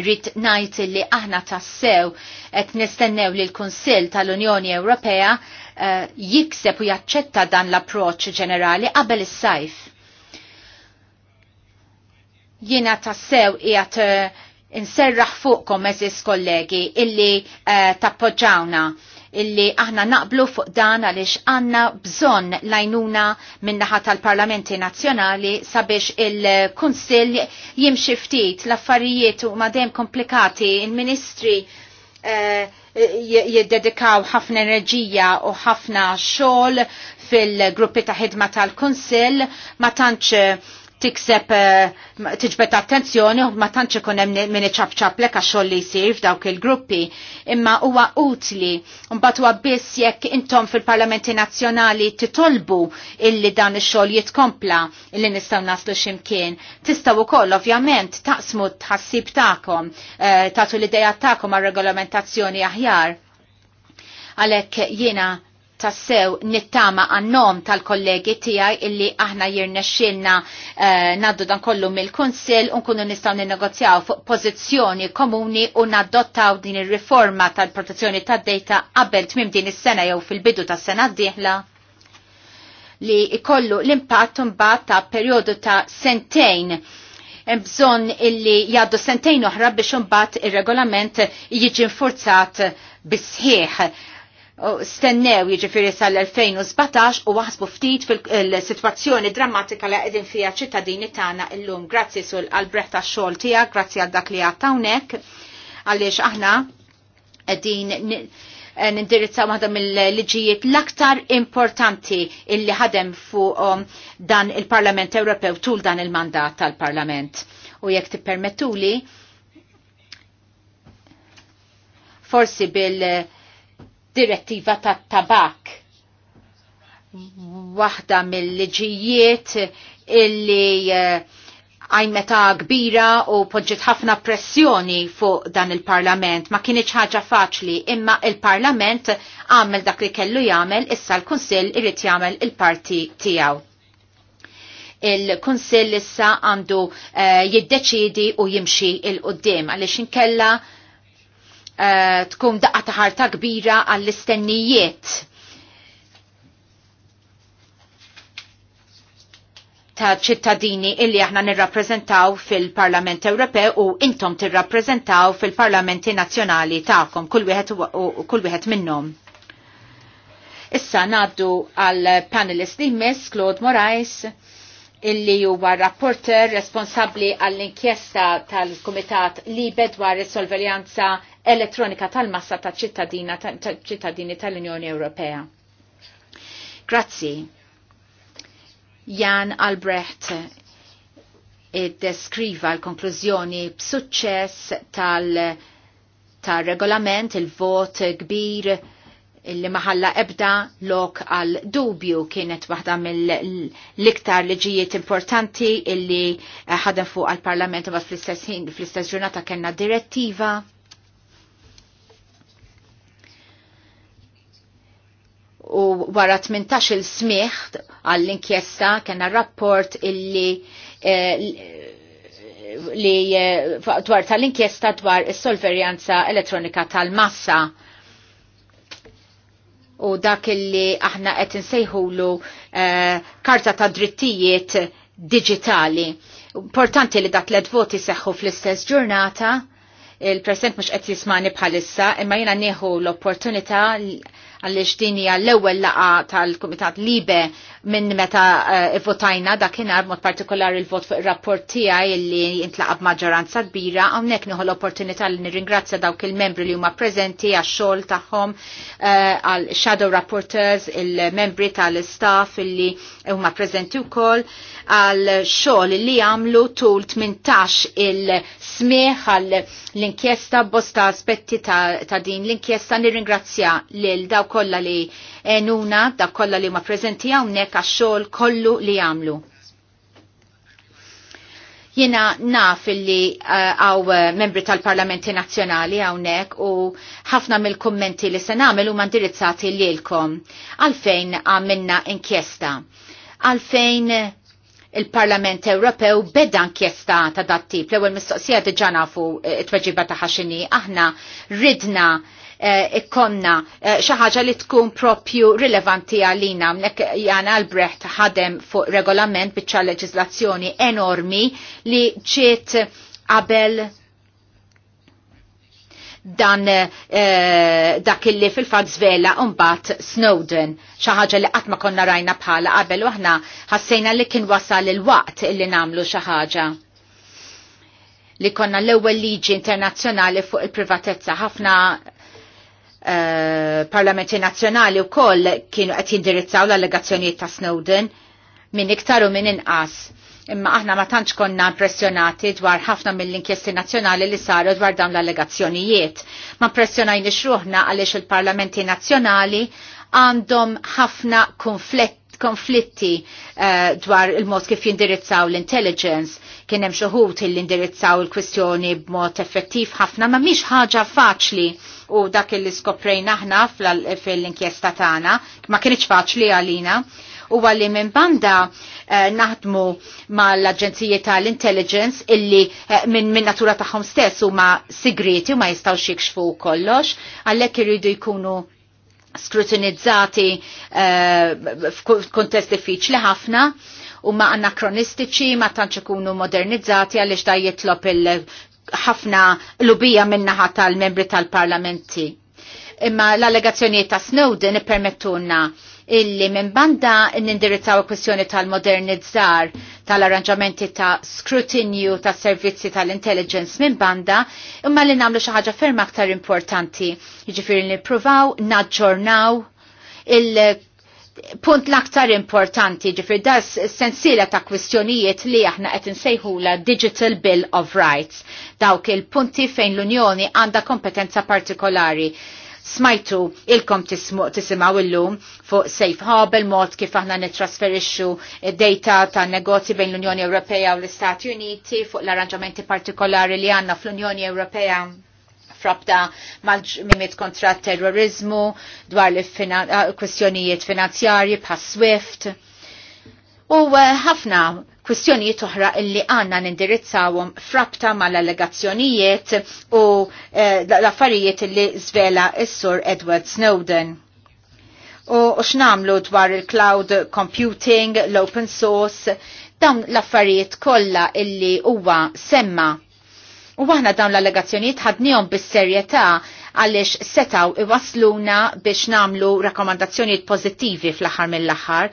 rrit najt li aħna tassew et nistennew li l-Konsil tal-Unjoni Ewropea uh, jikseb u jaċċetta dan l-approċ ġenerali qabel is-sajf. Jiena tassew qiegħed uh, inserraħ fuqkom eżis kollegi illi uh, tappoġġawna illi aħna naqblu fuq dan għaliex għanna bżon lajnuna minnaħa tal-parlamenti nazzjonali sabiex il-kunsil jimxi ftit l-affarijiet u madem komplikati il-ministri uh, jiddedikaw ħafna enerġija u ħafna xogħol fil-gruppi ta' ħidma tal-kunsil ma tantx tikseb eh, tiġbet attenzjoni u ma tantx ikun hemm min iċabċaplek għax xogħol li jsir f'dawk il-gruppi, imma huwa utli mbagħad huwa biss jekk intom fil-Parlamenti Nazzjonali titolbu illi dan ix-xogħol jitkompla illi nistgħu naslu x'imkien. Tistgħu wkoll ovvjament taqsmu tħassib tagħkom, eh, tagħtu l-idea tagħkom għar-regolamentazzjoni aħjar Għalhekk jiena tassew nittama għannom tal-kollegi tijaj illi aħna jirnexxilna eh, naddu dan kollu mill-Kunsil unkunu nistaw ninnegozjaw fuq pozizjoni komuni u naddottaw din ir-riforma tal-protezzjoni tad-data qabel tmim din is-sena jew fil-bidu tas-sena d-dieħla li ikollu l-impatt mbagħad ta' perjodu ta' sentejn bżonn illi jaddu sentejn oħra biex imbagħad ir-regolament jiġi nfurzat bisħieħ stennew jiġifieri sal-2017 u waħsbu ftit fil-sitwazzjoni drammatika li qegħdin fiha ċittadini tagħna illum. Grazzi sul għal-breħta xogħol tiegħek, grazzi għal dak li għad hawnhekk għaliex aħna qegħdin eh, nindirizzaw waħda mill-liġijiet l-aktar importanti illi ħadem fuq dan il-Parlament Ewropew tul dan il-mandat tal-Parlament. U jekk tippermettuli, forsi bil- direttiva tat tabak. Waħda mill-liġijiet illi eh, għajmeta kbira u podġet ħafna pressjoni fuq dan il-parlament. Ma kienieċ ħaġa faċli, imma il-parlament għamel dak li kellu jagħmel, issa l-Kunsill irid jagħmel il-parti tiegħu. Il-Kunsill issa għandu uh, jiddeċidi u jimxi il-qoddim għaliex inkella kella Eh, tkun daqqa ta' ħarta kbira għall-istennijiet ta' ċittadini illi aħna nirrappreżentaw fil-Parlament Ewropew u intom tirrappreżentaw fil-Parlamenti Nazzjonali tagħkom kull wieħed minnhom. Issa ngħaddu għal panelist li miss Claude Morais illi huwa rapporter responsabbli għall-inkjesta tal-Kumitat Libe dwar is-Solverjanza elettronika tal-massa ta' ċittadini tal-Unjoni Ewropea. Grazzi. Jan Albrecht id-deskriva eh, l-konklużjoni b'suċċess tal- ta' regolament il-vot kbir li maħalla ebda lok għal dubju kienet waħda mill-iktar liġijiet importanti illi ħadem fuq għal-parlament ma fl-istess ġurnata kena direttiva u wara 18 il smieħ għall-inkjesta kena rapport illi eh, li eh, dwar tal-inkjesta dwar is-solverjanza elettronika tal-massa u dak illi aħna qed insejħulu eh, karta ta' drittijiet digitali. Importanti li dak l voti seħħu fl-istess ġurnata, il-President mhux qed jismani bħalissa, imma jiena nieħu l-opportunità għaliex din hija l-ewwel laqa tal-Kumitat Libe minn meta uh, votajna dakinhar mod partikolar il-vot fuq ir-rapport il tiegħi illi intlaqab maġġoranza kbira hawnhekk nieħu l-opportunità li nirringrazzja dawk il-membri li huma prezenti għax-xogħol tagħhom eh, għal uh, shadow rapporteurs, il-membri tal-istaff illi huma prezenti wkoll għal xogħol li għamlu tul 18 il-smieħ għal l-inkjesta bosta aspetti ta', ta din l-inkjesta nirringrazzja lil daw kollha li enuna, daw kollha li huma preżenti hawnhekk tax-xogħol kollu li jagħmlu. Jena naf illi eh, għaw uh, membri tal-Parlamenti Nazzjonali għawnek u ħafna mill-kommenti li se mandirizzati li l lilkom għalfejn għamilna inkjesta. Għalfejn il-Parlament Ewropew beda inkjesta ta' dat tip. L-ewwel mistoqsija diġà nafu eh, t tweġiba ta' ħaxini aħna ridna Eh, ikkonna eh, xi ħaġa li tkun propju rilevanti għalina mlek Jan Albrecht ħadem fuq regolament biċċa leġislazzjoni enormi li ġiet qabel dan eh, dak illi fil-fat zvela unbat Snowden, xaħġa li għatma konna rajna bħala qabel u aħna ħassejna li kien wasal il-waqt illi namlu xaħġa li konna l-ewwel liġi internazzjonali fuq il-privatezza ħafna Eh, parlamenti nazzjonali u koll kienu qed jindirizzaw l-allegazzjonijiet ta' Snowden minn iktar u minn inqas. Imma aħna ma tantx konna impressjonati dwar ħafna mill-inkjesti nazzjonali li saru dwar dawn l-allegazzjonijiet. Ma impressjonajni xruħna għaliex il-parlamenti nazzjonali għandhom ħafna konflitti eh, dwar il-mod kif jindirizzaw l-intelligence kien hemm xoħut illi indirizzaw il-kwistjoni b'mod effettiv ħafna ma mhix ħaġa faċli u dak li skoprejna aħna fil-inkjesta tagħna ma kienx faċli għalina u għalli minn banda eh, naħdmu mal-Aġenziji tal-Intelligence illi eh, minn min natura tagħhom stess huma sigreti u ma jistgħux jikxfu kollox għalhekk iridu jkunu skrutinizzati eh, f'kuntest diffiċli ħafna huma anakronistiċi ma tantx ikunu modernizzati għaliex da jitlob il-ħafna lubija minnaħa tal-membri tal-parlamenti. Imma l-allegazzjonijiet ta' Snowden permettuna illi minn banda nindirizzaw kwestjoni tal-modernizzar tal-arranġamenti ta' skrutinju ta' servizzi tal-intelligence minn banda imma li namlu xi ħaġa aktar importanti jiġifieri nippruvaw naġġornaw il punt l-aktar importanti ġifri, das sensila ta' kwistjonijiet li aħna qed insejħula Digital Bill of Rights. Dawk il-punti fejn l-Unjoni għandha kompetenza partikolari. Smajtu ilkom tisimaw il-lum fuq Safe Hub il-mod kif aħna nitrasferixxu data ta' negozji bejn l-Unjoni Ewropea u l-Istati Uniti fuq l-arranġamenti partikolari li għandna fl-Unjoni Ewropea frabta mal-mimit kontra terrorizmu dwar li ah, kwestjonijiet finanzjarji bħas Swift. U eh, ħafna kwistjonijiet oħra illi għanna nindirizzawhom frabta mal-allegazzjonijiet u eh, l-affarijiet illi zvela s-sur Edward Snowden. U x'namlu dwar il-cloud computing, l-open source, dawn l-affarijiet kollha illi huwa semma U aħna dawn l-allegazzjonijiet ħadniehom bis-serjetà għaliex setaw iwasluna biex namlu rakkomandazzjonijiet pożittivi fl-aħħar mill-aħħar.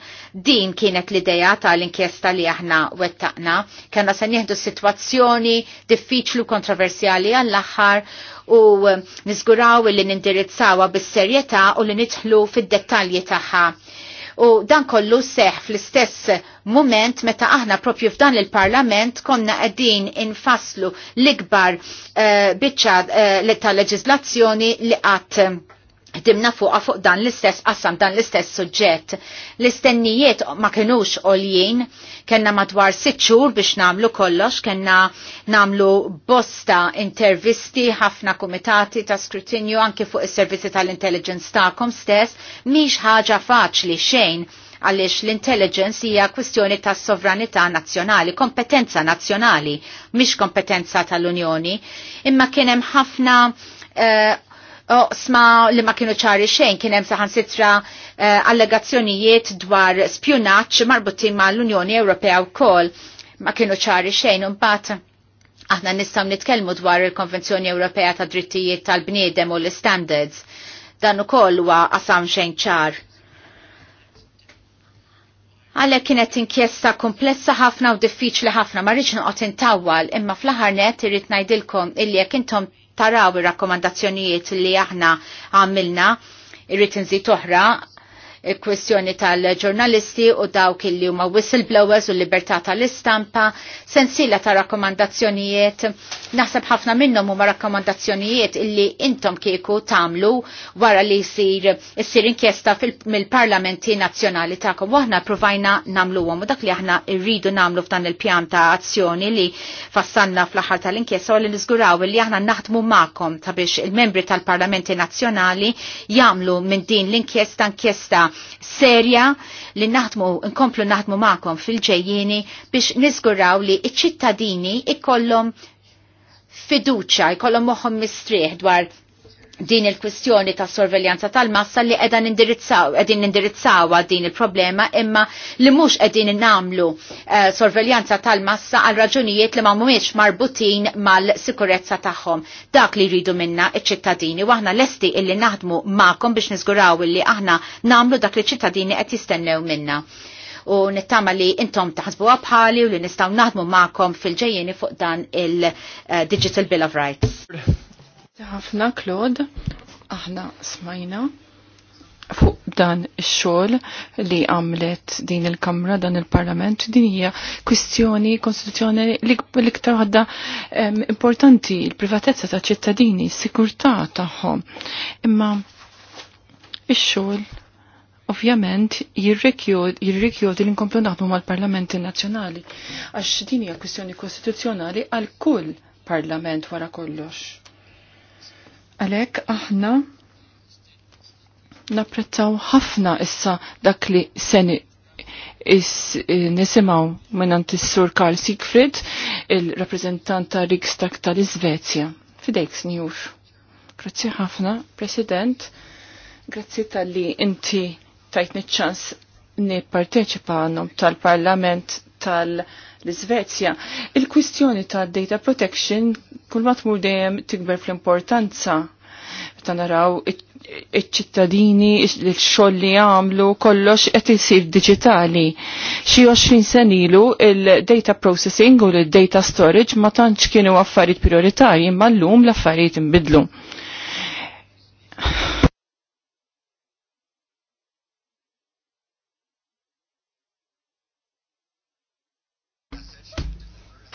Din kienet l-idea tal-inkjesta li aħna wettaqna. Kellna se nieħdu sitwazzjoni diffiċlu kontroversjali għall-aħħar u niżguraw li nindirizzawa bis-serjetà u li nidħlu fid-dettalji tagħha U dan kollu seħ fl-istess moment meta aħna propju f'dan il-parlament konna qegħdin infaslu l-ikbar uh, biċċa uh, ta' leġislazzjoni li qatt Timna fuqa fuq dan l-istess qassam dan l-istess suġġett. L-istennijiet ma kienux oljien, kena madwar sitxur biex namlu kollox, kena namlu bosta intervisti, ħafna komitati ta' skrutinju anki fuq is-servizzi tal-intelligence ta'kom stess, miex ħaġa faċli xejn għaliex l-intelligence hija kwistjoni ta' sovranità nazzjonali, kompetenza nazzjonali, mhix kompetenza tal-Unjoni, imma kien hemm ħafna uh, sma li ma kienu ċari xejn kien hemm saħansitra uh, eh, allegazzjonijiet dwar spjunaċ marbutin ma' l-Unjoni Ewropea wkoll ma kienu ċari xejn u mbagħad aħna nistgħu nitkellmu dwar il-Konvenzjoni Ewropea ta' Drittijiet tal-Bniedem u l-Standards. Dan ukoll huwa qasam xejn ċar. Għalhekk kienet inkjesta komplessa ħafna u diffiċli ħafna ma rridx noqgħod intawwal imma fl-aħħar net irrid ngħidilkom illi jekk intom taraw ir-rakkomandazzjonijiet li aħna għamilna irrid inżid oħra kwestjoni tal-ġurnalisti u dawk li huma whistleblowers u libertà tal-istampa, sensila ta' rakkomandazzjonijiet. Naħseb ħafna minnhom huma rakkomandazzjonijiet illi intom kieku tagħmlu wara li jsir issir inkjesta mill-parlamenti nazzjonali tagħkom u aħna provajna nagħmluhom u dak li aħna rridu nagħmlu f'dan il-pjan ta' azzjoni li fassanna fl-aħħar tal-inkjesta u li niżguraw li aħna naħdmu magħkom ta' biex il-membri tal-parlamenti nazzjonali jagħmlu minn din l-inkjesta inkjesta serja li naħdmu nkomplu naħdmu magħkom fil-ġejjieni biex niżguraw li iċ ċittadini ikollhom fiduċa, jkollhom moħħom mistrieħ dwar din il-kwistjoni ta' sorveljanza tal-massa li edha indirizzaw, edin nindirizzawa din il-problema imma li mux edin namlu uh, sorveljanza tal-massa għal raġunijiet li ma mumiex marbutin mal-sikurezza tagħhom. Dak li rridu minna iċ-ċittadini u aħna lesti illi naħdmu ma'kom biex nizguraw illi aħna namlu dak li ċittadini qed jistennew minna u nittama li intom taħsbu għabħali u li nistaw naħdmu ma'kom fil-ġejjeni fuq dan il-Digital eh, Bill of Rights. Ħafna Claude, aħna smajna fuq dan ix-xogħol li għamlet din il-Kamra dan il-Parlament din hija kwistjoni konstituzzjoni l-iktar għadda importanti il-privatezza ta' ċittadini, s-sikurtà tagħhom. Imma ix-xogħol ovvjament jirrikjod li nkomplu naħdmu mal-parlamenti nazzjonali għax din hija kwistjoni kostituzzjonali għal kull parlament wara kollox. Għalek aħna napprezzaw ħafna issa dak li seni is eh, nisimaw minnant is-sur Karl Siegfried, il-rappresentant ta' Rikstak tal-Izvezja. Fidejk, snijux. Grazzi ħafna, President. Grazzi tal-li inti tajtni ċans ni parteċipa tal-Parlament tal-Parlament l-Svezja. Il-kwistjoni ta' data protection kull ma tmur dejjem tikber fl-importanza ta' naraw iċ-ċittadini, il-xoll li għamlu, kollox qed isir digitali. Xi 20 sen ilu il-data processing u l-data storage ma tantx kienu affarijiet prioritarji imma llum l-affarijiet inbidlu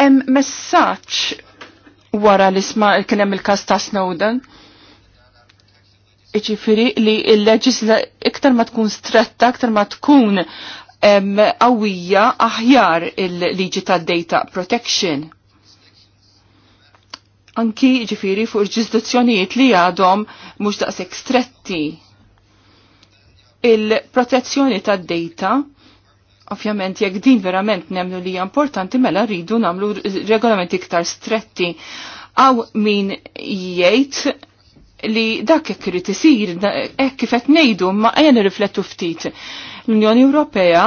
Hemm messaġġ wara li sma kien hemm il-każ ta' Snowden. Iġifieri li l-leġisla iktar ma tkun stretta, iktar ma tkun qawwija aħjar il-liġi tad-data protection. Anki ġifiri fuq il-ġizduzzjonijiet li għadhom mhux daqshekk stretti. Il-protezzjoni tad-data Ovvjament, jekk din verament nemlu li importanti, mela rridu namlu regolamenti iktar stretti. Aw min jgħid li dak jekk irid isir, hekk kif qed ngħidu, ma ejja nirriflettu ftit. L-Unjoni Ewropea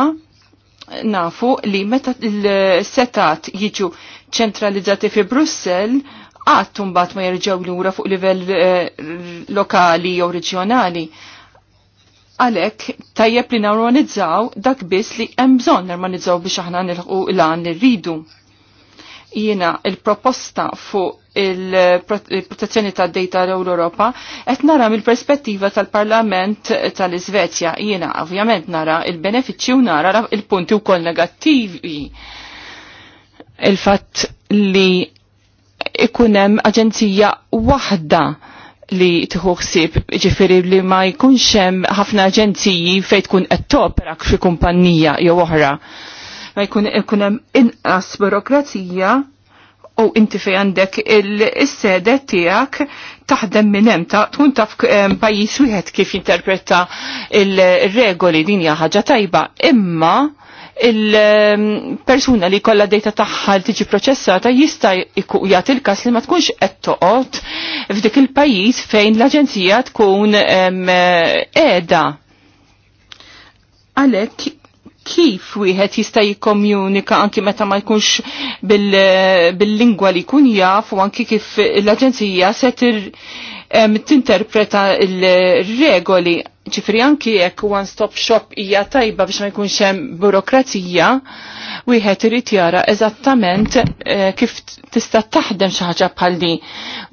nafu li meta l-setat jiġu ċentralizzati fi Brussell, għattum bat ma jirġaw l-ura fuq livell eh, lokali jew reġjonali għalek tajjeb li narmonizzaw dak biss li hemm bżonn narmonizzaw biex aħna nilħu l-għan nirridu. Jiena il-proposta fuq il-protezzjoni ta' data l-Europa qed nara mill-perspettiva tal-Parlament tal-Iżvezja. Jiena ovvjament nara il-benefiċċju nara il-punti wkoll negattivi. Il-fatt li ikun hemm aġenzija waħda li tħuħsib ħsieb ġifiri li ma jkunx hemm ħafna aġenziji fejn tkun qed topera fi kumpanija jew oħra. Ma jkun hemm inqas burokrazija u inti fej għandek il-sede tijak taħdem minnem, ta' tkun taf eh, pajis wieħed kif jinterpreta il-regoli din hija ħaġa tajba, imma il-persuna li kolla dejta taħħa li tiġi proċessata jista' jagħti il-każ li ma tkunx qed toqgħod f'dik il-pajjiż fejn l-aġenzija tkun qiegħda. Għalhekk kif wieħed jista' jikkomunika anki meta ma jkunx bil-lingwa li jkun jaf u anki kif l-aġenzija se tinterpreta il regoli ċifri anki jekk one stop shop hija tajba biex ma jkunx hemm burokrazija, wieħed irid jara eżattament eh, kif tista' taħdem xi ħaġa bħal din.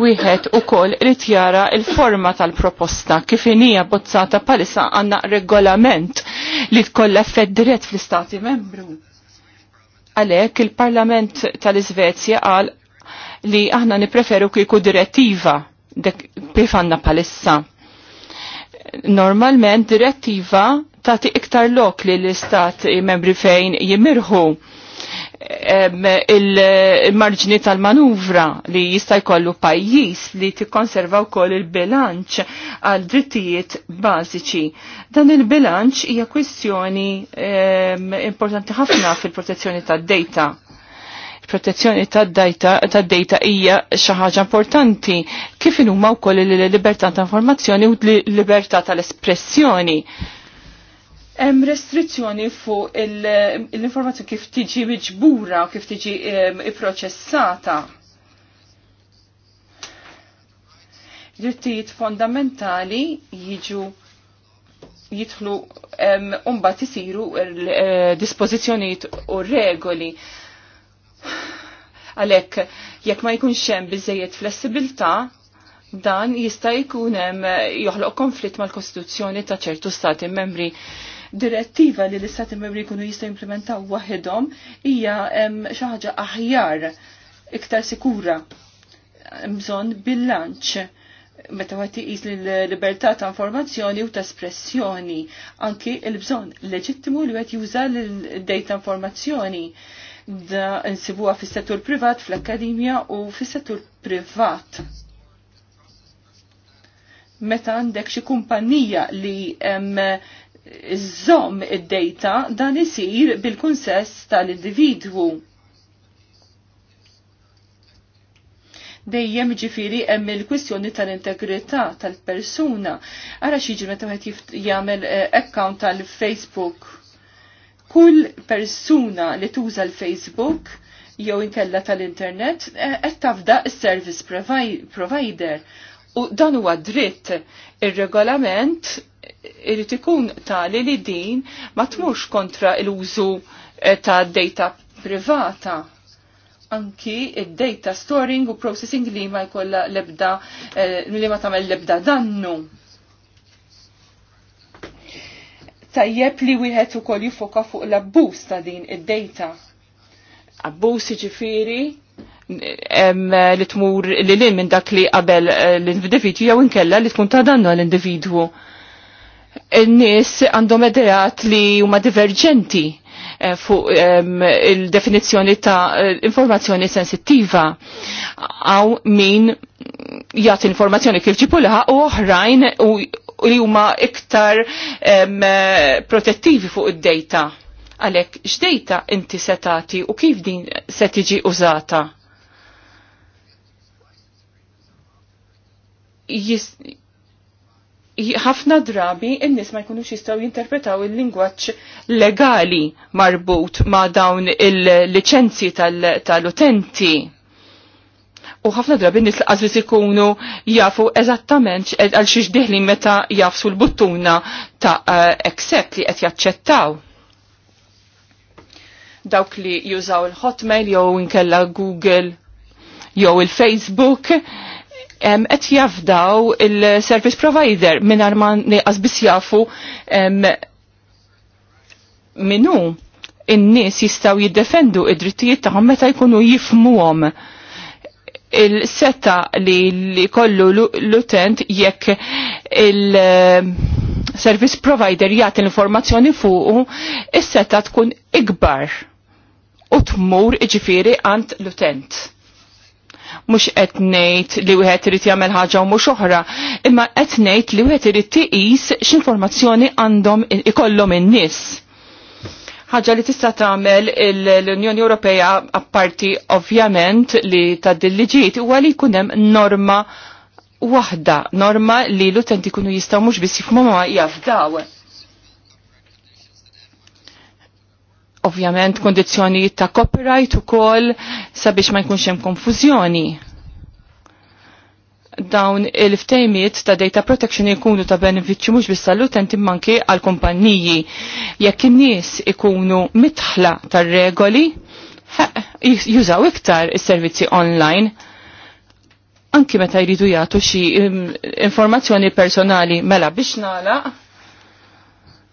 Wieħed ukoll irid jara l-forma tal-proposta kif inija bozzata bħalissa għandna regolament li tkollha effett dirett fl-Istati Membru. Għalhekk il-Parlament tal-Iżvezja qal li aħna nipreferu kieku direttiva dek kif għandna bħalissa Normalment direttiva tagħti iktar lok li l-istat membri fejn jimirħu il-marġni tal-manuvra li jista' jkollu pajjiż li tikkonserva wkoll il-bilanċ għal drittijiet bażiċi. Dan il-bilanċ hija kwestjoni importanti ħafna fil-protezzjoni tad-data protezzjoni tad-data hija xi ħaġa importanti kif huma wkoll il-libertà ta' informazzjoni u l-libertà tal-espressjoni. Hemm restrizzjoni fuq l-informazzjoni kif tiġi miġbura u kif tiġi ehm, ipproċessata. Drittijiet fondamentali jiġu jidħlu ehm, umbat isiru eh, dispożizzjonijiet u regoli Għalhekk jekk ma jkunx hemm biżejjed flessibilità, dan jista' jkun hemm joħloq konflitt mal-Kostituzzjoni ta' ċertu stati membri. Direttiva li l-istati membri jkunu jista' implementaw waħedhom hija xi ħaġa aħjar iktar sikura bżonn bilanċ meta għati jis l-libertà ta' informazzjoni u ta' espressjoni, anki il-bżon leġittimu li għet juża l-data informazzjoni da insibuha fis-settur privat, fl-akkademja u fis-settur privat. Meta għandek xi kumpanija li żomm id-data dan isir bil-kunsess tal-individwu. dejjem ġifiri hemm il-kwistjoni tal-integrità tal-persuna. Ara xi ġimgħa wieħed jagħmel eh, account tal-Facebook kull persuna li tuża l-Facebook jew inkella tal-internet eh, qed tafda s-service provider u dan huwa dritt ir-regolament irid ikun tali li din ma tmurx kontra l-użu eh, ta' data privata anki id-data storing u processing li ma jkollha lebda eh, li ma tagħmel lebda dannu tajjeb li wieħed ukoll jifoka fuq l-abbuż ta' din id-dejta. Abbuż jiġifieri li tmur li lil minn dak li qabel eh, l-individwu jew inkella li tkun ta' danna l-individwu. in nies għandhom ideat li huma diverġenti eh, fuq il definizzjoni ta' eh, informazzjoni sensittiva għaw min jgħat informazzjoni kif ġipu u oħrajn u li huma iktar protettivi fuq id-data. Għalek, x'data inti setati u kif din se tiġi użata? ħafna drabi n-nis ma jkunux jistaw jinterpretaw il-lingwaċ legali marbut ma dawn il-licenzi tal-utenti. Tal U ħafna drabi nis laqas ikunu jafu eżattament e- għal xiex diħli meta jafsu l-buttuna ta' accept e, li qed jaċċettaw dawk li jużaw il-Hotmail jew inkella Google jew il-Facebook qed jafdaw il-service provider mingħajr ma nieqas biss jafu minnu in-nies jistgħu jiddefendu id-drittijiet tagħhom meta jkunu jifmuhom il-setta li, li kollu l-utent jekk il-service eh, provider jgħat l-informazzjoni fuqu, il-setta tkun ikbar u tmur iġifiri għand l-utent. Mux etnejt li wieħed irid jagħmel ħaġa u mhux oħra, imma etnejt li wieħed irid tiqis x'informazzjoni għandhom ikollhom in-nies ħaġa li tista' tagħmel l-Unjoni Ewropea apparti ovvjament li ta' dil-liġijiet huwa li jkun hemm norma waħda, norma li l-utenti jkunu jistgħu mhux biss jifhmu ma jafdaw. Ovvjament kondizzjoni ta' copyright ukoll sabiex ma jkunx hemm konfużjoni dawn il-ftejmiet ta' data protection ikunu ta' benefiċċju mux bis tal utenti manki għal kumpanniji Jekk in-nies ikunu mitħla tar regoli, jużaw iktar is-servizzi online anki meta jridu jagħtu xi informazzjoni personali mela biex nagħlaq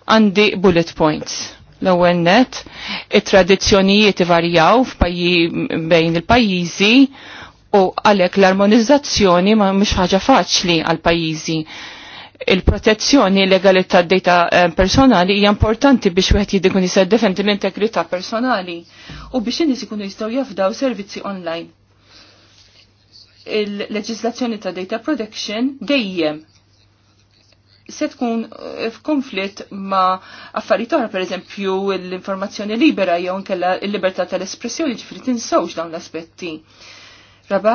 għandi bullet points. L-ewwel net, it-tradizzjonijiet ivarjaw f'pajji bejn il-pajjiżi u għalhekk l-armonizzazzjoni ma mhux ħaġa faċli għal pajjiżi. Il-protezzjoni legali tad-data eh, personali hija importanti biex wieħed jidikun jista' defendi l-integrità personali u biex in-nies ikunu jistgħu jafdaw servizzi online. Il-leġiżlazzjoni ta' data protection dejjem se tkun eh, f'konflitt ma affarijiet oħra pereżempju l-informazzjoni libera jew nkella l-libertà tal-espressjoni ġifri tinsawx dawn l-aspetti. Raba,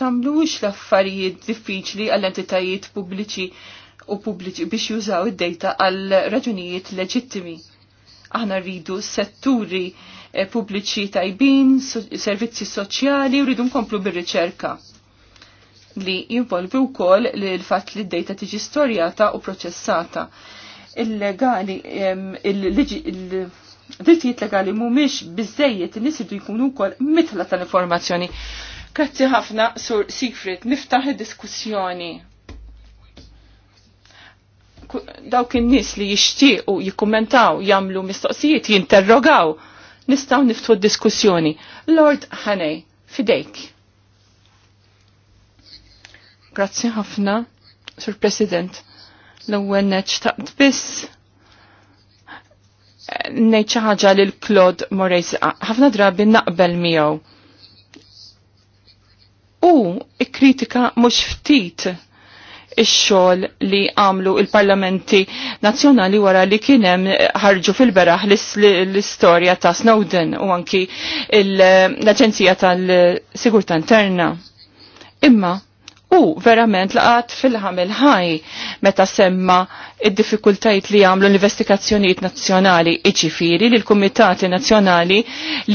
tamlux l-affarijiet diffiċli għall-entitajiet pubbliċi u pubbliċi biex jużaw id-dejta għal raġunijiet leġittimi. Aħna rridu setturi eh, pubbliċi tajbin, servizzi soċjali u rridu nkomplu bir-riċerka li jinvolvi wkoll li l-fatt li d-dejta tiġi storjata u proċessata. Il-legali, il-liġi, il legali il il drittijiet legali mhumiex biżejjed in-nies jkunu wkoll mitla tal-informazzjoni. Grazzi ħafna sur Siegfried, niftaħ id-diskussjoni. Dawk in-nies li jixtiequ jikkummentaw, jagħmlu mistoqsijiet, jinterrogaw, nistgħu niftu d-diskussjoni. Lord Haney, fidejk. Grazzi ħafna, Sur President. L-ewwel taqt biss ngħid xi ħaġa lil Claude Moraes ħafna drabi naqbel miegħu. U kritika mhux ftit ix-xogħol li għamlu il-parlamenti nazzjonali wara li kien hemm ħarġu fil-beraħ l-istorja ta' Snowden u anki l-Aġenzija tal-Sigurtà Interna. Imma U verament laqat fil-ħamil ħaj meta semma id difikultajt li għamlu l-investigazzjonijiet nazzjonali iġifiri li l-Kumitati Nazzjonali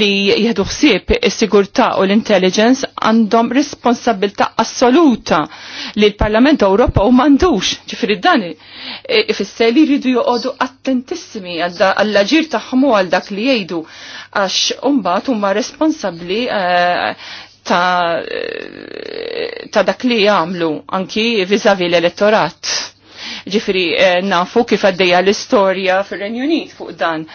li jihdu ħsieb is-sigurtà u l-intelligence għandhom responsabilta assoluta li l-Parlament Ewropa u mandux ġifiri d-dani. ifisser li jridu joqogħdu attentissimi għall-ġir tagħhom għal dak li jgħidu għax umbat huma responsabbli eh, ta', ta dak li jagħmlu anki vizavi l-elettorat. Ġifri, eh, nafu kif għaddejja l-istorja fir-Renju Unit fuq dan.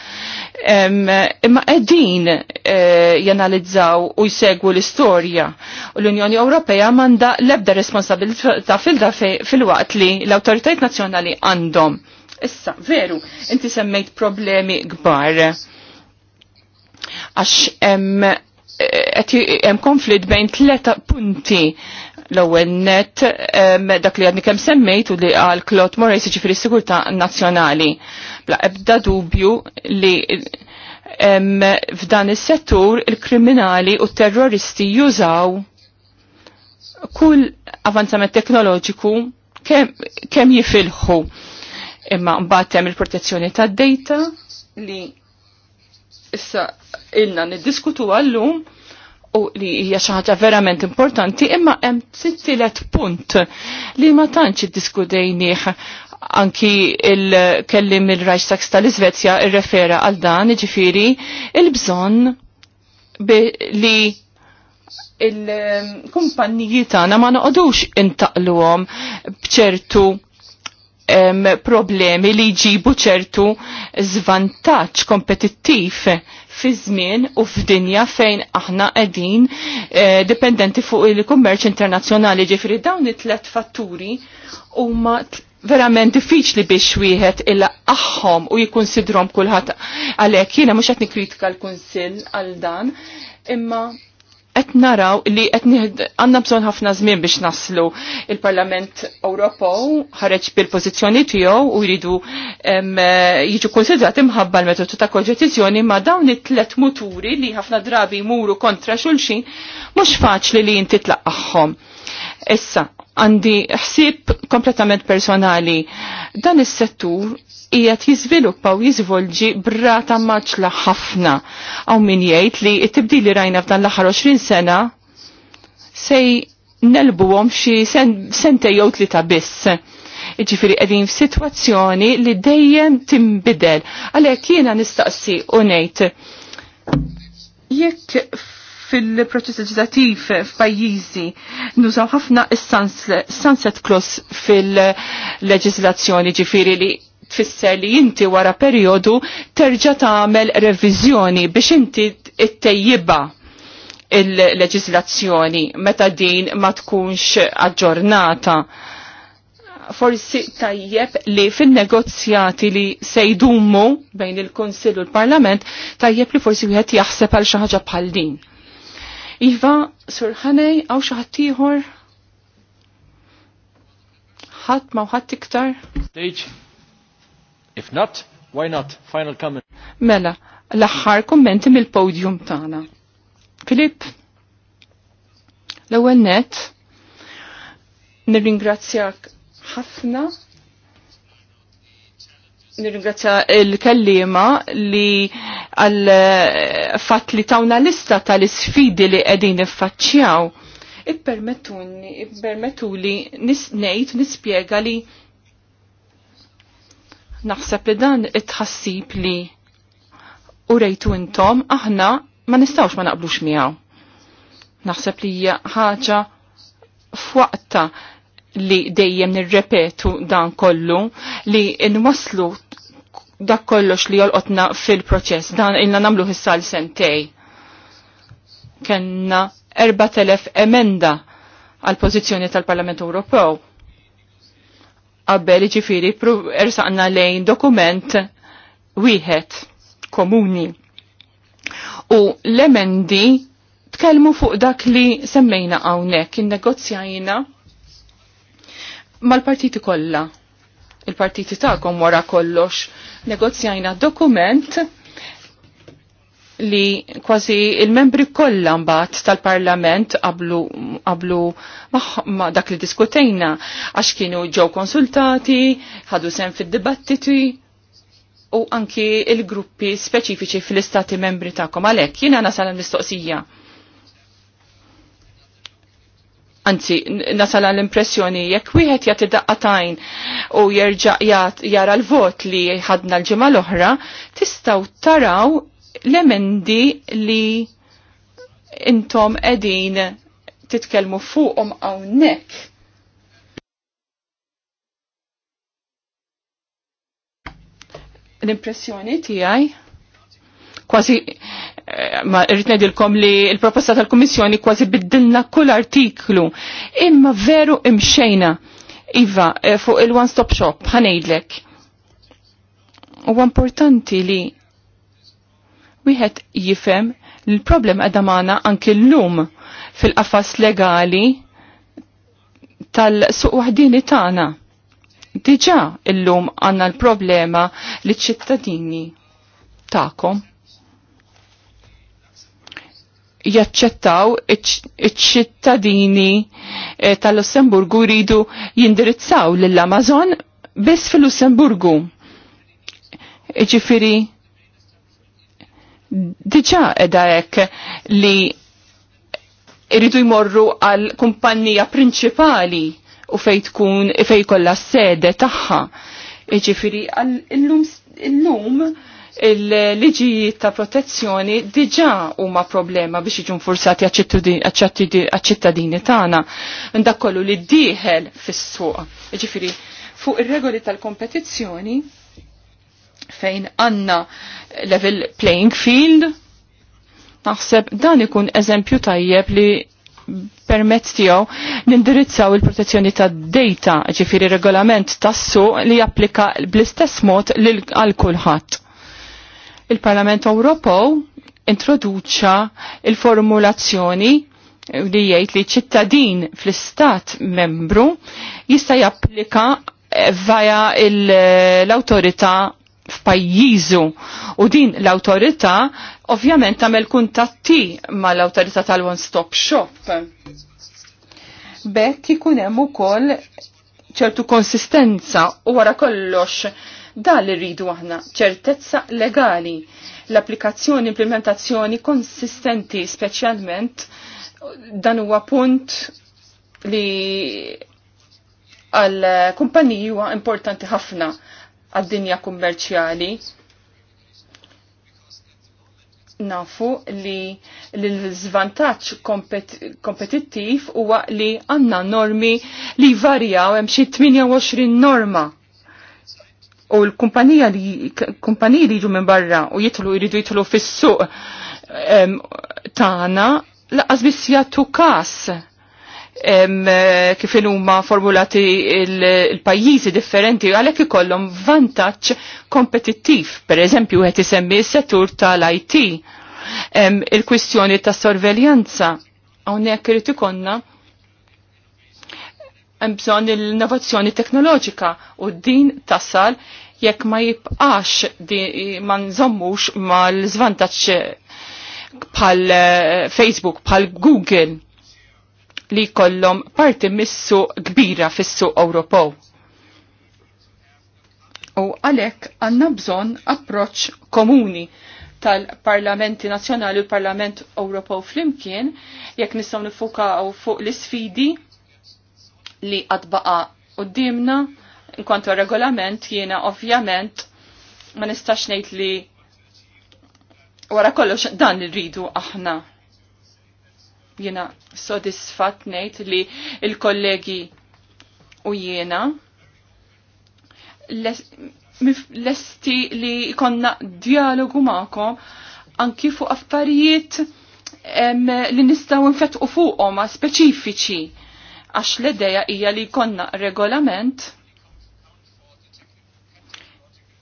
Imma qegħdin eh, janalizzaw u jsegwu l-istorja. U L-Unjoni Ewropea manda l-ebda responsabilità fil-da fil-waqt li l-awtoritajiet nazzjonali għandhom. Issa, veru, inti semmejt problemi kbar. Għax hemm konflitt bejn tleta punti l-ewwel net dak li għadni kemm semmejt u li għal Klot Morris ġifieri sigurtà nazzjonali. Bla ebda dubju li f'dan is-settur il-kriminali u terroristi jużaw kull avanzament teknoloġiku kemm jifilħu imma mbagħad hemm il-protezzjoni tad-data li issa ilna niddiskutu għallum u li hija xi ħaġa verament importanti, imma hemm sittilet punt li ma tantx iddiskutejnieh anki il-kellim il-Reichstags tal-Iżvezja refera għal dan, iġifiri il-bżonn li il-kumpanniji tagħna ma noqogħdux intaqluhom bċertu problemi li jġibu ċertu zvantaċ kompetittiv fi żmien u f'dinja fejn aħna qegħdin eh, dependenti fuq il-kummerċ internazzjonali ġifri dawn it-tlet fatturi huma verament diffiċli biex wieħed illa aħħom u jikkunsidrom kulħadd għalhekk jiena mhux qed nikkritika l-kunsill għal dan imma qed naraw li qed għandna bżonn ħafna żmien biex naslu il-Parlament Ewropew ħareġ bil-pożizzjoni tiegħu u jridu eh, jiġu konsidrati imħabba l-metodu ta' koġetizzjoni ma' dawn it-tlet muturi li ħafna drabi jmuru kontra xulxin mhux faċli li jinti tlaqqaħħom. Issa, għandi ħsieb kompletament personali. Dan is-settur qiegħed jiżviluppa u jiżvolġi brata maċla ħafna. Għaw min jgħid li t-tibdili rajna f'dan l-aħħar 20 sena sej nelbuhom xi sentej jew tlieta biss. Iġifieri qegħdin f'sitwazzjoni li dejjem timbidel. Għalhekk jiena nistaqsi u ngħid jekk fil-proċess legislativ f'pajjiżi. Nużaw ħafna sunset clause fil-leġislazzjoni ġifiri li tfisser li inti wara periodu terġa' tagħmel reviżjoni biex inti ittejjiba il-leġislazzjoni meta din ma tkunx aġġornata forsi tajjeb li fin-negozjati li se jdumu bejn il-Konsil u l-Parlament tajjeb li forsi wieħed jaħseb għal xi ħaġa bħal din. Iva, Sur Ħanej, għaw xaħtiħor? ħadd ma ħadd iktar? Stage. If not, why not? Final comment. Mela, l-aħħar kommenti mill-podium tagħna. Filip, l-ewwel net nirringrazzjak ħafna Nirringrazzja il-kellima li għal eh, fatt li tawna lista tal-isfidi li qegħdin iffaċċjaw Ippermettuni, ippermettu li nisnejt, nispjega li naħseb li dan it li u rejtu intom aħna ma nistawx ma naqblux miegħu. Naħseb li hija ħaġa f'waqta li dejjem nirrepetu dan kollu li nwaslu dak kollox li jolqotna fil-proċess. Dan ilna namlu hissal sentej. Kenna 4000 emenda għal pożizzjoni tal-Parlament Ewropew. Qabel ġifiri ersaqna lejn dokument wieħed komuni. U l-emendi tkellmu fuq dak li semmejna hawnhekk in-negozjajna mal-partiti kollha. Il-partiti tagħkom wara kollox negozjajna dokument li kważi il-membri kollha mbagħad tal-Parlament qablu ma dak li diskutejna għax kienu ġew konsultati, ħadu sem fid-dibattiti u anki il-gruppi speċifiċi fil-istati membri tagħkom għalhekk jiena nasal mistoqsija Anzi, nasala l-impressjoni, jekk wieħed jagħti daqqatajn u jerġa' jara l-vot li ħadna l-ġimgħa l-oħra, tistgħu taraw l-emendi li intom qegħdin titkellmu fuqhom hawnhekk. L-impressjoni tiegħi kważi ma irrit ngħidilkom li l-proposta tal-Kummissjoni kważi biddilna kull artiklu. Imma veru imxejna. Iva, eh, fuq il-one stop shop, ħanejdlek. U importanti li wieħed jifem l-problem għadamana anki l-lum fil-qafas legali tal-suq wahdini tagħna. Diġà illum għandna l-problema li ċittadini tagħkom jaċċettaw iċ-ċittadini eh, tal-Lussemburgu jridu jindirizzaw lill-Amazon biss fil-Lussemburgu. Iġifiri, diġa edha hekk li jridu jmorru għal kumpanija prinċipali u fej tkun fej kollha sede tagħha. Ġifiri, illum il-liġijiet ta' protezzjoni diġa huma problema biex jiġu nfursati għacċittadini ċittadini tagħna dak kollu li ddieħel fis-suq. Ġifieri fuq ir-regoli tal-kompetizzjoni fejn għanna level playing field, naħseb dan ikun eżempju tajjeb li permezz tiegħu nindirizzaw il-protezzjoni tad-data, ġifieri regolament tas-suq li japplika bl-istess mod għal kulħadd Il-Parlament Ewropew introduċa il-formulazzjoni li jgħid li ċittadin fl-istat membru jista' japplika eh, vaja l-autorità f'pajjiżu u din l-autorità ovvjament tagħmel kuntatti mal-autorità tal-one stop shop. Bekk ikun hemm ukoll ċertu konsistenza u wara kollox Dan li rridu aħna ċertezza legali, l-applikazzjoni, implementazzjoni konsistenti speċjalment dan huwa punt li għal kumpaniji huwa importanti ħafna għad-dinja kummerċjali nafu li l-zvantaċ kompetittiv huwa li għanna normi li varjaw hemm xi 28 norma u l-kumpanija li kumpaniji li jiġu minn barra u jitlu jridu jitlu fis-suq tagħna laqas biss jagħtu każ kif huma formulati l pajjiżi differenti għalhekk ikollhom vantaġġ kompetittiv. Pereżempju qed isemmi s-settur tal-IT, il-kwistjoni tas-sorveljanza. Hawnhekk irid ikollna bżonn l-innovazzjoni teknoloġika u din tasal jekk ma jibqax di ma nżommux ma l-zvantaċ bħal eh, Facebook, bħal Google li kollom parti missu kbira fissu Ewropew. U għalek għanna bżon approċ komuni tal-Parlamenti Nazzjonali u l-Parlament Ewropew flimkien, jekk nistgħu nifukaw fuq l-isfidi li għadbaqa qoddimna Inkontu regolament jiena ovvjament ma nistax ngħid li wara kollox dan irridu aħna. Jiena sodisfatt ngħid li il-kollegi u jiena lesti li konna dialogu ma'kom anki fuq affarijiet li nistaw nfetqu fuqhom ma' speċifiċi għax l-ideja hija li konna regolament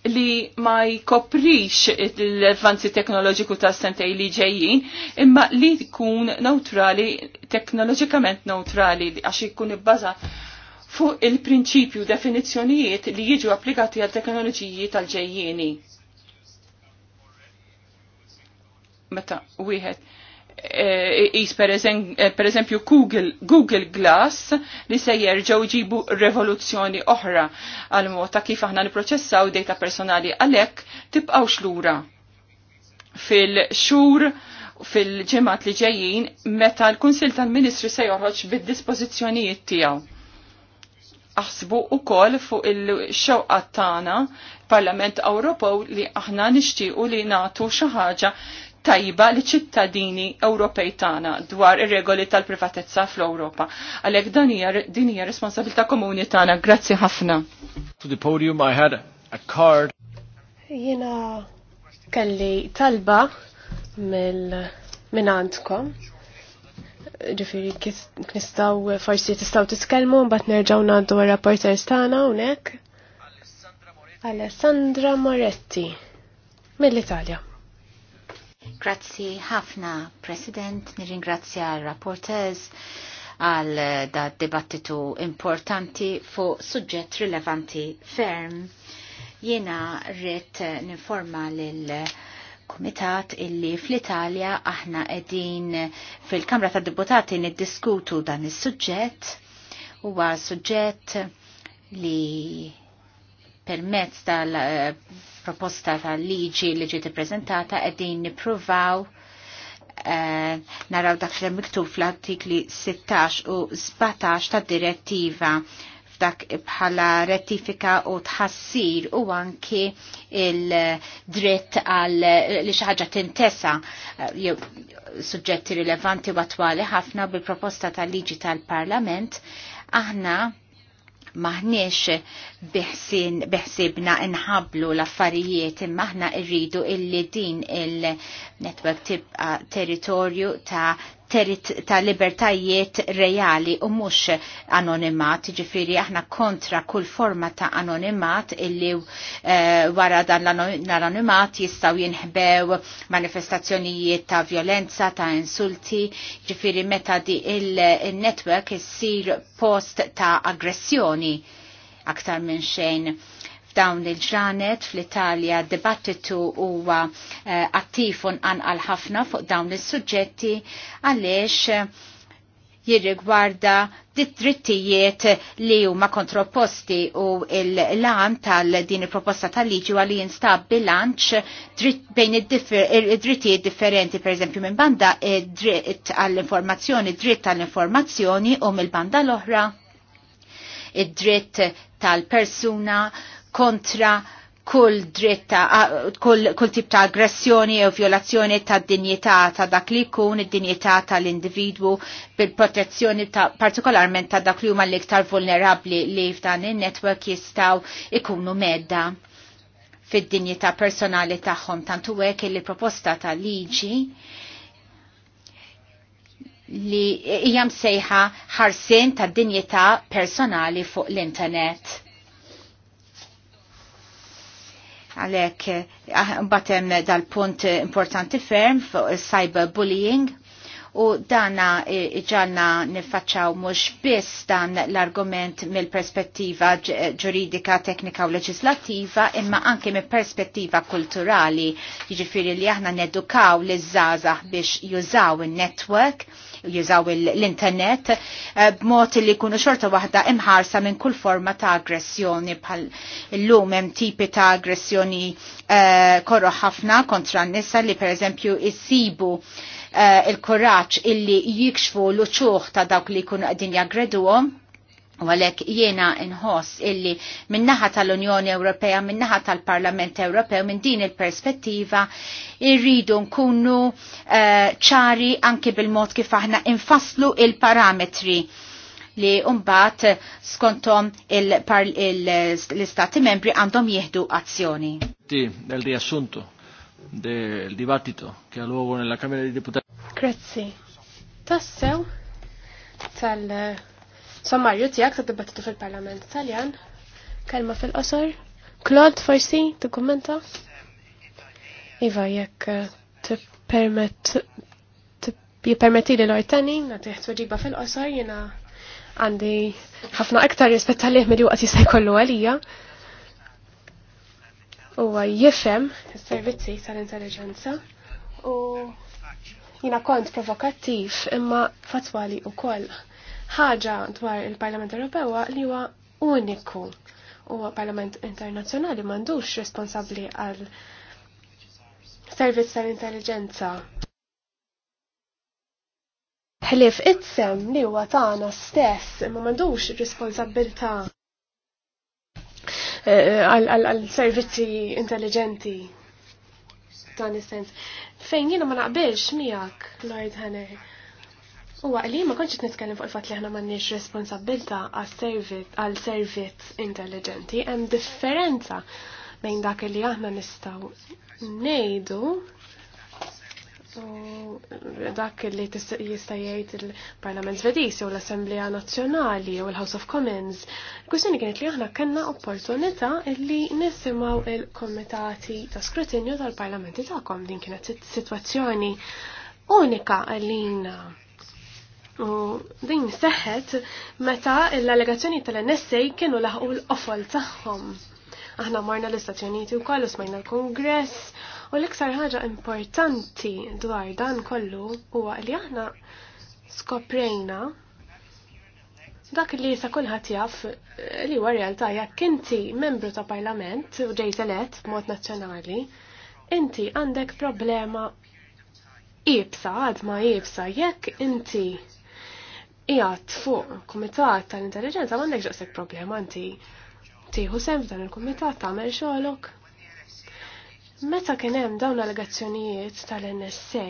li ma jkoprix l advanzi teknoloġiku ta' sentej li ġejjin, imma li tkun neutrali, teknoloġikament neutrali, għax ikun ibbażat fuq il-prinċipju definizzjonijiet li jiġu applikati għal teknoloġiji tal ġejjini Meta wieħed Eh, is eh, per eżempju Google, Google Glass li se jerġgħu jġibu revoluzzjoni oħra għal mod ta' kif aħna nipproċessaw data personali għalhekk tibqgħu xlura fil-xur fil-ġemat li ġejjin meta l-Kunsil tal-Ministri se joħroġ bid-dispożizzjonijiet tiegħu. Aħsbu wkoll fuq il-xewqat tagħna Parlament Ewropew li aħna nixtiequ li nagħtu xi ħaġa tajba li ċittadini Ewropej tagħna dwar ir-regoli tal-privatezza fl-Ewropa. Għalhekk dan hija din hija responsabilità komuni tagħna. Grazzi ħafna. To the podium I had a card. Jiena kelli talba mill minn għandkom. Ġifiri nistaw forsi tistgħu tiskellmu mbagħad nerġgħu ngħaddu rapporters tagħna hawnhekk. Alessandra Moretti mill-Italja. Grazzi ħafna, President, nirringrazzja l-rapportez għal eh, da dibattitu importanti fuq suġġett rilevanti ferm. Jiena rrit eh, ninforma lil eh, kumitat illi fl-Italja aħna edin fil-Kamra ta' Deputati niddiskutu dan is-suġġett huwa suġġett li permezz tal-proposta eh, tal-liġi li ġiet ippreżentata qegħdin nippruvaw eh, naraw dak li miktub fl-artikli 16 u 17 ta' direttiva f'dak bħala rettifika u tħassir u anki il-dritt għal li xi ħaġa tintesa eh, jew suġġetti rilevanti u attwali ħafna bil-proposta tal-liġi tal-Parlament aħna maħniex biħsibna inħablu l-affarijiet imma aħna irridu illi din il-netwerk tibqa territorju ta' terit ta' libertajiet reali u mux anonimat, ġifiri aħna kontra kull forma ta' anonimat illi uh, wara dan l-anonimat jistaw jinħbew manifestazzjonijiet ta' violenza, ta' insulti, ġifiri meta di il-network il jissir post ta' aggressjoni aktar minn xejn f'dawn il-ġranet fl-Italja dibattitu huwa eh, attiv un anqal ħafna fuq dawn is-suġġetti għaliex eh, jirrigwarda drittijiet li huma kontroposti u l-lan tal-din il-proposta tal-liġi għalli jinstab bilanċ bejn id-drittijiet differenti, per eżempju, minn banda dritt għall-informazzjoni, dritt għall-informazzjoni u mill-banda l-oħra id-dritt tal-persuna kontra kull dritta, kull, kull tip ta' aggressjoni u violazzjoni ta' dinjità ta' dak li jkun id-dinjità tal-individwu bil-protezzjoni ta' partikolarment ta' dak li huma l-iktar vulnerabli li f'dan in-netwerk jistaw ikunu medda fid-dinjità personali tagħhom tantu hekk li proposta ta' liġi li hija msejħa ħarsien tad dinjità personali fuq l-internet Għalek, ah, batem dal-punt importanti ferm fuq cyberbullying u dana ġalna nifacċaw mux biss dan l-argument mill-perspettiva ġuridika, teknika u leġislativa, imma anke mill perspettiva kulturali, jiġifiri li aħna nedukaw l-żazah biex jużaw il-network, jużaw l-internet eh, b'mod li jkunu xorta waħda imħarsa minn kull forma ta' aggressjoni bħal illum hemm tipi ta' aggressjoni eh, korro ħafna kontra n-nisa li pereżempju jsibu eh, il-kuraġġ illi jikxfu l-uċuħ ta' dawk li jkunu għedin jagreduhom U għalek jiena nħoss illi minnaħa tal-Unjoni Ewropea, minnaħa tal-Parlament Ewropew, minn din il-perspettiva, irridu nkunu eh, ċari uh, anki bil-mod kif aħna infaslu il-parametri li umbat skontom l-istati membri għandhom jihdu azzjoni. Ti, del riassunto del dibattito che ha luogo nella Camera dei Deputati. Grazie. Tassew tal- sommarju tijak ta' dibattitu fil-Parlament Italjan. Kelma fil-qosor. Claude, forsi, t-kommenta? Iva, jekk eh, t-permetti li l-ortani, natiħt weġiba fil-qosor, jena għandi ħafna aktar rispetta liħ mill għati se jkollu għalija. U jifem il-servizzi tal-intelligenza u jina kont provokattiv imma fatwali u koll ħaġa dwar il-Parlament Ewropew li huwa uniku u Parlament Internazzjonali m'għandux responsabbli għal servizz tal-intelligenza. Ħlief itsem li huwa tagħna stess imma m'għandux responsabilità eh, għal servizzi intelligenti dan is-sens. Fejn jiena ma naqbilx miegħek, Lord Henry. U għalli ma t-niskellim fuq il-fat li ħna m'għandniex responsabilta għal servizz intelligenti, hemm differenza bejn dak li aħna nistgħu ngħidu u dak li jista' jgħid il-Parlament Svediż jew l-Assemblea Nazzjonali jew il-House of Commons. Kwistjoni kienet li aħna kellna opportunità li nisimaw il-komitati ta' skrutinju tal-parlamenti kom din kienet sitwazzjoni unika għalina U din seħħet meta l-allegazzjoni tal-NSA kienu laħqu l-qofol tagħhom. Aħna marna l-Istati Uniti u kollu smajna l-Kongress u l-iktar ħaġa importanti dwar dan kollu huwa li aħna skoprejna dak li sa kulħadd jaf li huwa realtà jekk inti membru ta' parlament u ġejt elett b'mod nazzjonali, inti għandek problema ibsa, għadma ibsa, jekk inti jgħat fuq komitat tal-intelligenza m'għandek ġaqsek problema inti tiħu sem f'dan il-kumitat għamel xogħolok. Meta kien hemm dawn allegazzjonijiet tal-NSA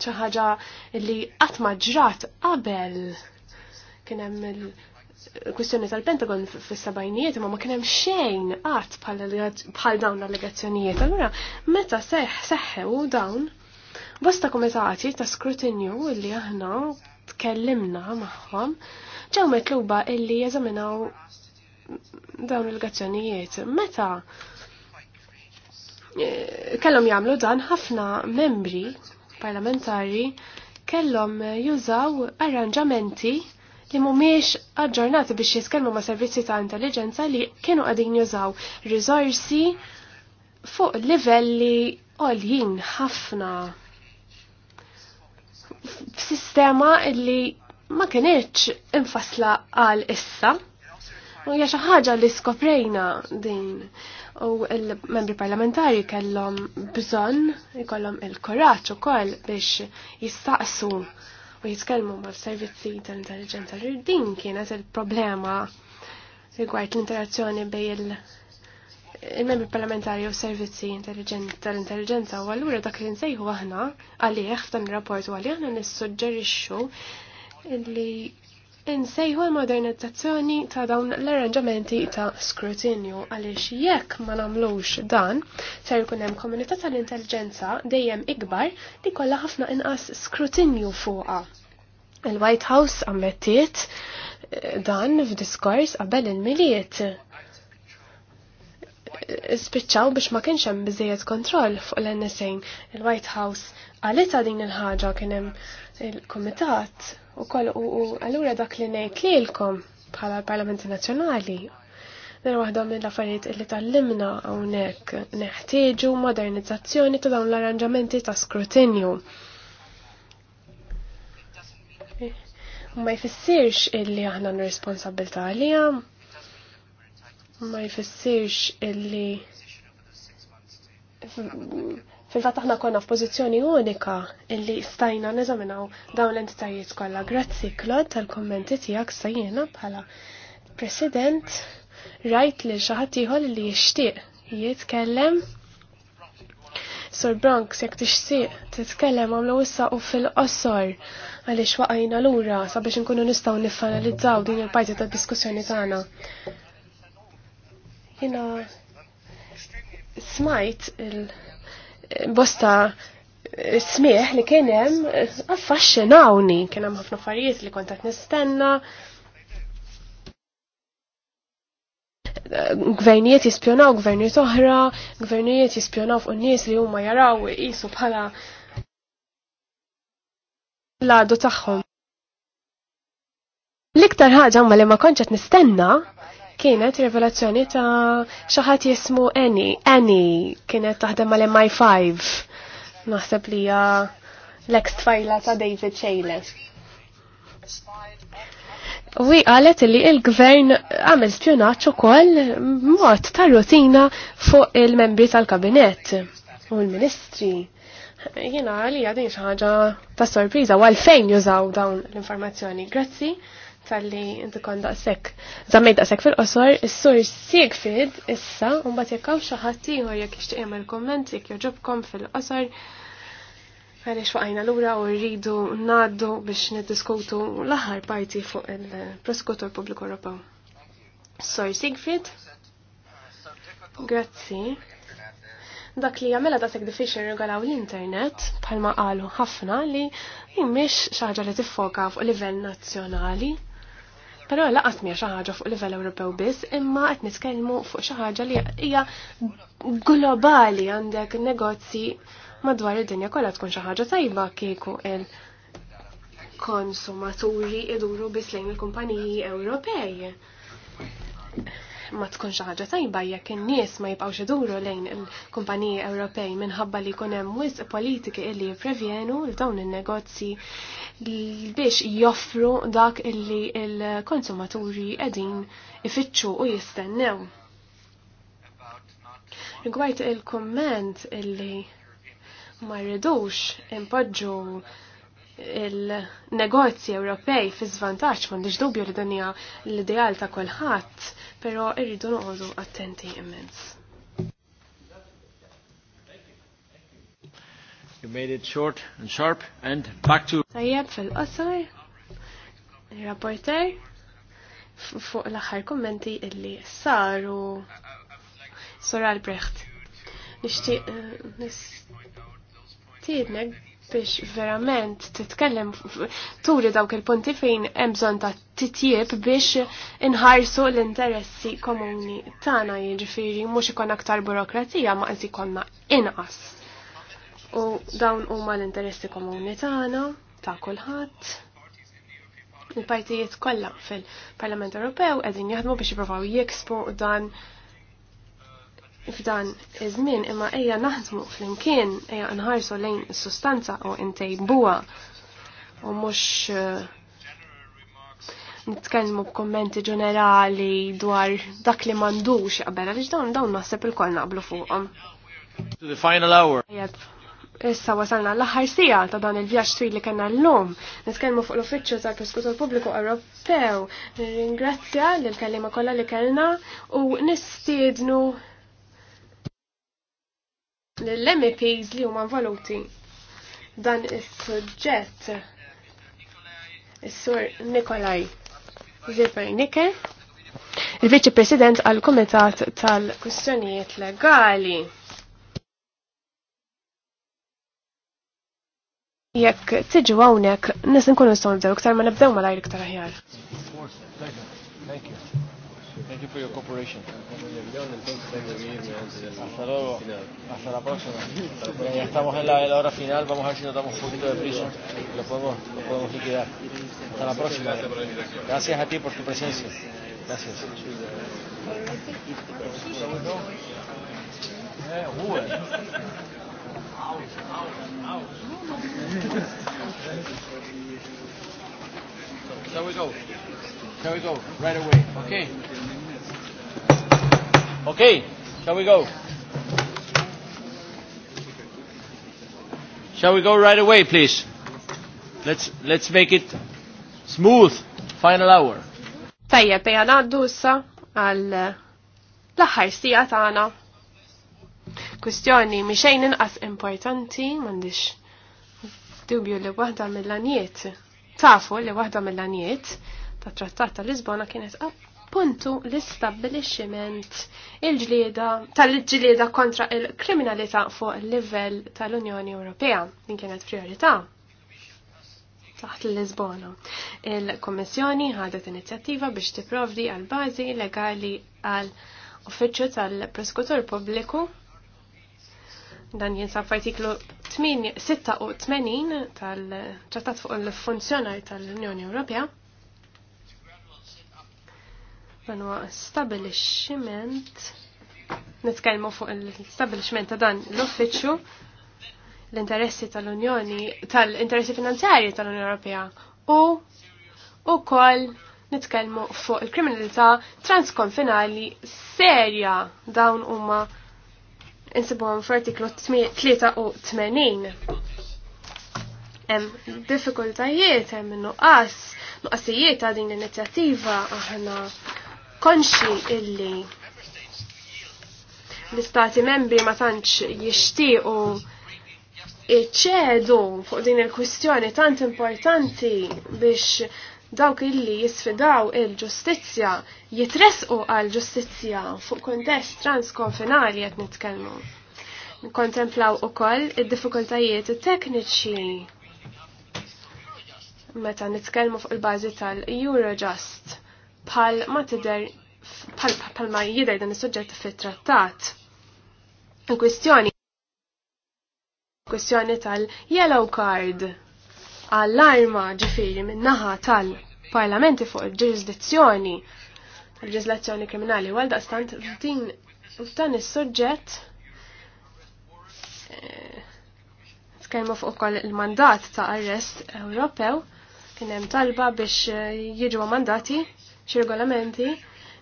xi ħaġa li qatt ma ġrat qabel kien hemm il-kwistjoni tal-Pentagon fis sabajnijiet imma ma kien hemm xejn għat bħal dawn allegazzjonijiet Allura meta seħħew dawn Bosta komitati ta' skrutinju li aħna tkellimna magħhom ġew metluba illi jeżaminaw dawn il-gazzjonijiet. Meta eh, kellhom jagħmlu dan ħafna membri parlamentari kellhom jużaw arranġamenti li mhumiex aġġornati biex jiskellmu ma' servizzi ta' intelligenza li kienu qegħdin jużaw risorsi fuq livelli għoljin ħafna f'sistema illi ma kienieċ infasla għal issa. U hija xi ħaġa li skoprejna din u l-membri parlamentari kellhom bżonn ikollhom il-kuraġġ ukoll biex jistaqsu u jitkellmu mal-servizzi tal-intelligenza l din kienet il-problema rigward l-interazzjoni bej il- il-membri parlamentari u servizzi tal-intelligenza u għallura dak li nsejħu aħna għalih f'dan ir-rapport u għalih aħna nissuġġerixxu li nsejħu l-modernizzazzjoni ta' dawn l-arranġamenti ta' skrutinju għaliex jekk ma nagħmlux dan ser jkun hemm komunità tal-intelligenza dejjem ikbar li kollha ħafna inqas skrutinju fuqha. Il-White House ammettiet eh, dan f'diskors qabel il-miliet spiċċaw biex ma kienx hemm biżejjed kontroll fuq l-NSA. Il-White House għalita din il-ħaġa kien hemm il-Kumitat ukoll u allura dak li ngħid lilkom bħala l-Parlamenti Nazzjonali. Dan waħda minn l-affarijiet li tallimna hawnhekk neħtieġu modernizzazzjoni ta' dawn l-arranġamenti ta' skrutinju. Ma jfissirx illi aħna n-responsabilta għalija, ma jfissirx illi fil fat aħna konna f'pożizzjoni unika illi stajna neżaminaw dawn l-entitajiet kollha. Grazzi Klod tal-kommenti tiegħek sajjena bħala President rajt li xi ħadd ieħor li jixtieq jitkellem. Sir Bronx, jekk tixtieq titkellem għamlu issa u fil-qosor għaliex waqajna lura sabiex nkunu nistgħu niffanalizzaw din il-parti tad-diskussjoni tagħna. Jina smajt il-bosta smieħ li kienem affaxxinawni, kienem ħafna affarijiet li kontat nistenna. Gvernijiet jispjonaw gvernijiet oħra, gvernijiet jispjonaw fuq nies li huma jaraw isu bħala l-għadu tagħhom. L-iktar ħaġa ma li ma konċet nistenna kienet rivelazzjoni ta' xaħat jismu Annie. Eni kienet taħdem mal MI5. Naħseb li hija l-ex tfajla ta' David Shale. Wi qalet li il-gvern għamel spjonaċ ukoll mod ta' rutina fuq il-membri tal-kabinett u l-ministri. Jiena li din xi ħaġa ta' sorpriża u għalfejn jużaw dawn l-informazzjoni. Grazzi tal-li inti kon daqsek. Zammej daqsek fil-qosor, is-sur Siegfried issa, un bat jekkaw xaħat ieħor jekk ixtieq il komment jekk joġobkom fil-qosor. Għaliex l lura u rridu ngħaddu biex niddiskutu l-aħħar parti fuq il-Prosekutur Pubbliku Ewropew. Sor Siegfried. Grazzi. Dak li jagħmilha daqshekk diffiċli regalaw l-internet bħalma qalu ħafna li jimmix xi ħaġa li tiffoka fuq livell nazzjonali. Però la mija xi ħaġa fuq livell Ewropew biss, imma qed nitkellmu fuq xi ħaġa li hija globali għandek negozji madwar id-dinja kollha tkun xi ħaġa tajba kieku il konsumaturi iduru biss lejn il-kumpaniji Ewropej ma tkunx ħaġa tajba jekk in-nies ma jibqgħux iduru lejn il-kumpaniji Ewropej minħabba li jkun hemm wisq politiki illi jipprevjenu l dawn in-negozji biex joffru dak illi il-konsumaturi qegħdin ifittxu u jistennew. Rigward il-komment illi ma rridux impoġġu il-negozji Ewropej fi żvantaġġ m'għandix dubju li dinja l-ideal ta' kulħadd pero irridu noqogħdu attenti immens. You made it short and sharp and back to Tajjeb fil-qosor, rapporter, fuq l-axar kommenti illi saru Sora Albrecht. Nishtiq, eh, nistiednek biex verament titkellem turi dawk il-punti fejn hemm bżonn ta' titjib biex inħarsu l-interessi komuni tagħna jiġifieri mhux ikon aktar burokrazija ma qed konna inqas. U dawn huma l-interessi komuni tagħna ta' kulħadd. Il-partijiet kollha fil-Parlament Ewropew qegħdin jaħdmu biex jipprovaw jekspu dan f'dan iż-żmien imma ejja naħdmu flimkien ejja nħarsu lejn is-sustanza u ntejbuha u mhux eh, nitkellmu b'kummenti ġenerali dwar dak li m'għandux qabel għaliex dawn dawn naħseb ilkoll naqblu fuqhom. Issa wasalna l-aħħar sija ta' dan il-vjaġġ twil li kellna llum. Nitkellmu fuq l-Uffiċċju tal-Prosekutur Pubbliku Ewropew. Ringrazzja lill kelliema kollha li kellna u nistiednu l-MEPs li huma valuti dan is-suġġett is-sur Nikolaj Zipernike, il-Viċi President għal Komitat tal-Kwistjonijiet Legali. Jekk tiġu hawnhekk, nis nkunu nistgħu nibdew iktar ma nibdew malajr iktar aħjar. Thank you. Thank you for your cooperation. Hasta luego. Hasta la próxima. Bueno, ya estamos en la, en la hora final. Vamos a ver si nos damos un poquito de prisa. Lo podemos, lo podemos liquidar. Hasta la próxima. Gracias a ti por tu presencia. Gracias. Shall we go? Shall we go? Right away. Okay. Okay, shall we go? Shall we go right away, please? Let's, let's make it smooth, final hour. Tajja, peja naddu issa għal l-axar sija tagħna. Kwistjoni xejn inqas importanti m'għandix dubju li waħda mill-anijiet tafu li waħda mill-anijiet ta' trattat ta' Lisbona kienet puntu l establishment il-ġlieda tal-ġlieda kontra il-kriminalità fuq il-livell tal-Unjoni Ewropea. Din kienet priorità taħt l-Lisbona. Il-Kommissjoni ħadet inizjattiva biex tipprovdi għal bażi legali għal uffiċċju tal preskutur Pubbliku dan jinsab f'artiklu 86 tal-ċattat fuq il-funzjonar tal-Unjoni Ewropea Dan huwa stabilixximent nitkellmu fuq l establishment ta' dan l-uffiċċju l-interessi tal-Unjoni tal-interessi finanzjarji tal-Unjoni Ewropea u ukoll nitkellmu fuq il-kriminalità transkonfinali serja dawn huma insibuhom f'artiklu 83. Hemm diffikultajiet, hemm nuqqas, nuqqasijiet ta' din l-inizjattiva aħna konxi illi l-istati membri ma tantx jixtiequ iċedu fuq din il-kwistjoni tant importanti biex dawk illi jisfidaw il-ġustizzja jitresqu għal ġustizzja fuq kontest transkonfinali qed nitkellmu. Kontemplaw ukoll id-diffikultajiet tekniċi meta nitkellmu fuq il-bażi tal-Eurojust bħal ma tidher pal ma jidher dan is-suġġett fit-trattat. Il-kwistjoni kwestjoni tal-yellow card għall-arma ġifiri minnaħa tal-parlamenti fuq il-ġurisdizzjoni tal-ġurisdizzjoni kriminali għal daqstant din f'dan is-soġġett eh, tkellmu fuq ukoll il-mandat ta' arrest Ewropew kien hemm talba biex eh, jiġu mandati xi regolamenti,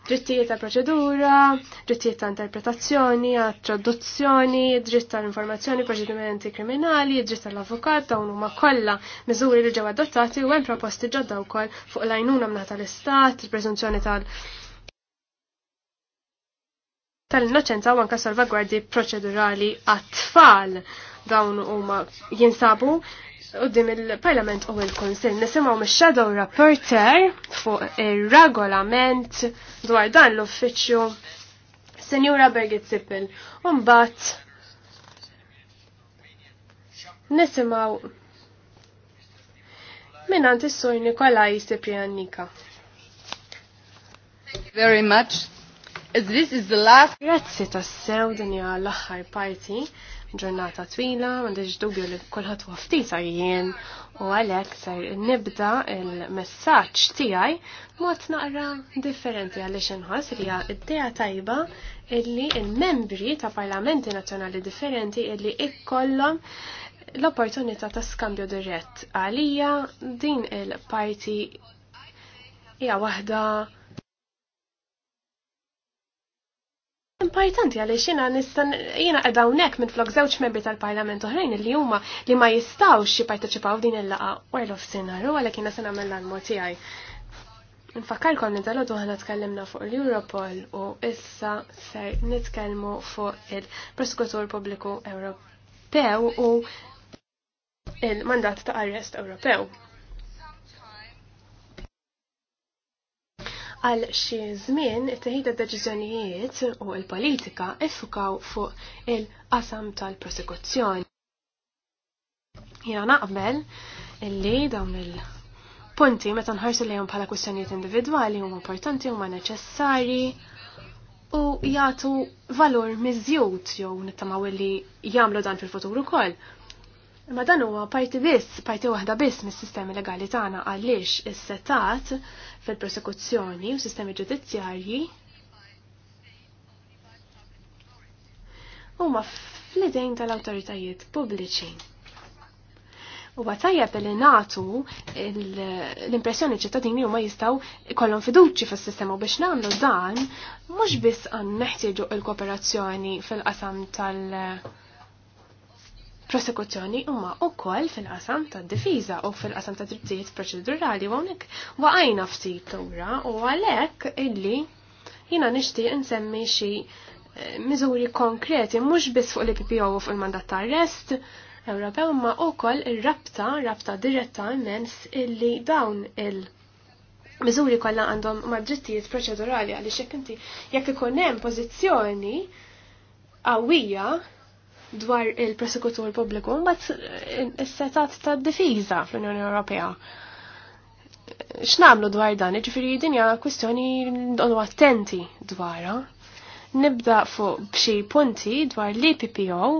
drittijiet ta' proċedura, drittijiet ta' interpretazzjoni, għat traduzzjoni, dritt tal informazzjoni proċedimenti kriminali, dritt tal-avukat, dawn huma kollha miżuri li ġew adottati u hemm proposti ġodda wkoll fuq l-għajnuna mna tal-istat, il-preżunzjoni tal- tal-innoċenza u anka salvagwardi proċedurali għat-tfal dawn huma jinsabu qudiem il-Parlament u il-Konsil nisimgħu mix-Shadow Rapporter fuq ir-regolament dwar dan l-uffiċċju Senjura Birgit Sippel. Umbat nisimaw nisimgħu minnant is-sur Nikolaj Thank you very much. As this is the last Grazzi tassew din hija l-aħħar parti ġurnata twila, m'għandix dubju li kulħadd u għafti jien u għalek ser nibda il-messaġġ tiegħi mod naqra differenti għaliex inħoss li hija idea tajba illi il-membri ta' parlamenti nazzjonali differenti illi ikkollom l-opportunità ta' skambju dirett għalija din il-parti hija waħda Importanti għaliex jiena nistan jiena qed hawnhekk minn flok żewġ membri tal-Parlament oħrajn li huma li ma jistgħux jipparteċipaw din il-laqgħa wara l-ofsinhar u għalhekk jiena se nagħmel l-almor tiegħi. Nfakkarkom li dalodu ħana tkellimna fuq l-Europol u issa ser nitkellmu fuq il-Prosekutur Pubbliku Ewropew u il-mandat ta' arrest Ewropew. Għal xi żmien it-teħid deċiżjonijiet u l-politika iffukaw fuq il-qasam tal-prosekuzzjoni. Jena naqbel illi dawn il- punti meta nħarsu lejhom bħala kwistjonijiet individwali huma importanti huma neċessarji u jagħtu valur miżjud jew nittamaw li jagħmlu dan fil-futur ukoll. Ma dan huwa parti biss, parti waħda biss mis-sistemi legali tagħna għaliex is-setat fil-prosekuzzjoni u sistemi ġudizzjarji huma fl-idejn tal-awtoritajiet pubbliċi. U tajjeb li natu l-impressjoni ċittadini u ma jistaw kollon fiduċi fis sistema u biex namlu dan, mux biss għan neħtieġu il-kooperazzjoni fil-qasam tal- prosekuzzjoni huma wkoll fil-qasam tad-difiża u fil-qasam ta' drittijiet proċedurali hawnhekk waqajna ftit lura u għalhekk illi jiena nixtieq insemmi xi eh, miżuri konkreti mhux biss fuq l-PPO u fuq il-mandat ta' arrest Ewropew ma wkoll ir-rabta, rabta diretta immens illi dawn il- Miżuri kollha għandhom ma' drittijiet proċedurali għaliex jekk inti jekk ikun hemm pożizzjoni qawwija dwar il-prosekutur pubbliku mbagħad eh, is-setat tad-difiża fl-Unjoni Ewropea. X'namlu dwar dan, jiġifieri din hija kwistjoni nqogħdu attenti dwarha. Nibda fuq b'xi punti dwar l-IPPO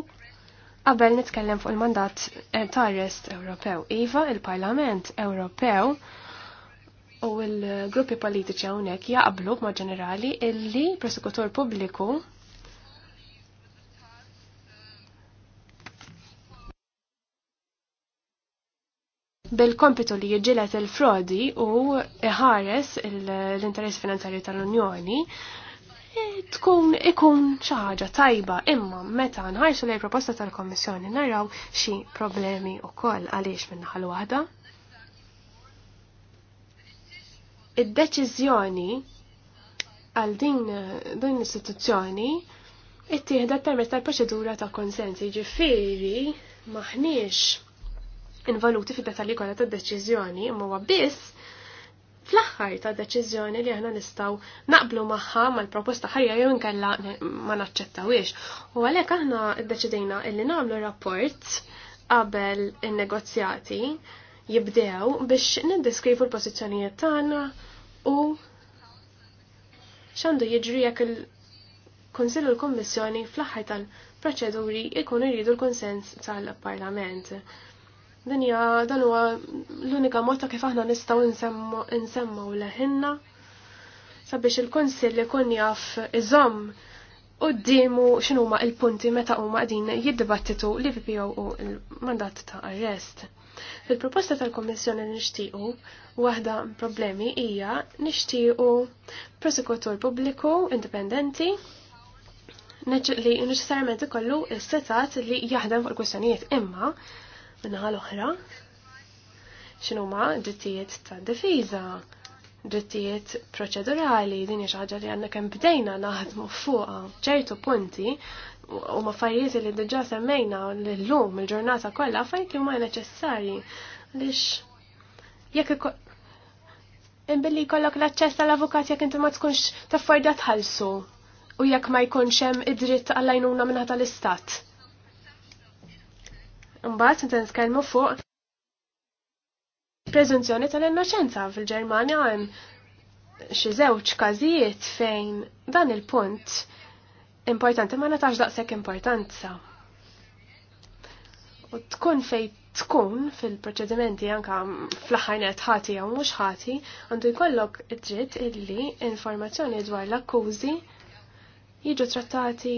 qabel nitkellem fuq il-mandat eh, ta' arrest Ewropew. Iva, il-Parlament Ewropew u l-gruppi politiċi hawnhekk jaqblu b'mod ġenerali illi prosekutur pubbliku bil-kompitu li jġilet il-frodi u iħares l-interess finanzjari tal-Unjoni e, tkun ikun xaħġa tajba imma meta nħarsu lej proposta tal-Kommissjoni naraw xi problemi u koll għaliex minnaħal waħda. Id-deċiżjoni għal din din l-istituzzjoni ittieħda permezz tal-proċedura ta' konsensi ġifiri maħniex involuti fid-detalji kollha tad-deċiżjoni imma huwa biss fl-aħħar ta' deċiżjoni li aħna nistgħu naqblu magħha mal-proposta ħajja jew inkella ma naċċettawiex. U għalhekk aħna ddeċidejna illi nagħmlu rapport qabel in-negozjati jibdew biex niddeskrivu l-pożizzjonijiet tagħna u x'għandu jiġri jekk il-Kunsill u l-Kommissjoni fl-aħħar tal-proċeduri jkunu jridu l-konsens tal-Parlament dinja hija dan huwa l-unika mod ta' kif aħna nistgħu nsemmaw leħinna sabiex il-Kunsill ikun jaf iżomm quddiemu x'inhuma l punti meta huma qegħdin jiddibattitu li PPO u l-mandat ta' arrest. Fil-proposta tal-Kommissjoni nixtiequ waħda problemi hija nixtiequ prosekutur pubbliku indipendenti li neċessarjament ikollu s-setat li jaħdem fuq il-kwistjonijiet imma Minħal oħra, x'inhuma drittijiet ta' difiża, drittijiet proċedurali, din hija xi ħaġa li għandna kemm bdejna naħdmu fuqha ċertu punti u maffarijiet li diġà semmejna l-lum il-ġurnata kollha affarijiet li huma neċessari għaliex jekk inbilli jkollok l-aċċess tal-avukat jekk inti ma tkunx taffordat tħallsu u jekk ma jkunx hemm id-dritt għall-għajnuna minħata tal-istat. Mbagħad meta nitkellmu fuq preżunzjoni tal-innoċenza fil-Ġermanja hemm xi żewġ każijiet fejn dan il-punt importanti ma natax daqshekk importanza. U tkun fej tkun fil-proċedimenti anka fl-ħajnet ħati jew mhux ħati, għandu jkollok id-dritt illi informazzjoni dwar l-akkużi jiġu trattati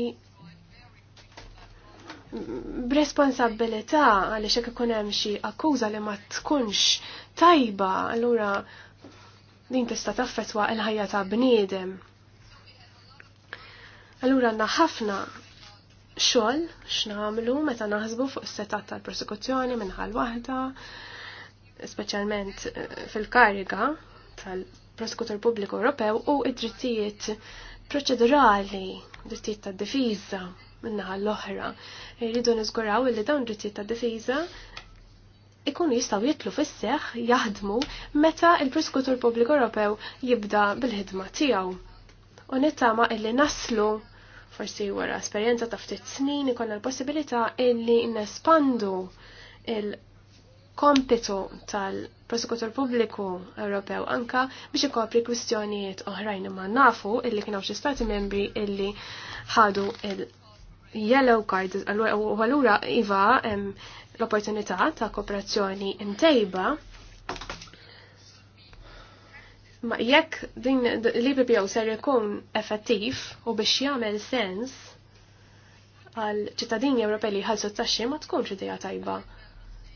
b'responsabilità għaliex hekk ikun hemm xi akkuża li ma tkunx tajba, allura din tista' taffetwa l-ħajja ta' bniedem. Allura għandna ħafna xogħol x'nagħmlu meta naħsbu fuq is-setat tal-persekuzzjoni minħal waħda, speċjalment eh, fil-kariga tal-Prosekutur Pubbliku Ewropew u id-drittijiet proċedurali, drittijiet tad-difiża minnaħa l-oħra. Irridu niżguraw li dawn drittijiet ta' difiża ikunu jistaw jitlu fis-seħ jaħdmu meta il-Prosekutur Pubbliku Ewropew jibda bil-ħidma tiegħu. U nittama illi naslu forsi wara esperjenza ta' ftit snin ikonna l-possibilità illi nespandu il-kompitu tal- prosekutur pubbliku Ewropew anka biex ikopri kwistjonijiet oħrajn ma nafu illi kien hawn xi stati membri illi ħadu il yellow card u għallura iva l-opportunità ta' kooperazzjoni imtejba ma jekk din l-IPPO ser ikun effettiv u biex jagħmel sens għal ċittadini Ewropej li ħalsu t-taxxi ma tkunx idea tajba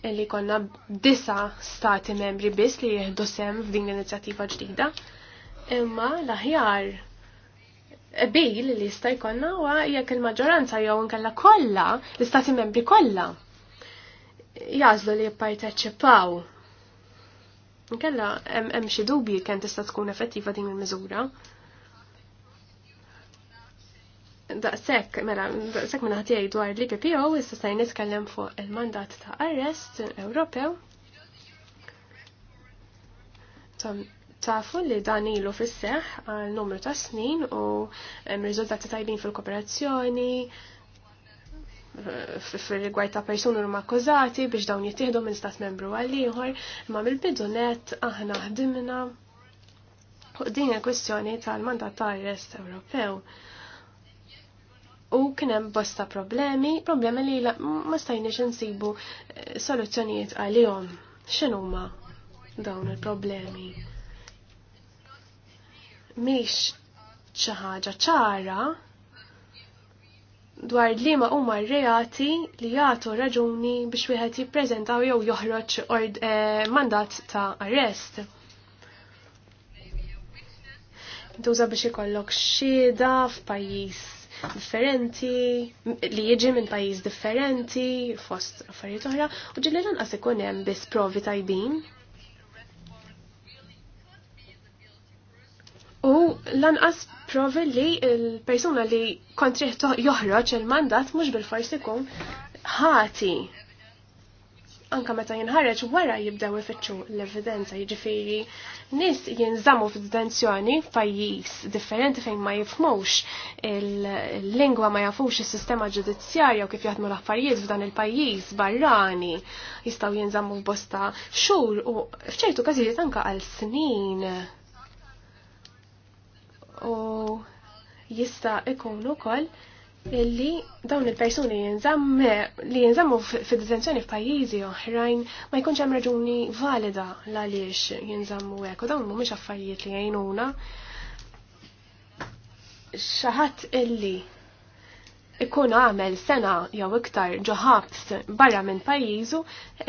li konna disa stati membri biss li jieħdu sem f'din l-inizjattiva ġdida. Imma l-aħjar bil li jista' jkollna huwa jekk il-maġġoranza jew inkella kollha l-istati membri kollha jażlu li jipparteċipaw. Inkella hemm xi dubji kemm tista' tkun effettiva din il-miżura. Daqshekk mela daqshekk minn ħatijaj dwar l-IPPO issa se nitkellem fuq il-mandat ta' arrest Ewropew. Tafu li dan ilu fis seħħ għal numru ta' snin u riżultati tajbin fil-kooperazzjoni, fil-rigward ta' persuni huma akkużati biex dawn jittieħdu minn stat membru għal ieħor, imma mill-bidunet aħna ħdimna u din il-kwestjoni tal-mandat ta' rest Ewropew. U kien hemm bosta problemi, problemi li ma stajniex insibu eh, soluzzjonijiet għalihom. X'inhuma dawn il-problemi? miex xi ħaġa ċara dwar li ma huma reati li jagħtu raġuni biex wieħed jippreżentaw jew joħroġ eh, mandat ta' arrest. Tuża biex ikollok xieda f'pajjiż differenti, li jiġi minn pajjiż differenti, fost affarijiet oħra, u ġilli lanqas ikun hemm biss provi tajbin U lanqas provi li l-persuna li kontriħ joħroġ il-mandat mhux bil-fors ikun ħati. Anka meta jinħareġ wara jibdew ifittxu l-evidenza, jiġifieri nis jinżamu f'detenzjoni f'pajjiż differenti fejn ma jifmux il-lingwa ma jafux is-sistema ġudizzjarja u kif jaħdmu l-affarijiet f'dan il-pajjiż barrani jistgħu jinżammu f'bosta xhur u f'ċertu każijiet anka għal snin u jista' ikun ukoll illi dawn il-persuni li jinżammu fid-detenzjoni f'pajjiżi oħrajn ma jkunx hemm raġuni valida għaliex jinżammu hekk u dawn mhumiex affarijiet li jgħinuna ħadd illi ikun għamel sena jew iktar ġo ħabs barra minn pajjiżu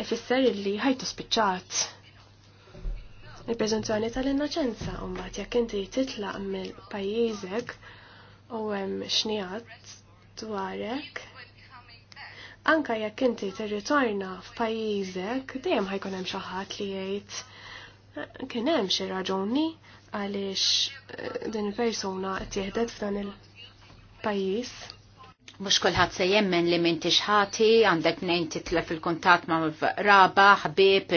ifisser illi ħajtu spiċċat il-prezenzjoni tal-innoċenza mbagħad jekk inti titlaq mill-pajjiżek u hemm xnijat dwarek. Anka jekk inti tirritorna f'pajjiżek dejjem ħajkun hemm xi ħadd li jgħid kien hemm xi raġuni għaliex eh, din il-persuna tieħdet f'dan il-pajjiż mux kolħat se jemmen li minti xħati, għandek nejn titla fil-kontat ma' raba, ħbib,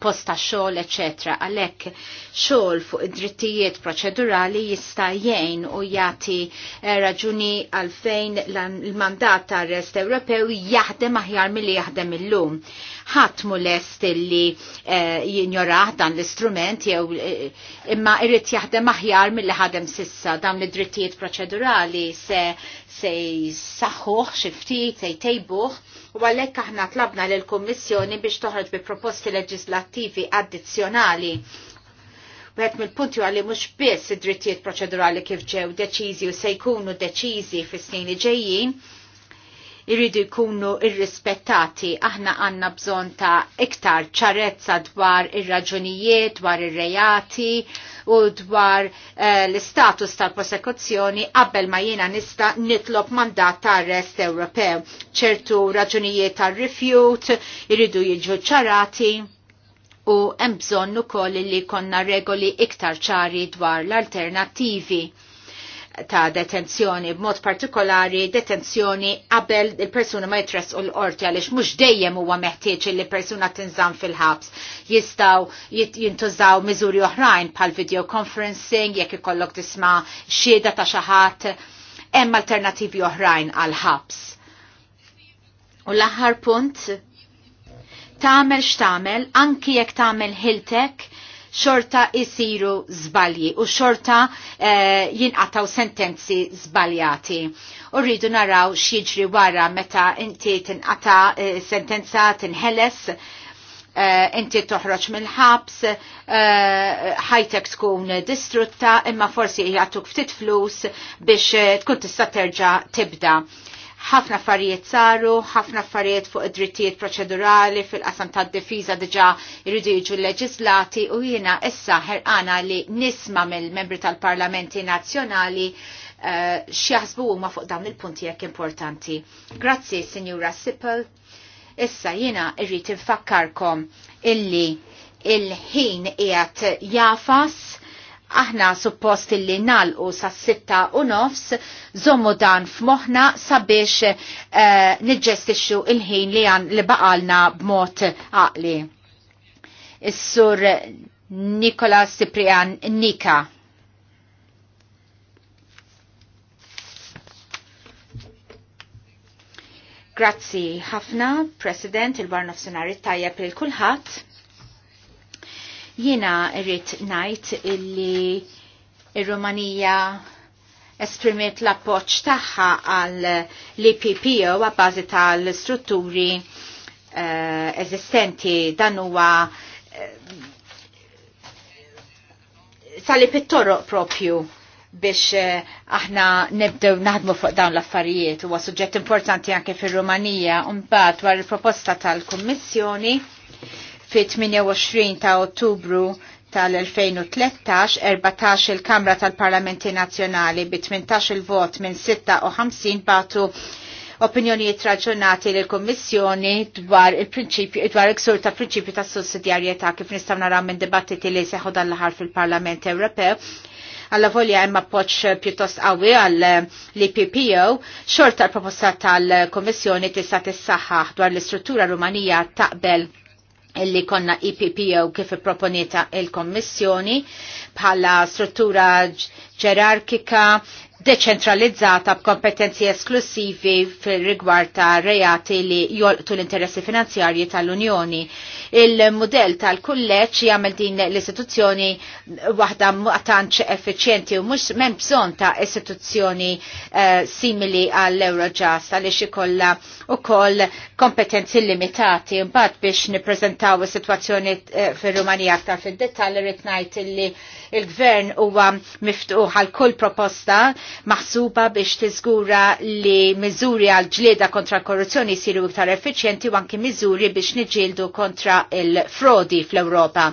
posta xol, ecc. Għalek xol fuq id-drittijiet proċedurali jista' jgħin u jati eh, raġuni għalfejn l-mandat ta' rest Ewropew jaħdem aħjar mill-li jaħdem illum. Ħadd mu lest li eh, jinjoraħ dan l-istrument jew eh, imma irrit jaħdem aħjar mill-li ħadem sissa dawn id-drittijiet proċedurali se se xi xiftit, se jtejbuħ, u għalhekk aħna tlabna l-Kommissjoni biex toħroġ bi proposti leġislattivi addizzjonali Wieħed mill-punti għalli mux biss id-drittijiet proċedurali kif ġew deċiżi u se jkunu deċiżi fis-snin li ġejjin, irridu jkunu irrispettati. Aħna għanna bżon ta' iktar ċarezza dwar ir-raġunijiet, dwar ir-rejati u dwar eh, l-istatus tal-prosekuzzjoni qabel ma jiena nista' nitlob mandat ta' arrest Ewropew. ċertu raġunijiet tar-rifjut irridu jiġu ċarati u hemm bżonn ukoll li konna regoli iktar ċari dwar l-alternattivi ta' detenzjoni, b'mod partikolari detenzjoni qabel il-persuna ma jitress u l-qorti għalix mux dejjem huwa meħtieġ li persuna tinżam fil-ħabs jistaw jintużaw miżuri oħrajn pal video conferencing jekk ikollok tisma' xieda ta' xi ħadd hemm alternativi oħrajn għal ħabs. U l-aħħar punt tagħmel x'tagħmel anki jekk tagħmel ħiltek xorta jisiru zbalji u xorta eh, jinqataw sentenzi zbaljati. U rridu naraw xieġri wara meta inti tinqata eh, sentenza tinħeles eh, inti toħroġ mill-ħabs, eh, ħajtek tkun distrutta, imma forsi jgħatuk ftit flus biex eh, tkun tista' terġa' tibda ħafna affarijiet saru, ħafna affarijiet fuq id-drittijiet proċedurali fil-qasam tad difiża diġà jridu jiġu leġislati u jiena issa ħerqana li nisma' mill-membri tal-parlamenti nazzjonali uh, x'jaħsbu huma fuq dawn il-punti jekk importanti. Grazzi, Sinjura Sippel. Issa jiena irrid infakkarkom illi il-ħin qiegħed jafas Aħna suppost illi nalqu sa' sitta u nofs, zommu dan f'moħna sabiex eh, nġestixu il-ħin li għan li baqalna b'mod għaqli. Is-sur Nikola Siprian Nika. Grazzi ħafna, President, il-Barn of tajja tajjeb il-kulħat. Jiena rrit ngħid illi il rumanija esprimiet l-appoċ tagħha għal l-IPPO għabbażi tal-strutturi eh, eżistenti dan huwa eh, sali pittoro propju biex eh, aħna nibdew naħdmu fuq dawn l-affarijiet huwa suġġett importanti anke fir-Rumanija u mbagħad dwar il-proposta tal-Kummissjoni fit-28 ta' Ottubru tal-2013 14 il-Kamra tal-Parlamenti Nazzjonali bi 18 il-vot minn 56 batu opinjonijiet raġunati l kommissjoni dwar il-prinċipju dwar iksur ta' prinċipju ta' sussidjarjetà kif nistgħu naraw minn dibattiti li seħu dal-aħħar fil-Parlament Ewropew Alla volja hemm poċ pjuttost qawwi għall ippo xorta l-proposta tal-Kommissjoni tista' tissaħħaħ dwar l-istruttura Rumanija taqbel illi konna u e kif proponita il-Kommissjoni bħala struttura ġerarkika deċentralizzata b'kompetenzi esklusivi fil-rigward ta' reati li jolqtu l-interessi finanzjarji tal-Unjoni. Il-modell tal-kulleċ jagħmel din l-istituzzjoni waħda tantx effiċjenti u mhux m'hemm bżonn ta' istituzzjoni uh, simili għall-Eurojust għaliex ikollha wkoll kompetenzi limitati mbagħad biex nippreżentaw is-sitwazzjoni uh, fir-Rumanija aktar fid-dettall irid ngħid li l-gvern huwa miftuħ għal kull proposta maħsuba biex tiżgura li miżuri għal ġlieda kontra korruzzjoni jsiru iktar effiċjenti u anki miżuri biex niġġieldu kontra il-frodi fl-Ewropa.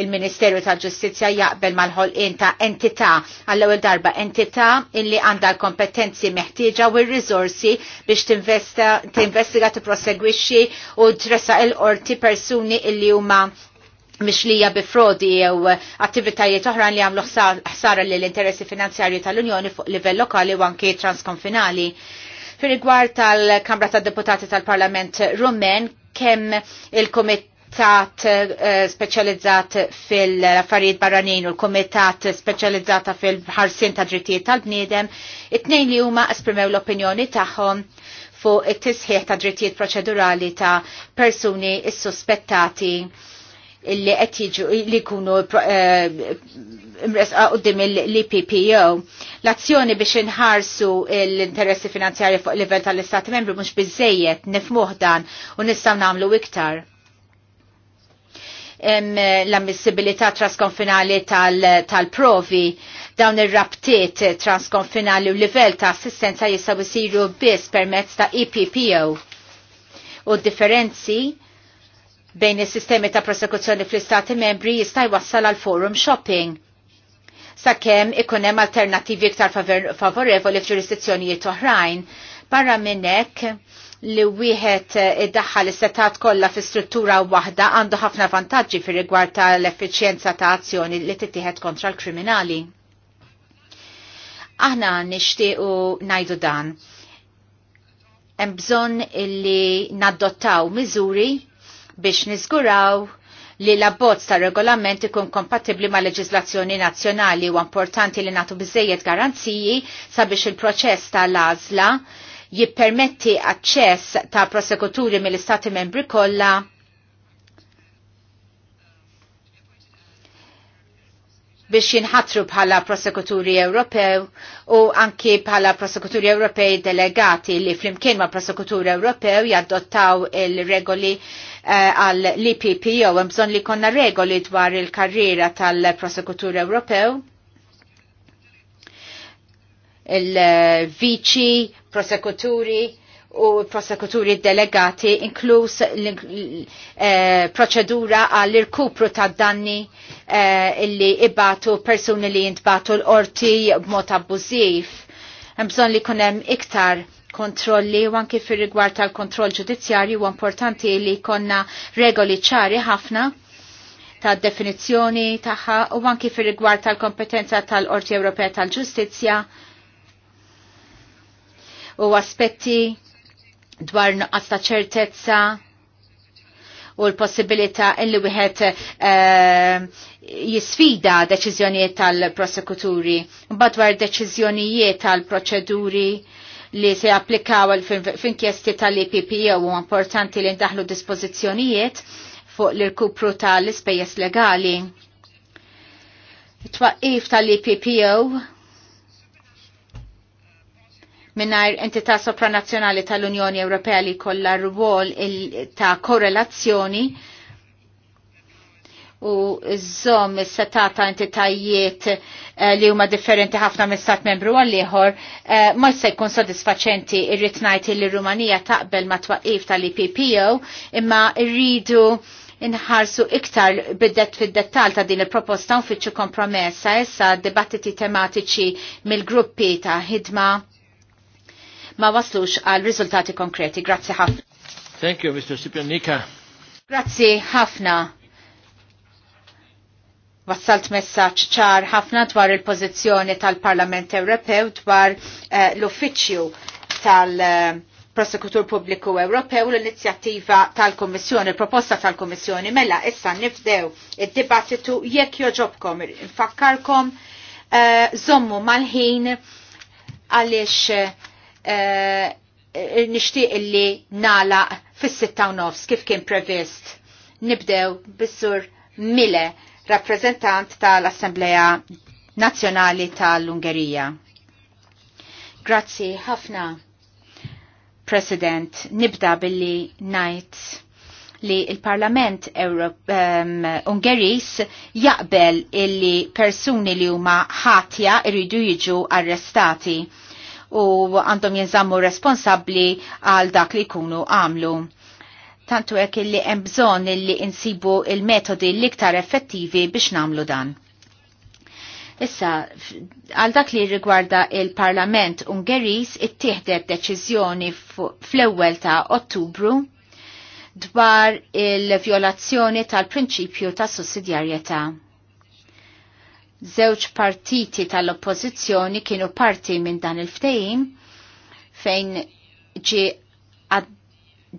Il-Ministeru tal Ġustizzja jaqbel mal-ħolqien ta' entità għall-ewwel darba entità illi għandha l-kompetenzi meħtieġa u r-riżorsi biex tinvestiga, tipprosegwixxi u tressa il-qorti persuni illi huma mixlija bi frodi jew attivitajiet oħran li għamlu ħsara lill interessi finanzjarji tal-Unjoni fuq livell lokali u anke transkonfinali. Fi rigward tal-Kamra tad Deputati tal-Parlament Rumen, kemm il-Komit komitat eh, speċjalizzat fil-affarijiet barranin u l-komitat speċjalizzata fil-ħarsin ta' drittijiet tal-bniedem, it-tnejn li huma esprimew l-opinjoni tagħhom fuq it-tisħiħ ta' drittijiet proċedurali ta' persuni is-suspettati illi qed jiġu li jkunu eh, imresqa qudiem l-PPO. L-azzjoni biex inħarsu l-interessi finanzjarji fuq livell tal-Istati membri mhux biżejjed nifmuh dan u nistgħu nagħmlu iktar. L-ammissibilità transkonfinali tal-provi dawn ir-rabtiet transkonfinali u livell ta' assistenza jistgħu jsiru biss permezz ta' EPPO u differenzi bejn is-sistemi ta' prosekuzzjoni fl-istati membri jista' jwassal għal forum shopping sakemm ikun hemm alternattivi iktar favorevoli f'ġurisdizzjonijiet oħrajn. Barra minn hekk li wieħed eh, iddaħħal is-setat kollha fi struttura waħda għandu ħafna vantaġġi fir rigward tal-effiċjenza ta' azzjoni li tittieħed kontra l-kriminali. Aħna nixtiequ ngħidu dan. Hemm bżonn illi naddottaw miżuri biex niżguraw li l-abbozz ta' regolament ikun kompatibli ma' leġislazzjoni nazzjonali u importanti li natu bizzejiet garanziji sabiex il-proċess ta' l-azla jippermetti aċċess ta' prosekuturi mill-Istati membri kollha biex jinħatru bħala prosekuturi Ewropew u anki bħala prosekuturi Ewropej delegati li flimkien ma' prosekuturi Ewropew jaddottaw il-regoli eh, għal uh, l-IPPO, bżon li konna regoli dwar il-karriera tal prosekuturi Ewropew il-viċi, prosekuturi, u prosekuturi delegati inkluż eh, proċedura għall irkupru ta' danni eh, illi ibatu persuni li jintbatu l-orti b'mod abbużiv. Hemm bżonn li kunem iktar kontrolli u anki fir rigward tal-kontroll ġudizzjarju u importanti li konna regoli ċari ħafna ta' definizzjoni tagħha u anki fir rigward tal-kompetenza tal-Qorti Ewropea tal-Ġustizzja u aspetti dwar nuqqas ta' ċertezza u l-possibilità illi wieħed eh, jisfida deċiżjonijiet tal-prosekuturi, mbagħad dwar deċiżjonijiet tal-proċeduri li se applikaw f'inkjesti tal ipp u importanti li ndaħlu dispożizzjonijiet fuq l-irkupru tal-ispejjeż legali. Twaqif tal-IPPO minnajr entità sopranazzjonali tal-Unjoni Ewropea li kollha rwol ta' korrelazzjoni u żomm is-seta ta' entitajiet eh, li huma differenti ħafna minn stat membru għal ieħor eh, ma jista' jkun sodisfaċenti irrid ngħid li rumanija taqbel ma' twaqif tal-IPPO imma rridu inħarsu iktar biddet fid-dettal ta' din il-proposta u nfittxu kompromessa issa dibattiti tematiċi mill-gruppi ta' ħidma ma waslux għal riżultati konkreti. Grazzi ħafna. Thank you, Mr. Sipionika. Grazzi ħafna. Wassalt messaċ ċar ħafna dwar il-pozizjoni tal-Parlament Ewropew dwar uh, eh, l-uffiċju tal-Prosekutur Pubbliku Ewropew l-inizjattiva tal-Kommissjoni, proposta tal-Kommissjoni. Mela, issa nifdew id-dibattitu jekk joġobkom, infakkarkom, eh, zommu mal-ħin għaliex eh, Eh, nixtieq illi nala fis-sitta u nofs kif kien previst. Nibdew bis-sur Mille, rappreżentant tal-Assembleja Nazzjonali tal-Ungerija. Grazzi ħafna, President. Nibda billi najt li il-Parlament um, Ungeris jaqbel illi persuni li huma ħatja irridu jiġu arrestati u għandhom jinżammu responsabli għal dak li jkunu għamlu. Tantu hekk illi hemm bżonn illi insibu il-metodi l-iktar effettivi biex namlu dan. Issa, għal dak li rigwarda il-Parlament Ungeris it-tihdeb deċiżjoni fl-ewwel ta' Ottubru dwar il-vjolazzjoni tal-prinċipju ta' sussidjarjetà żewġ partiti tal-oppożizzjoni kienu parti minn dan il-ftehim fejn ġi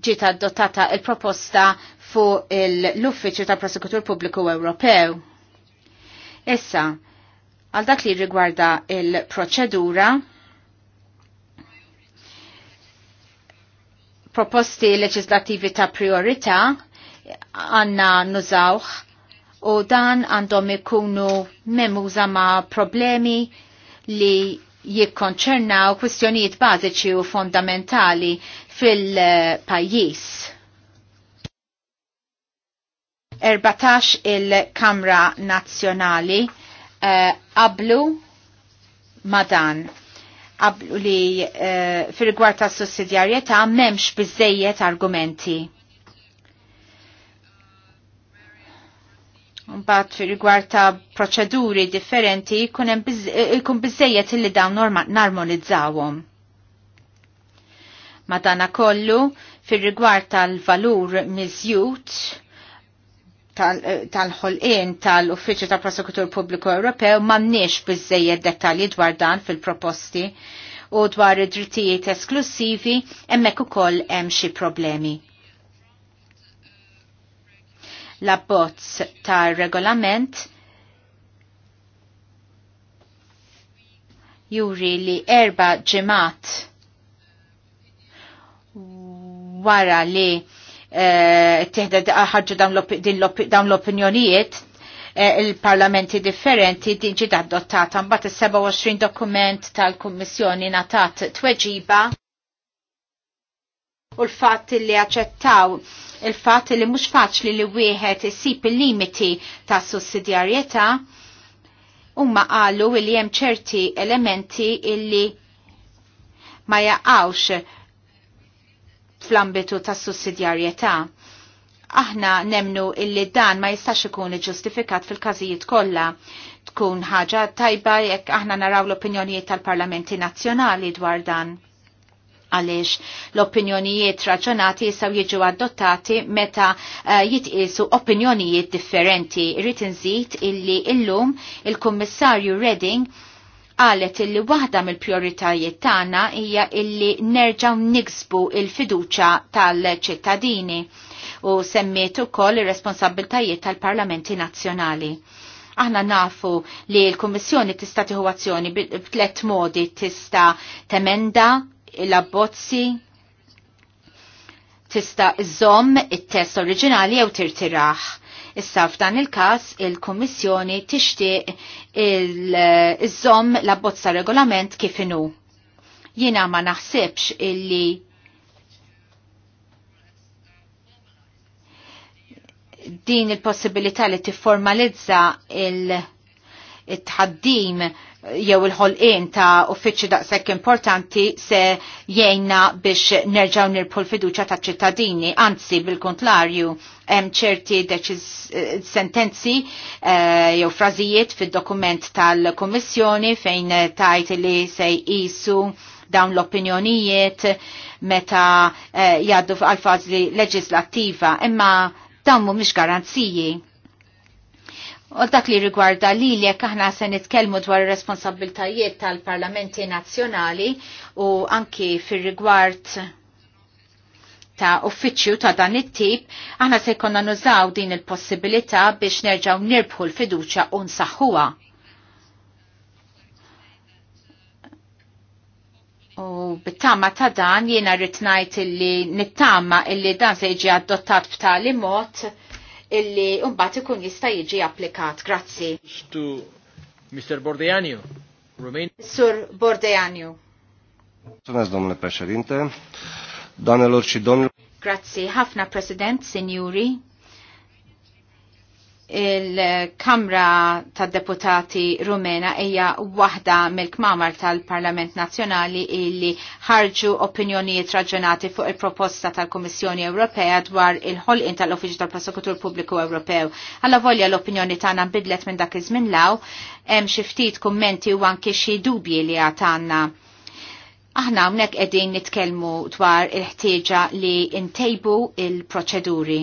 ġiet adottata il-proposta fuq l-Uffiċċju tal-Prosekutur Pubbliku Ewropew. Issa, għal dak li rigwarda il-proċedura, proposti leġislativi ta' priorità għanna nużawħ u dan għandhom ikunu memuża ma' problemi li jikkonċernaw kwistjonijiet bażiċi u fondamentali fil-pajjiż. 14 il-Kamra Nazzjonali eh, qablu uh, ma' dan qablu li uh, eh, fil-rigward tas sussidjarjetà m'hemmx biżejjed argumenti Mbagħad fi rigward ta' proċeduri differenti jkun ikun eh, biżejjed illi dawn narmonizzawhom. Madana kollu fir rigward tal-valur miżjut eh, tal-ħolqien tal-Uffiċċju tal prosekutur Pubbliku Ewropew m'għandniex biżejjed dettalji dwar dan fil-proposti u dwar id-drittijiet esklusivi hemmhekk ukoll hemm xi problemi la bozz tar regolament juri li erba ġemat wara li eh, teħda ah, dawn l-opinjonijiet eh, il-parlamenti differenti diġi adottata mbagħad is-27 dokument tal-Kummissjoni natat tweġiba u l-fatt li aċċettaw il-fat li mhux faċli li wieħed isib il-limiti ta' sussidjarjetà huma qalu li hemm ċerti elementi illi ma jaqgħux fl-ambitu ta' sussidjarjetà. Aħna nemnu illi dan ma jistax ikun ġustifikat fil-każijiet kollha tkun ħaġa tajba jekk aħna naraw l-opinjonijiet tal-parlamenti nazzjonali dwar dan għaliex l-opinjonijiet raġonati jisaw jiġu adottati meta uh, jitqisu opinjonijiet differenti. Irrid inżid illi illum il-Kummissarju Redding qalet illi waħda mill-prioritajiet tagħna hija illi nerġgħu niksbu il-fiduċja tal-ċittadini u semmiet ukoll ir-responsabbiltajiet tal-Parlamenti Nazzjonali. Aħna nafu li l-Kummissjoni tista' tieħu azzjoni b'tliet modi tista' temenda, il abbozzi tista' iżomm it-test oriġinali jew tirtiraħ. Issa f'dan il-każ il-Kummissjoni tixtieq iżomm l-abbozza regolament kif inhu. Jiena ma naħsibx illi din il-possibilità li tifformalizza il-tħaddim il, tħaddim jew il-ħolqien ta' uffiċċju daqshekk importanti se jgħinna biex nerġgħu nirpol fiduċja ta' ċittadini, anzi bil-kontlarju hemm ċerti sentenzi eh, jew frażijiet fid-dokument tal-Kummissjoni fejn tajt li se jqisu dawn l-opinjonijiet meta eh, jgħaddu għal fażi leġislattiva, imma dawn mhumiex garanziji U dak li rigwarda li li jekk aħna se nitkellmu dwar ir responsabbiltajiet tal-parlamenti nazzjonali u anki fir-rigward ta' uffiċċju ta' dan it-tip, aħna se jkollna nużaw din il-possibilità biex nerġgħu nirbħu l-fiduċja u nsaħħuha. U bit-tama ta' dan jiena rrid ngħid illi nittama illi dan se jiġi adottat b'tali mod illi mbagħad ikun jista' jiġi applikat. Grazzi. Mr. Bordeanu, Rumin. Sur Bordeanu. Mulțumesc, domnule președinte. Doamnelor și domnilor. Grazie, ħafna president, signori il-Kamra tad deputati Rumena hija waħda mill-kmamar tal-Parlament Nazzjonali illi ħarġu opinjonijiet raġunati fuq il-proposta tal-Kummissjoni Ewropea dwar il-ħolqin tal-Uffiċċju tal-Prosekutur Pubbliku Ewropew. Alla volja l-opinjoni tagħna nbidlet minn dak iż-żmien law, hemm xi ftit kummenti u anke xi dubji li għatanna. Aħna hawnhekk qegħdin nitkellmu dwar il-ħtieġa li ntejbu il-proċeduri. il proċeduri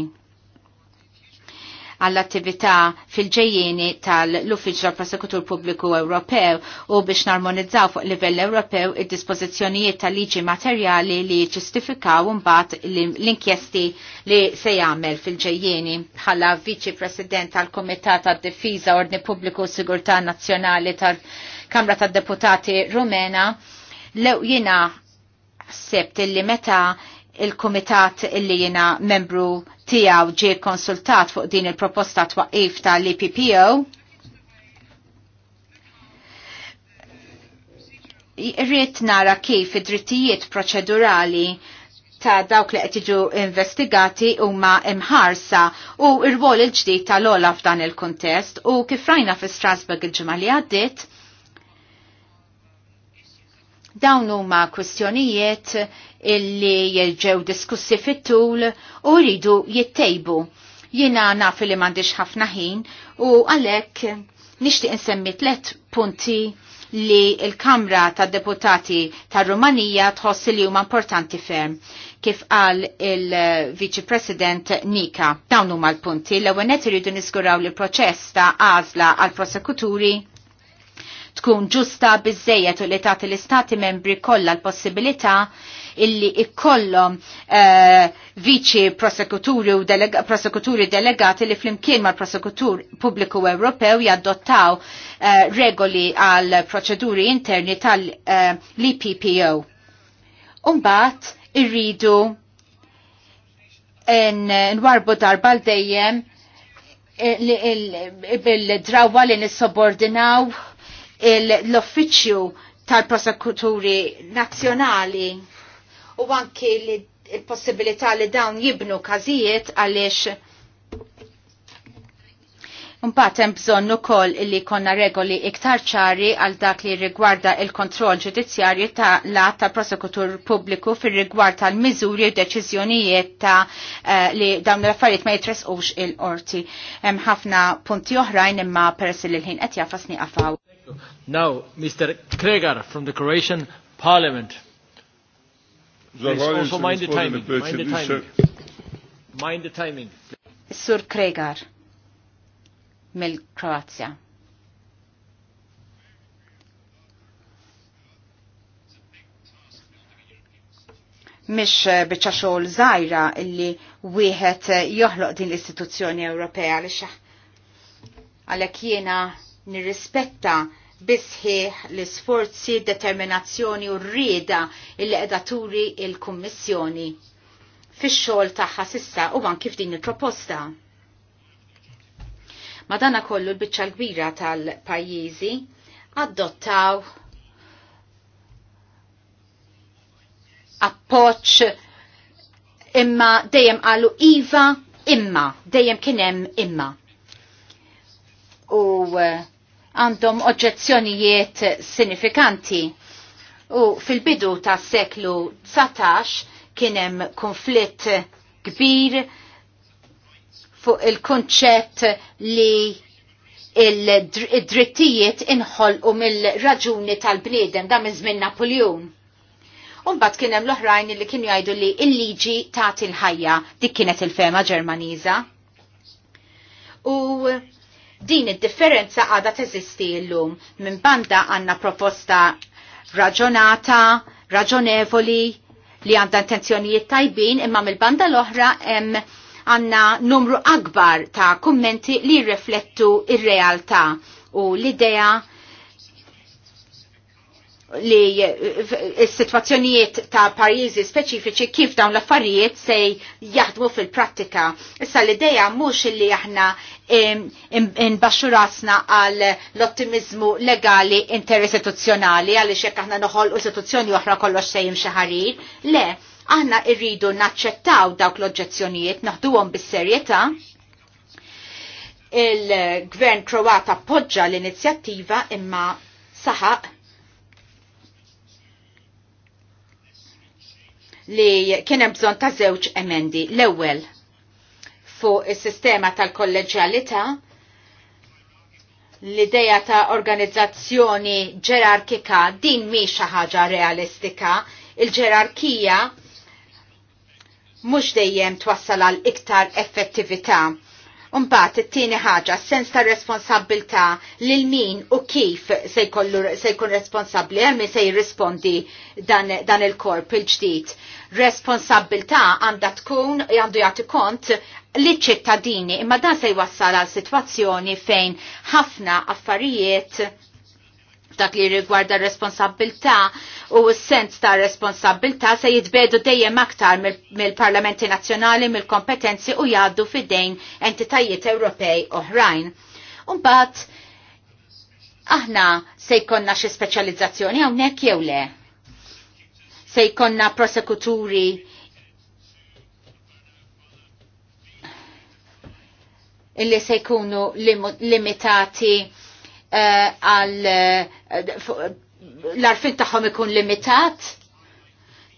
għall-attività fil-ġejjeni tal uffiċ tal-Prosekutur Pubbliku Ewropew u biex narmonizzaw fuq livell Ewropew id-dispożizzjonijiet tal-liġi materjali li ġustifikaw mbagħad l-inkjesti li se jagħmel fil-ġejjeni. Bħala Viċi President tal-Kumitat tad-Difiża Ordni Pubbliku u Sigurtà Nazzjonali tal-Kamra tad-Deputati Rumena, lew jiena sebt li meta il-komitat illi jina membru tijaw ġie konsultat fuq din il-proposta twaqif tal-IPPO. Irrit nara kif id-drittijiet proċedurali ta' dawk li qed jiġu investigati huma imħarsa u r il-ġdid tal olaf f'dan il-kuntest u kif rajna fi Strasburg il-ġimgħa li għaddiet dawn huma kwistjonijiet illi ġew diskussi fit-tul u rridu jittejbu. Jina naf li mandiġ ħafna ħin u għalek nishtiq insemmi tlet punti li il-Kamra ta' Deputati ta' Rumanija tħoss li huma importanti ferm kif qal il-Vice President Nika. Dawn huma l-punti l ewwel iridu niskuraw li proċess ta' għażla għal prosekuturi tkun ġusta bizzejet u li tagħti l-istati membri kollha l-possibilità illi ikollhom uh, viċi prosekuturi u delega, prosekuturi delegati li flimkien mal prosekutur pubbliku Ewropew jaddottaw uh, eh, regoli għal proċeduri interni tal-IPPO. Eh, uh, Umbat irridu nwarbu darba l-dejjem bil-drawa li nissobordinaw l-offiċju tal-prosekuturi nazjonali u anki il-possibilità li dawn jibnu każijiet għaliex Mbagħad hemm bżonn ukoll li konna regoli iktar ċari għal dak li rigwarda il-kontroll ġudizzjarju ta' lat ta' prosekutur pubbliku fir rigward tal-miżuri u deċiżjonijiet ta' eh, li dawn l-affarijiet ma jitresqux il-qorti. Hemm ħafna punti oħrajn imma peress li l-ħin qed jafasni qafaw. Now, Mr. Kregar from the Croatian Parliament also mind the timing. Mind the timing. Mind the timing. Sur Kregar mill-Kroazja. Mish eh, bieċa xogħol żajra illi wieħed eh, joħloq din l-istituzzjoni Ewropea għaliex għalhekk jiena nirrispetta bisħieħ l-sforzi, determinazzjoni u rrieda il edaturi il-Kummissjoni fix-xogħol tagħha sissa u anki f'din il-proposta. Madana kollu l-biċċa l-kbira tal-pajjiżi adottaw appoċ imma dejjem qalu iva imma, dejjem kien hemm imma. U eh, għandhom oġġezzjonijiet sinifikanti. U fil-bidu ta' seklu 19 kienem konflitt kbir fuq il-konċett li il-drittijiet inħolqu mill-raġuni tal-bniedem da minn żmien Napoleon. Umbat kien hemm l-oħrajn li kienu jgħidu li l-liġi tagħti l-ħajja dik kienet il-fema Ġermaniża. U Din id-differenza għada teżisti llum minn banda għanna proposta raġonata, raġonevoli, li għandha intenzjonijiet tajbin imma mill-banda l-oħra hemm għanna numru akbar ta' kummenti li riflettu ir-realtà u l-idea li eh, s-situazzjonijiet ta' pajjiżi speċifiċi kif dawn l-affarijiet se jaħdmu fil-prattika. Issa l-ideja mhux li aħna nbaxxu rasna għal l-ottimizmu legali interistituzzjonali għaliex jekk aħna noħolqu istituzzjoni oħra kollox se jimxi ħarir. Le, aħna rridu naċċettaw dawk l-oġġezzjonijiet, naħduhom bis-serjetà il-gvern Kroata appoġġa l-inizjattiva imma saħaq li kienem bżon ta' żewġ emendi. L-ewwel fuq is-sistema tal-kolleġjalità l-ideja ta' organizzazzjoni ġerarkika din mi xi ħaġa realistika. Il-ġerarkija mhux dejjem twassal għal iktar effettività Umbat, it-tieni ħaġa, sens ta' responsabilta lil min u kif se jkun responsabli, hemm se jirrispondi dan, dan il-korp il-ġdid. Responsabilta għandha tkun għandu jagħti kont li ċittadini, imma dan se jwassal għal sitwazzjoni fejn ħafna affarijiet dak li rigwarda responsabilta u s-sens ta' responsabilta se jitbedu dejjem aktar mill-parlamenti nazzjonali mill-kompetenzi u jaddu fidejn entitajiet Ewropej oħrajn. Umbat, aħna se jkonna xi speċjalizzazzjoni hawnhekk jew le? Se jkonna prosekuturi illi se jkunu limitati Eh, għal eh, l-arfin tagħhom ikun limitat.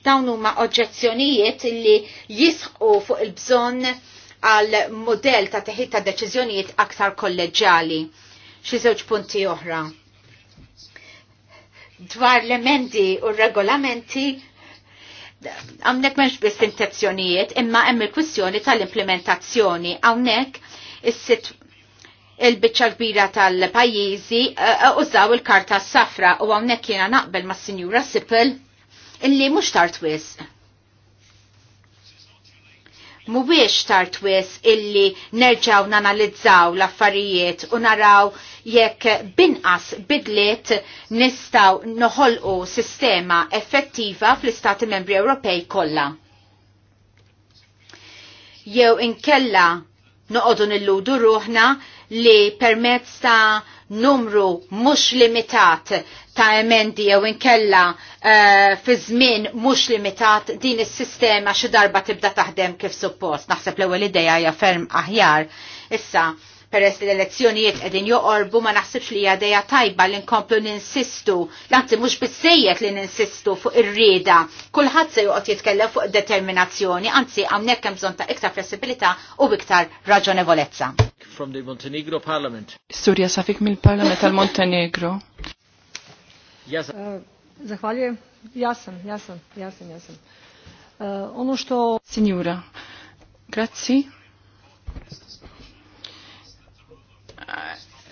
Dawn huma oġġezzjonijiet li jisħu fuq il-bżonn għal modell ta' teħid ta' deċiżjonijiet aktar kolleġjali. Xi żewġ punti oħra. Dwar l-emendi u regolamenti għamnek menx bis intenzjonijiet imma hemm il-kwistjoni tal-implementazzjoni għamnek il-bicċa kbira tal-pajjiżi eh, eh, użaw il-karta safra u hawnhekk jiena naqbel mas-Sinjura Sipil illi mhux tard wisq muwiex tartwis illi nerġaw nanalizzaw l-affarijiet u naraw jekk binqas bidliet nistaw noħolqu sistema effettiva fl-Istati Membri Ewropej kollha. Jew inkella noqogħdu nilludu ruħna li permezz ta' numru mhux limitat ta' emendi jew inkella uh, fi żmien mhux limitat din is-sistema xi darba tibda taħdem kif suppost. Naħseb l-ewwel idea hija ferm aħjar. Issa, peress li l-elezzjonijiet edin joqorbu ma naħsibx li jadeja tajba li nkomplu ninsistu, lanzi mux bizzejiet li ninsistu fuq ir rida Kulħadd se joqgħod jitkellem fuq determinazzjoni, anzi hawnhekk hemm bżonn ta' iktar flessibilità u iktar raġonevolezza. From the Montenegro Parliament. Surja Safik mill-Parlament tal-Montenegro. Eh, Zahvaljujem. Ja sam, ja sam, ja sam, ja sam. Eh, ono što... Signora, grazie.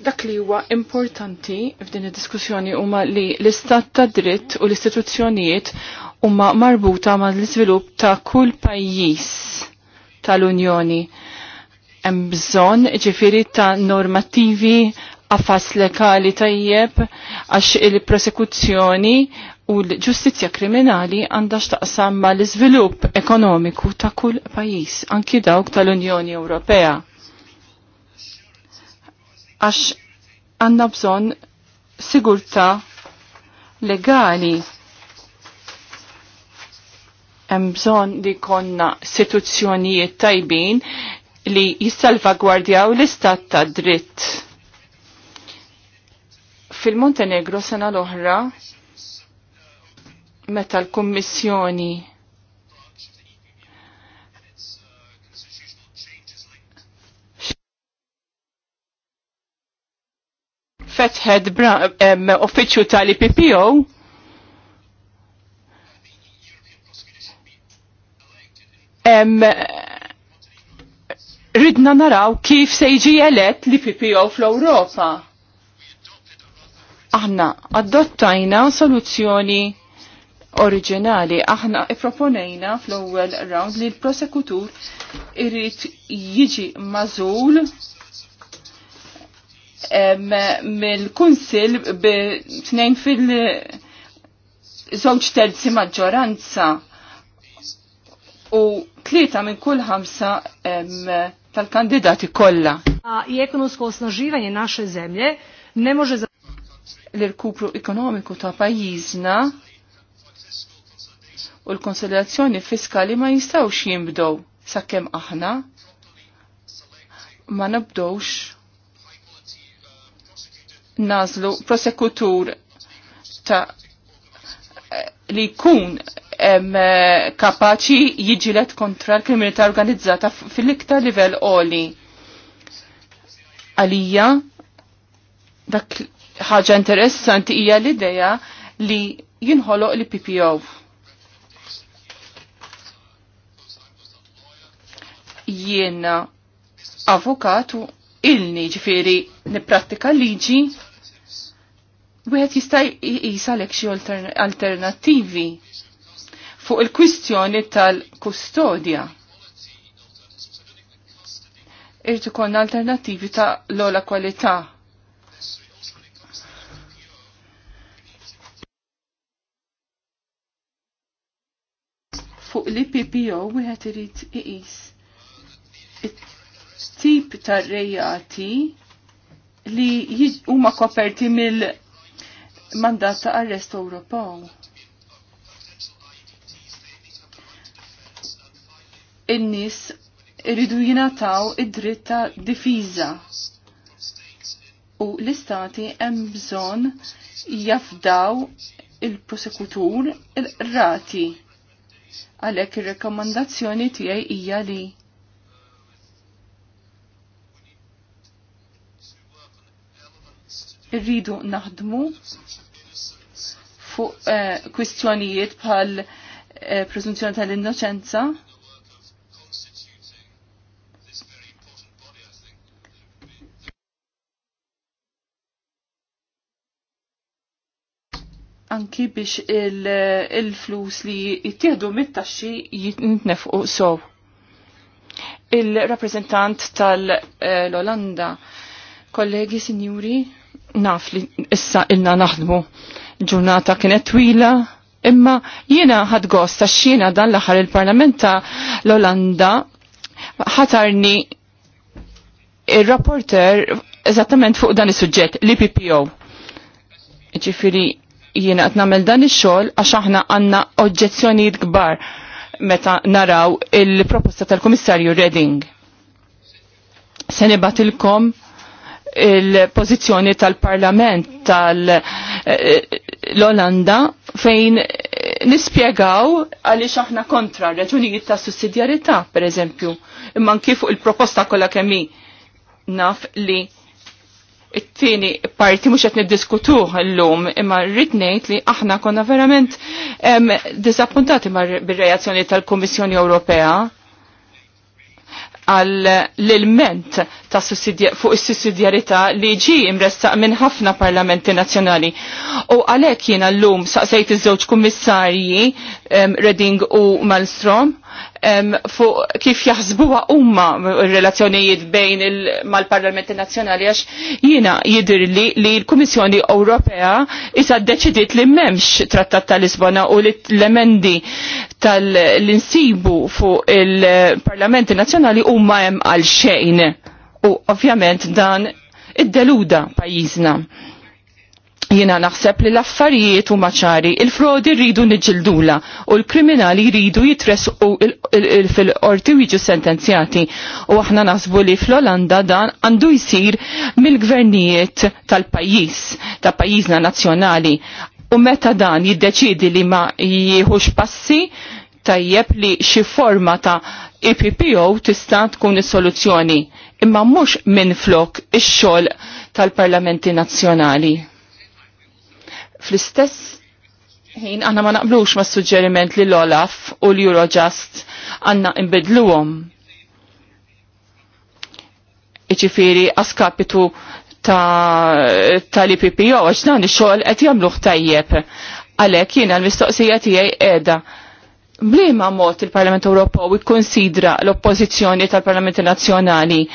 dak li huwa importanti f'din id-diskussjoni huma li l-istat ta' dritt u l-istituzzjonijiet huma marbuta ma' l-iżvilupp ta' kull pajjiż tal-Unjoni. Hemm bżonn ġifieri ta' normattivi affas lekali tajjeb għax il-prosekuzzjoni u l-ġustizzja kriminali għandha x'taqsam ma' l-iżvilupp ekonomiku ta' kull pajjiż, anki dawk tal-Unjoni Ewropea għax għanna bżon sigurta legali. Hemm bżonn li konna istituzzjonijiet tajbin li jissalvagwardjaw l-istat ta' dritt. Fil-Montenegro sena l-oħra meta l-Kummissjoni fetħed uffiċu tal-IPPO ridna naraw kif se jiġi elett li PPO fl-Ewropa. Aħna adottajna soluzzjoni oriġinali. Aħna ipproponejna fl-ewwel round li l-prosekutur irrid jiġi mażul mill-Kunsil b'tnejn fil-żewġ terzi maġġoranza u tlieta minn kull ħamsa tal-kandidati kollha. skos naġivanje naxe zemlje ne može l-irkupru ekonomiku ta' pajjiżna u l konsolidazzjoni fiskali ma jistawx jimbdow sakemm aħna ma nabdowx nazlu prosekutur ta' li kun kapaċi jiġilet kontra l-kriminalità organizzata fil-iktar livell oli. Għalija, dak ħaġa interessanti hija l-idea li jinħoloq li PPO. Jiena avukatu ilni ġifiri niprattika liġi wieħed jista' jqis għalhekk xi alternattivi fuq il-kwistjoni tal-kustodja. Irid ikun alternattivi ta' l-ola kwalità. Fuq l-IPPO wieħed irid iqis tip tar-rejati li huma koperti mill- mandat ta' arrest Ewropew. In-nies iridu jingħataw id-dritt ta' difiża u l-istati hemm bżonn jafdaw il-prosekutur il-rati. Għalhekk ir-rekomandazzjoni tiegħi hija li Irridu naħdmu fuq eh, kwistjonijiet bħal eh, tal-innoċenza. anki biex il-flus li jittieħdu mit-taxxi jitnefqu sow. Il-rappresentant tal-Olanda, eh, kollegi, sinjuri, naf li issa ilna naħdmu ġurnata kienet twila, imma jiena ħad gost għax dan l-aħħar il-Parlament ta' l-Olanda ħatarni il-rapporter eżattament fuq dan is-suġġett l-IPPO. Ġifiri jiena qed nagħmel dan ix-xogħol għax aħna għandna oġġezzjonijiet kbar meta naraw il-proposta tal-Kummissarju Reding. Se nibatilkom il-pozizjoni tal-parlament tal-Olanda eh, fejn eh, nispiegaw għaliex aħna kontra reġunijiet ta' sussidjarità, per eżempju, imman kif il-proposta kollha kemmi naf li it-tieni parti mhux qed niddiskutuh illum, imma rrid ngħid li aħna konna verament disappuntati bir-reazzjoni tal-Kummissjoni Ewropea għal l-ilment ta' fuq is sussidjarita li ġi imressaq minn ħafna parlamenti nazzjonali. U għalhekk l-lum saqsejt iż-żewġ kummissarji Reding u Malmstrom fuq kif jaħsbuha huma relazzjonijiet bejn mal-Parlamenti Nazzjonali għax jiena jidir li li l-Kummissjoni Ewropea issa ddeċidiet li m'hemmx Trattat tal Lisbona u li l-emendi tal-insibu fuq il-Parlamenti Nazzjonali huma hemm għal xejn. U ovvjament dan id-deluda pajjiżna. Jiena naħseb li l-affarijiet huma ċari, il-frodi rridu niġildula u l-kriminali rridu jitresqu fil-qorti u jiġu sentenzjati. U aħna naħsbu li fl-Olanda dan għandu jsir mill-gvernijiet tal-pajjiż, ta' pajjiżna nazzjonali. U meta dan jiddeċidi li ma jieħux passi, tajjeb li xi forma ta' IPPO tista' tkun is-soluzzjoni imma mhux minn flok ix-xogħol tal-parlamenti nazzjonali. Fl-istess ħin għanna ma naqblux ma' suġġeriment li l-Olaf u l-Eurojust għanna għom. Iċifiri askapitu tal-IPPO ta għax dan ix-xogħol qed jagħmluh tajjeb. Għalhekk jiena l-mistoqsija tiegħi qiegħda Blima mod il-Parlament Ewropew ikkonsidra l-oppożizzjoni tal-Parlamenti Nazzjonali.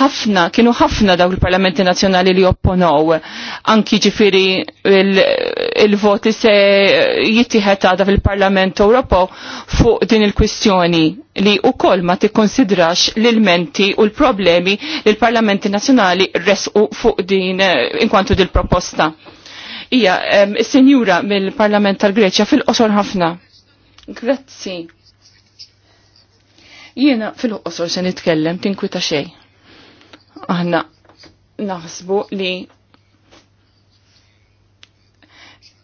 Ħafna, kienu ħafna dawk il-Parlamenti Nazzjonali li opponow anki ġifiri il-vot il li se jittieħed għadha fil-Parlament Ewropew fuq din il-kwistjoni li wkoll ma tikkonsidrax l-ilmenti u l-problemi li l-Parlamenti Nazzjonali resqu fuq din inkwantu dil-proposta. Ija, is-senjura mill-Parlament tal-Greċja fil-qosor ħafna Grazzi. Jiena fil-qosor se nitkellem tinkwita xej. Aħna naħsbu li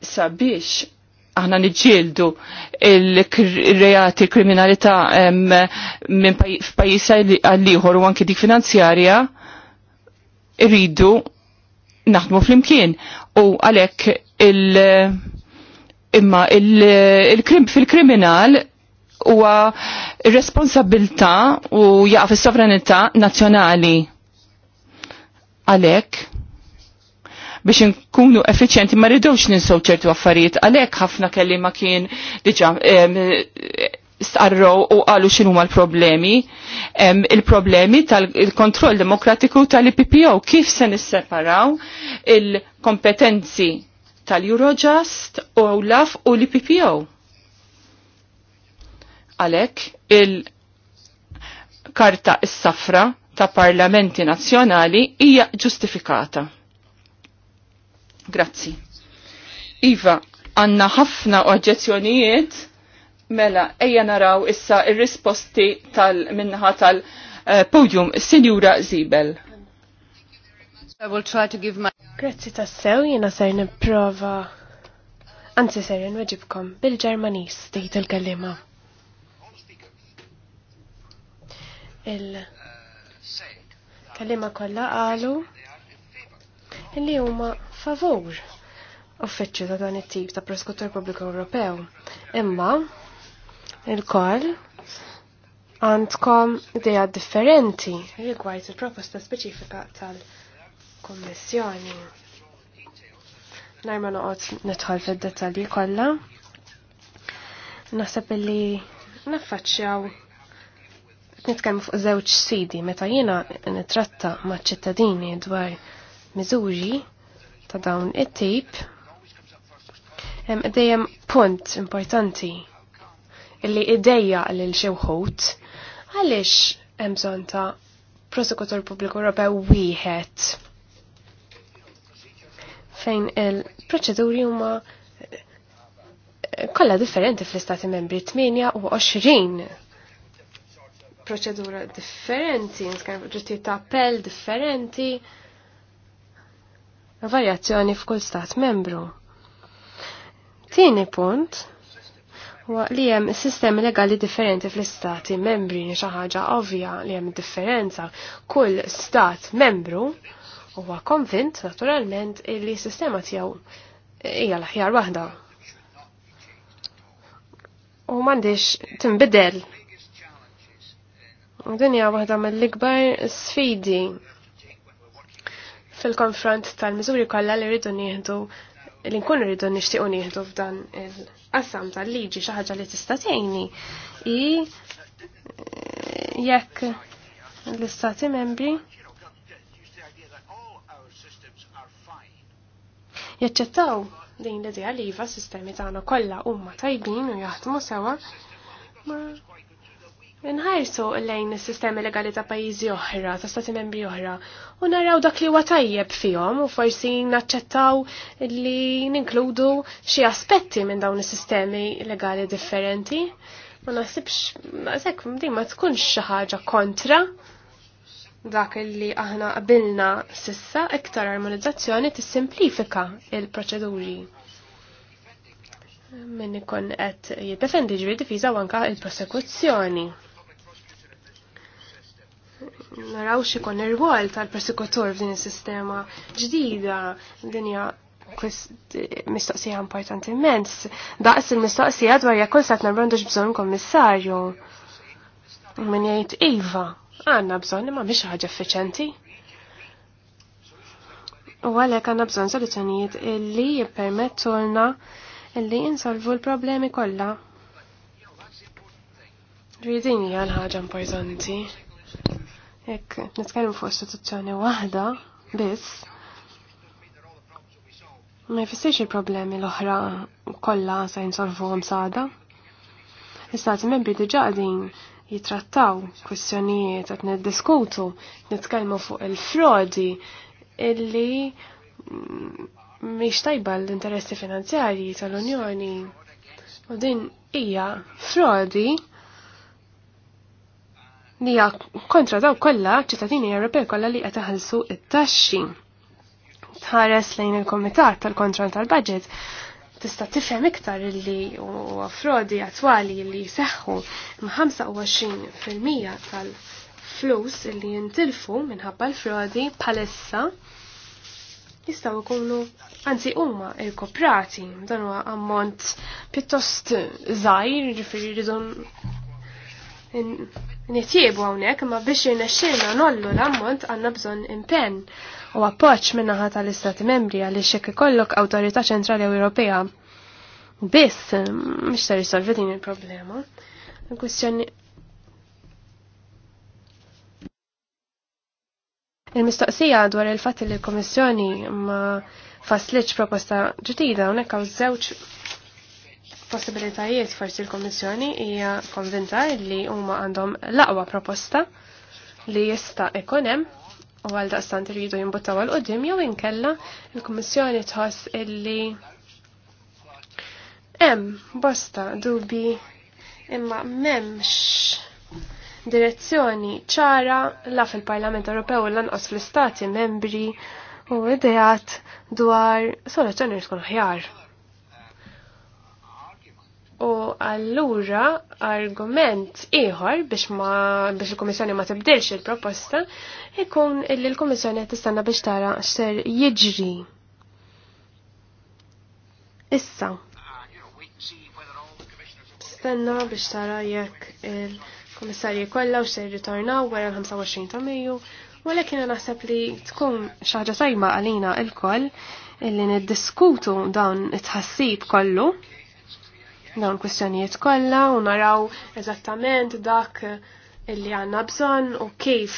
sabiex aħna nġildu il-reati kriminalità minn f'pajjiż għall-ieħor u anki dik finanzjarja irridu naħdmu fl-imkien u għalhekk il- Imma il-krim fil-kriminal huwa responsabilta u jaqa fis-sovranità nazzjonali. Għalhekk biex nkunu effiċjenti ma rridux ninsow ċertu affarijiet għalhekk ħafna kelli ma kien diġà starrow u għalu xinu ma l-problemi, il-problemi tal-kontroll demokratiku tal-IPPO, kif se nisseparaw il-kompetenzi tal-Eurojust, OLAF u l-PPO. Għalek il-karta is-safra ta' parlamenti nazzjonali hija ġustifikata. Grazzi. Iva, għanna ħafna oġġezzjonijiet mela ejja naraw issa ir-risposti tal-minnaħa tal-podium, eh, Sinjura Zibel. I will try to give my Grazzi tassew, jina ser niprofa. Anzi ser nweġibkom bil-Ġermanis dejt il-kellima. Il-kellima kollha qalu illi huma favur uffiċċju ta' dan it-tip ta' proskutur pubbliku Ewropew. Imma il-koll għandkom idea differenti rigward il-proposta speċifika tal- kommissjoni. Najma noqgħod nidħol fid-dettalji kollha. Naħseb illi naffaċċjaw nitkellmu fuq żewġ sidi meta jiena nitratta maċ-ċittadini dwar miżuri ta' dawn it-tip hemm dejjem punt importanti illi idejja lil xi wħud għaliex hemm bżonn ta' prosekutur pubbliku Ewropew wieħed fejn il-proċeduri huma eh, kollha differenti fl-istati membri 8 u 20 proċedura differenti, nskan proġetti ta' appell differenti, varjazzjoni f'kull stat membru. Tieni punt huwa li hemm sistemi legali differenti fl-istati membri xi ħaġa ovvja li hemm differenza kull stat membru Huwa konvint, naturalment, illi s-sistema tiegħu hija l-aħjar waħda. U m'għandix tinbidel. Din hija waħda mill-ikbar sfidi fil-konfront tal-miżuri kollha li rridu nieħdu li nkunu rridu nixtiequ nieħdu f'dan il-qassam tal-liġi xi ħaġa li tista' tgħinni hi eh, jekk l-istati membri jaċċettaw din l-idea li jiva s-sistemi tagħna kollha huma tajbin u jaħdmu sewa ma Nħarsu lejn is-sistemi legali ta' pajjiżi oħra, ta' stati membri oħra, u naraw dak li huwa tajjeb fihom u forsi naċċettaw li ninkludu xi aspetti minn dawn is-sistemi legali differenti. Ma nasibx, sekk din ma tkunx xi ħaġa kontra dak li aħna qabilna sissa iktar armonizzazzjoni tissimplifika il-proċeduri. Min ikun qed jiddefendi ġri difiża u anka il-prosekuzzjoni. Naraw xikon ir-rwol tal-prosekutur f'din is-sistema ġdida dinja mistoqsija importanti immens. Daqs il-mistoqsija dwar jekk kull sat narbondux bżonn kommissarju. Min jgħid iva għanna bżon imma mhix ħagġa effiċenti. U għalek għanna bżon soluzzjonijiet illi jippermettulna illi insolvu l-problemi kollha. Ridin hija ħagġa ħaġa importanti. Jekk nitkellmu fuq istituzzjoni waħda biss, ma jfissiex il-problemi l-oħra kollha se jinsolvuhom sada. is membri diġa qegħdin jitrattaw kwestjonijiet għat niddiskutu, nitkellmu fuq il-frodi illi miex tajba l-interessi finanzjarji tal-Unjoni. U din hija frodi li hija kontra daw kollha ċittadini Ewropej kollha li qed iħallsu it-taxxi. Tħares lejn il-Komitat tal-Kontroll tal-Budget tista' tifhem iktar illi u frodi attwali illi seħħu ma' 25% tal-flus illi jintilfu minħabba l-frodi palessa jistaw ikunu anzi huma irkoprati dan huwa ammont pjuttost żgħir jiġifieri rridu nitjiebu hawnhekk imma biex jirnexxielna nollu l-ammont għandna bżonn impenn u appoġġ min-naħa tal-Istati Membri għaliex hekk ikollok Awtorità Ċentrali Ewropea biss mm, mhux ta' risolvi din il-problema. Kwistjoni Il-mistoqsija dwar il fat li l-Komissjoni ma faslitx proposta ġdida unek għaw żewġ possibilitajiet forsi l-Komissjoni hija konvinta li huma għandhom l-aqwa proposta li jista' ikun hemm u għal daqstant rridu jimbuttaw għal qoddim jew inkella il-Kummissjoni tħoss illi hemm bosta dubi imma m'hemmx direzzjoni ċara la fil-Parlament Ewropew u lanqos fl-Istati membri u ideat dwar soluzzjoni tkun ħjar. U allura argument iħor biex ma biex il komissjoni ma tibdilx il-proposta ikun li l komissjoni tistanna biex tara x'ser jiġri. Issa. Stanna biex tara jekk il-Kummissarji kollha u xser ritornaw wara l-25 ta' Mejju, walakin naħseb li tkun xi sajma għalina il-koll illi niddiskutu dawn it-ħassib kollu dawn kwistjonijiet kollha u naraw eżattament dak illi għandna bżonn u kif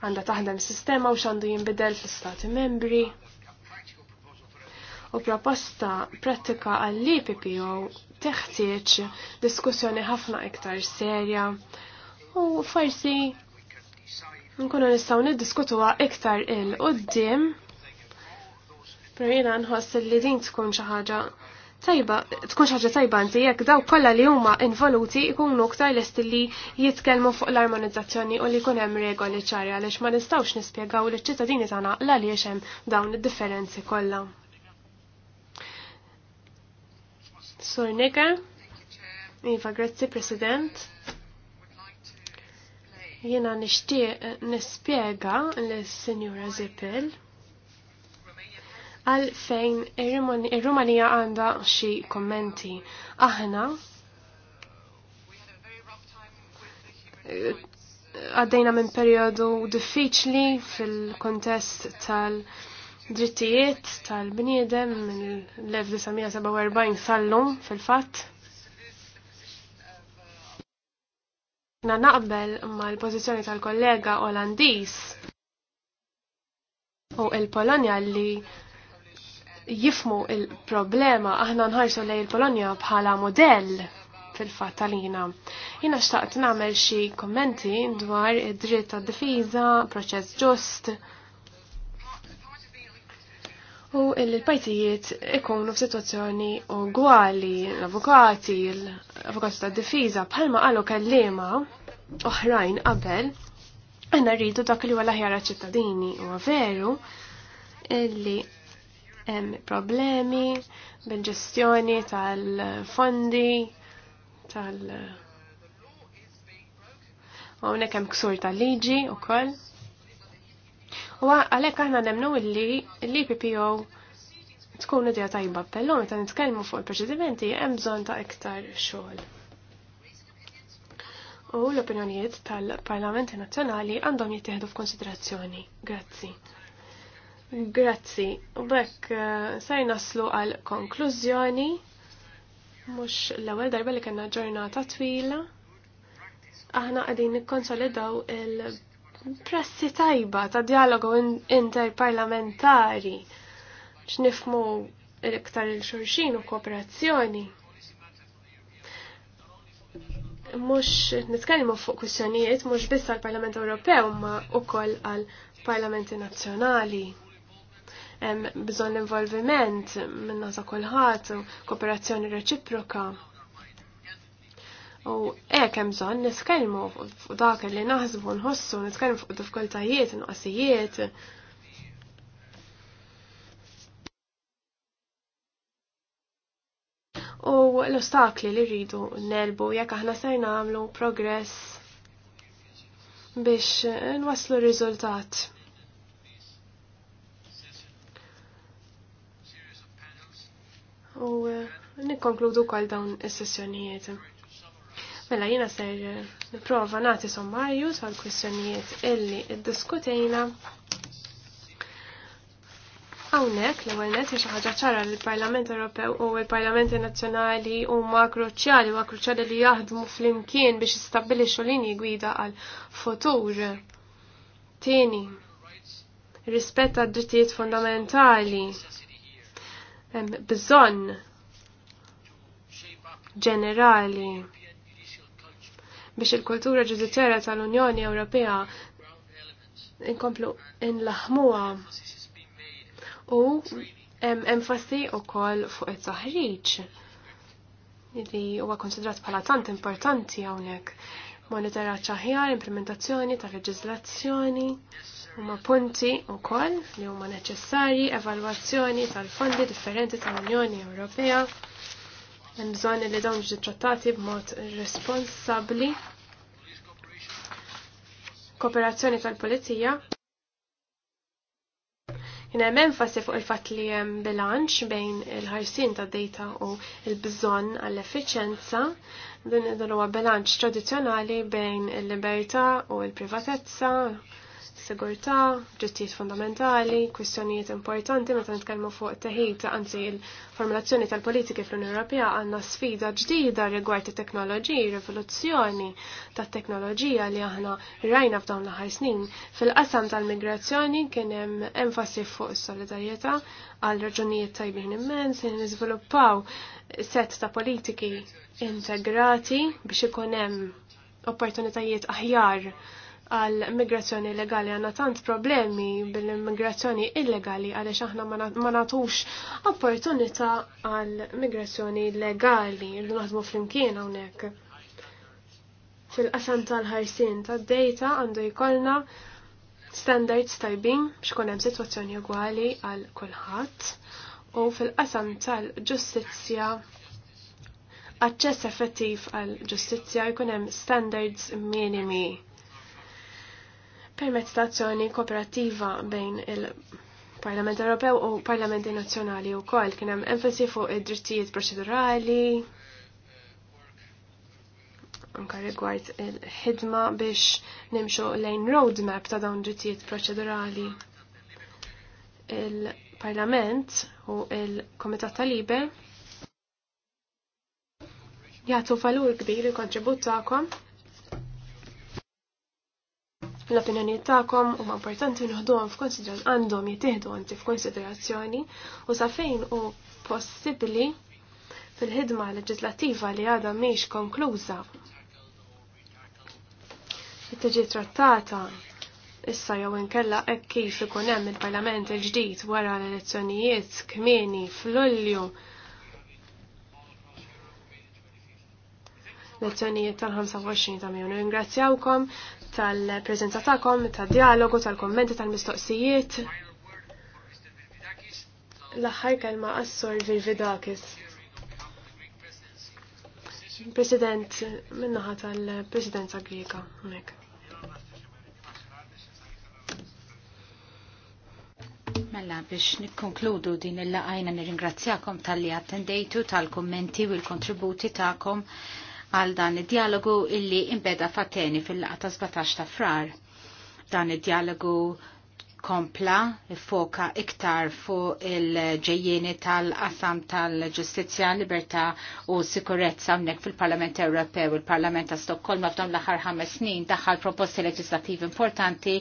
għandha taħdem sistema u x'għandu jinbidel fl-Stati membri. U proposta pratika għall-IPPO teħtieġ diskussjoni ħafna iktar serja u forsi nkunu nistgħu niddiskutuha iktar il qudiem Pero jiena nħoss li din tkun xi ħaġa tajba, tkun ħaġa tajba nti jekk daw kollha li huma involuti jkunu aktar est li jitkellmu fuq l-armonizzazzjoni u li jkun hemm regoli ċari għaliex ma nistgħux nispjegaw liċ-ċittadini tagħna għaliex hemm dawn id-differenzi kollha. Sur Niger, Iva, grazzi President. Jena nishtiq nispiega l signora Zippel għal fejn ir-Rumanija għandha xi kommenti. Aħna għaddejna minn periodu diffiċli fil-kontest tal-drittijiet tal-bniedem mill-1947 sal-lum fil-fatt. Na naqbel l-pozizjoni tal-kollega Olandiż u il-Polonja li jifmu il-problema aħna nħarsu lej il-Polonja bħala modell fil-fat talina. Jina xtaqt namel xi kommenti dwar id-dritt ta' difiża, proċess ġust. U il pajtijiet ikunu f'sitwazzjoni ugwali, l-avukati, l-avukati ta' difiża bħalma qalu kellima oħrajn qabel, Għanna rridu dak li l ħjara ċittadini u veru illi hemm problemi bil-ġestjoni tal-fondi, tal- Hawnhekk hemm ksur tal-liġi wkoll. U għalhekk aħna nemmnu li l-IPPO tkun idea tajba pellum meta nitkellmu fuq il-proċedimenti hemm bżonn ta' iktar xogħol. U l-opinjonijiet tal-Parlamenti Nazzjonali għandhom jittieħdu f'konsiderazzjoni. Grazzi. Grazzi. U bekk eh, sej naslu għal konklużjoni. Mux l-ewwel darba li kena ġurnata twila. Aħna qegħdin nikkonsolidaw il-prassi tajba ta' dialogu interparlamentari x'nifmu l-iktar il-xurxin u kooperazzjoni. Mux nitkellmu fuq kwistjonijiet mhux biss għall-Parlament Ewropew ma wkoll għall parlamenti nazzjonali bżon involviment minna ta' kulħadd, kooperazzjoni reċiproka. U hekk hemm bżonn niskelmu fuq dak li naħsbu nħossu, niskelmu fuq diffikultajiet, nuqqasijiet. U l-ostakli li rridu nelbu jekk aħna ser nagħmlu progress biex nwaslu riżultat u eh, nikkonkludu kol dawn is-sessjonijiet. Mela jina ser eh, niprofa nagħti sommarju tal-kwistjonijiet illi iddiskutejna Hawnhekk l-ewwel net xi ħaġa ċara li l-Parlament Ewropew u l-Parlamenti Nazzjonali huma kruċjali u kruċjali li jaħdmu flimkien biex jistabbilixxu xolini gwida għal futur. Tieni, rispett d drittijiet fundamentali hemm bżonn ġenerali biex il-kultura ġudizzjarja tal-Unjoni Ewropea inkomplu inlaħmuha u hemm u wkoll fuq it-taħriġ li huwa konsidrat bħala tant importanti hawnhekk monitoraġġ aħjar, implementazzjoni ta' leġiżlazzjoni huma punti wkoll li huma neċessarji evalwazzjoni tal-fondi differenti tal-Unjoni Ewropea hemm bżonn li dawn ġi trattati b'mod responsabbli kooperazzjoni tal-pulizija Kien hemm enfasi fuq il-fatt li hemm bilanċ bejn il-ħarsin ta' data u l-bżonn għall-effiċenza. Din huwa bilanċ tradizzjonali bejn il-libertà u l-privatezza, sigurtà, ġittijiet fundamentali, kwistjonijiet importanti meta nitkellmu fuq teħid, anzi il-formulazzjoni tal-politiki fl-Unjoni Ewropea għandna sfida ġdida rigward it-teknoloġiji, rivoluzzjoni tat-teknoloġija li aħna rajna f'dawn l-aħħar snin. Fil-qasam tal-migrazzjoni kien hemm enfasi fuq is-solidarjetà għal raġunijiet tajbin immens li niżviluppaw set ta' politiki integrati biex ikun hemm opportunitajiet aħjar għal migrazzjoni legali għanna tant problemi bil-immigrazzjoni illegali għaliex aħna ma natux opportunità għal migrazzjoni legali li naħdmu flimkien hawnhekk. Fil-qasam tal-ħarsin tad-dejta għandu jkollna standards tajbin biex kun hemm sitwazzjoni ugwali għal kulħadd u fil-qasam tal-ġustizzja aċċess effettiv għal ġustizzja jkun hemm standards minimi permezz ta' azzjoni kooperattiva bejn il-Parlament Ewropew u Parlamenti Nazzjonali wkoll kien hemm enfasi fuq id-drittijiet proċedurali, anka rigward il-ħidma biex nimxu lejn roadmap ta' dawn drittijiet proċedurali. Il-Parlament u il-Komitat tal-Libe jagħtu valur kbir il-kontribut tagħkom L-opinjoni ta'kom huma importanti nħduhom f'konsiderazzjoni għandhom jittieħdu anzi f'konsiderazzjoni u sa fejn u possibbli fil-ħidma leġislattiva li għadha miex konkluża tiġi trattata issa jew inkella hekk kif ikun hemm il-Parlament il-ġdid wara l-elezzjonijiet kmieni fl-Ulju elezzjonijiet tal-25 ta' Mejju. Ringrazzjawkom tal-prezenza tagħkom, tad-dialogu, tal-kommenti, tal-mistoqsijiet. L-aħħar kelma qassur Virvidakis. President, minnaħa tal-Presidenza Grieka, mek. Mella biex nikkonkludu din il-laqajna nirringrazzjakom tal-li attendejtu, tal-kommenti u l-kontributi ta'kom għal dan id-dialogu illi imbeda Fateni fil-laqta 17 ta' frar. Dan id-dialogu kompla foka iktar fuq il-ġejjeni tal-qasam tal-ġustizja, libertà u sikurezza mnek fil-Parlament Ewropew u l-Parlament ta' Stokkolma f'dawn l-aħħar ħames snin daħħal proposti leġislativi importanti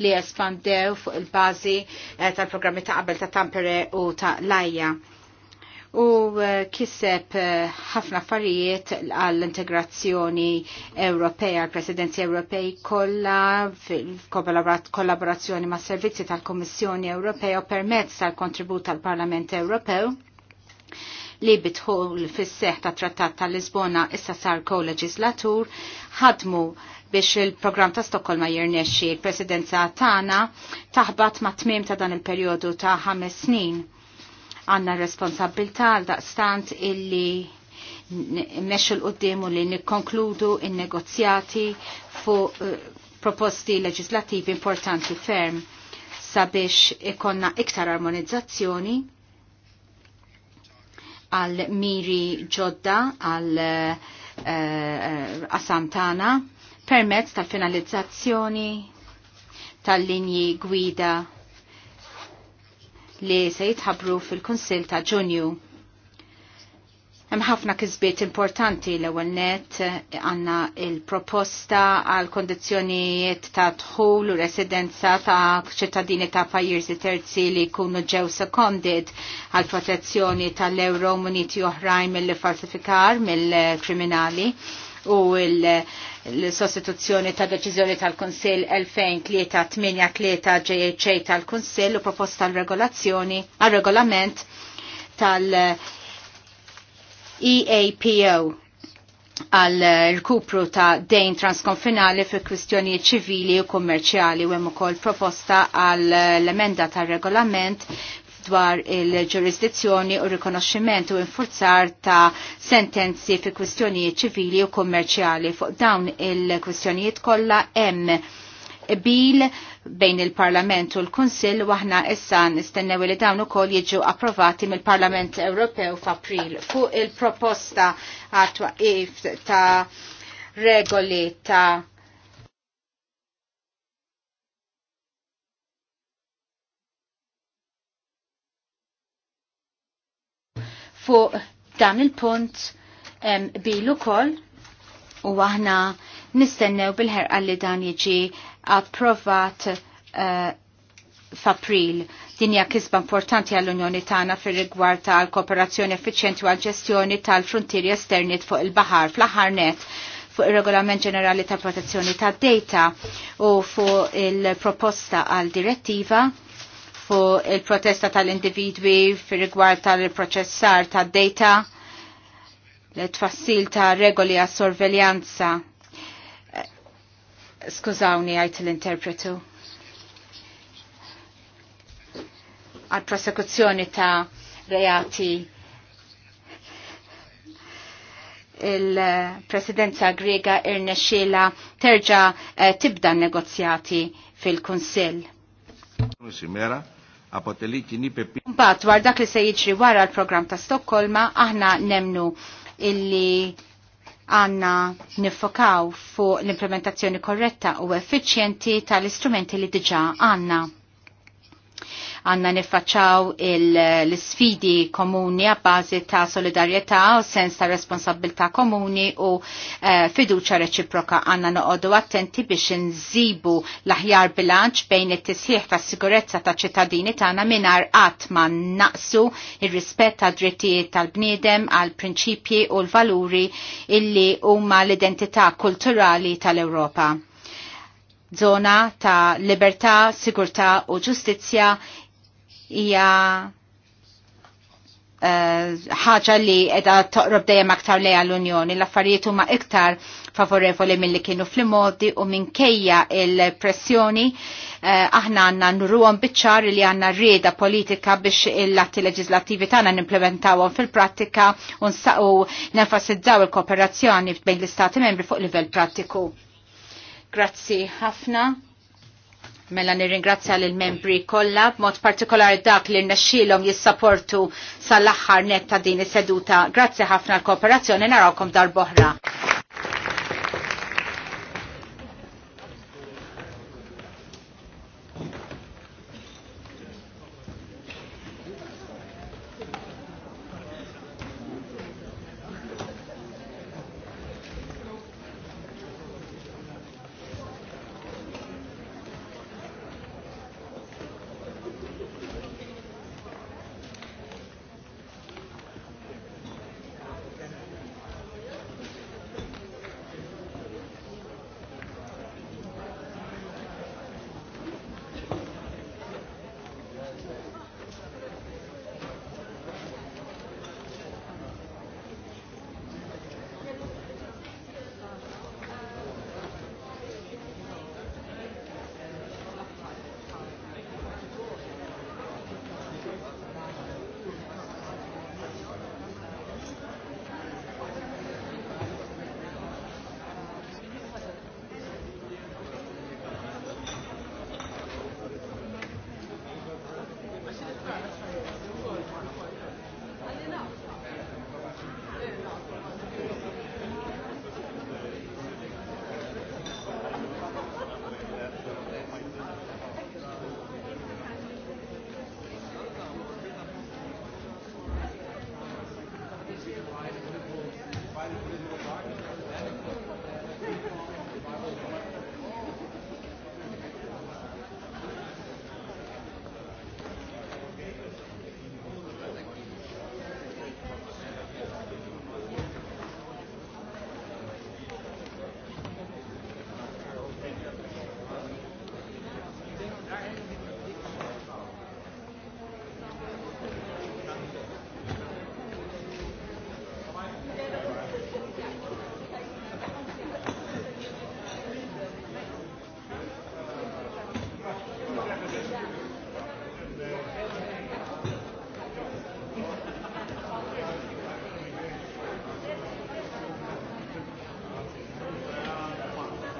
li espandew fuq il-bażi eh, tal-programmi ta' qabel ta' Tampere u ta' Lajja u eh, kiseb eh, ħafna affarijiet għall-integrazzjoni Ewropea, għall-Presidenzi Ewropej kollha kollaborazzjoni ma' servizzi tal kummissjoni Ewropea u permezz tal-kontribut tal-Parlament Ewropew li bitħol fis-seħ ta' Trattat tal-Lisbona issa sar ko-leġislatur ħadmu biex il-program ta' Stokholma jirnexxi il-presidenza tagħna taħbat ma' tmiem ta' dan il-perjodu ta' ħames snin Għanna responsabilta għal daqstant illi meċu l-qoddimu li nikkonkludu il-negozjati fu eh, proposti leġislativi importanti ferm sabiex ikonna iktar armonizzazzjoni għal miri ġodda għal eh, eh, qasamtana permezz tal-finalizzazzjoni tal-linji gwida li se jitħabru fil-Konsil ta' Ġunju. Hemm ħafna kisbiet importanti l-ewwel net għandna il-proposta għal kondizzjonijiet ta' dħul u residenza ta' ċittadini ta' pajjiżi terzi li jkunu ġew sekondit għal protezzjoni tal-euro muniti oħrajn mill-falsifikar mill-kriminali. mill mill kriminali u l-sostituzzjoni ta' deċiżjoni tal-Kunsill 2003-83 JHA tal-Kunsill u proposta tal-regolazzjoni għal-regolament tal-EAPO għal rkupru ta' dejn transkonfinali fi kwistjoni ċivili u kummerċjali u hemm ukoll proposta għal l-emenda tar regolament dwar il-ġurisdizzjoni u rikonoxximent u infurzar ta' sentenzi fi kwistjonijiet ċivili u kommerċjali. Fuq dawn il-kwistjonijiet kollha hemm bil bejn il-Parlament u l-Kunsill u aħna issa nistennew li dawn ukoll jiġu approvati mill-Parlament Ewropew f'April fuq il-proposta għat ta' regoli ta' fuq dan il-punt bilu kol u aħna nistennew bil-ħerqa li dan jiġi approvat eh, f'April. Din hija kisba importanti għall-Unjoni tagħna fir-rigward tal-kooperazzjoni effiċjenti u għall-ġestjoni tal-frontieri esterni fuq il-baħar fl-aħħar net fuq il-Regolament Ġenerali tal Protezzjoni tad-Data u fuq il-proposta għal direttiva fuq il-protesta tal-individwi fir rigward tal-proċessar tad data l-tfassil ta' regoli għas sorveljanza eh, Skużawni għajt l-interpretu. Għal prosekuzzjoni ta' reati il-presidenza grega irnexxiela terġa eh, tibda negozjati fil-Kunsill αποτελεί κοινή Mbagħad dwar dak li se jiġri wara l-programm ta' Stokkolma aħna nemnu illi għanna nifokaw fuq l-implementazzjoni korretta u effiċjenti tal-istrumenti li diġa għanna għanna nifacċaw l-sfidi komuni għabbażi ta' solidarieta u sens ta' responsabilta komuni u uh, fiduċa reċiproka għanna noqodu attenti biex nżibu l-aħjar bilanċ bejn it-tisħiħ ta' sigurezza ta' ċittadini tagħna mingħajr qatt ma naqsu il rispett ta' drittijiet tal-bniedem għal prinċipji u l-valuri illi huma l-identità kulturali tal-Ewropa zona ta' libertà, sigurtà u ġustizzja hija eh, ħaġa li edha toqrob dejjem aktar lejha l-Unjoni, l-affarijiet huma iktar favorevoli milli kienu fl-modi u minkejja il-pressjoni uh, aħna għanna nruhom biċċar li għanna rrieda politika biex il-latti leġislativi tagħna nimplementawhom fil-prattika u nenfasizzaw il-kooperazzjoni bejn l-Istati membri fuq livell prattiku. Grazzi ħafna. Mela nirringrazzja l membri kollha b'mod partikolari dak li rnexxielhom jissaportu sal-aħħar netta din is-seduta. Grazzi ħafna l-kooperazzjoni narawkom dar boħra.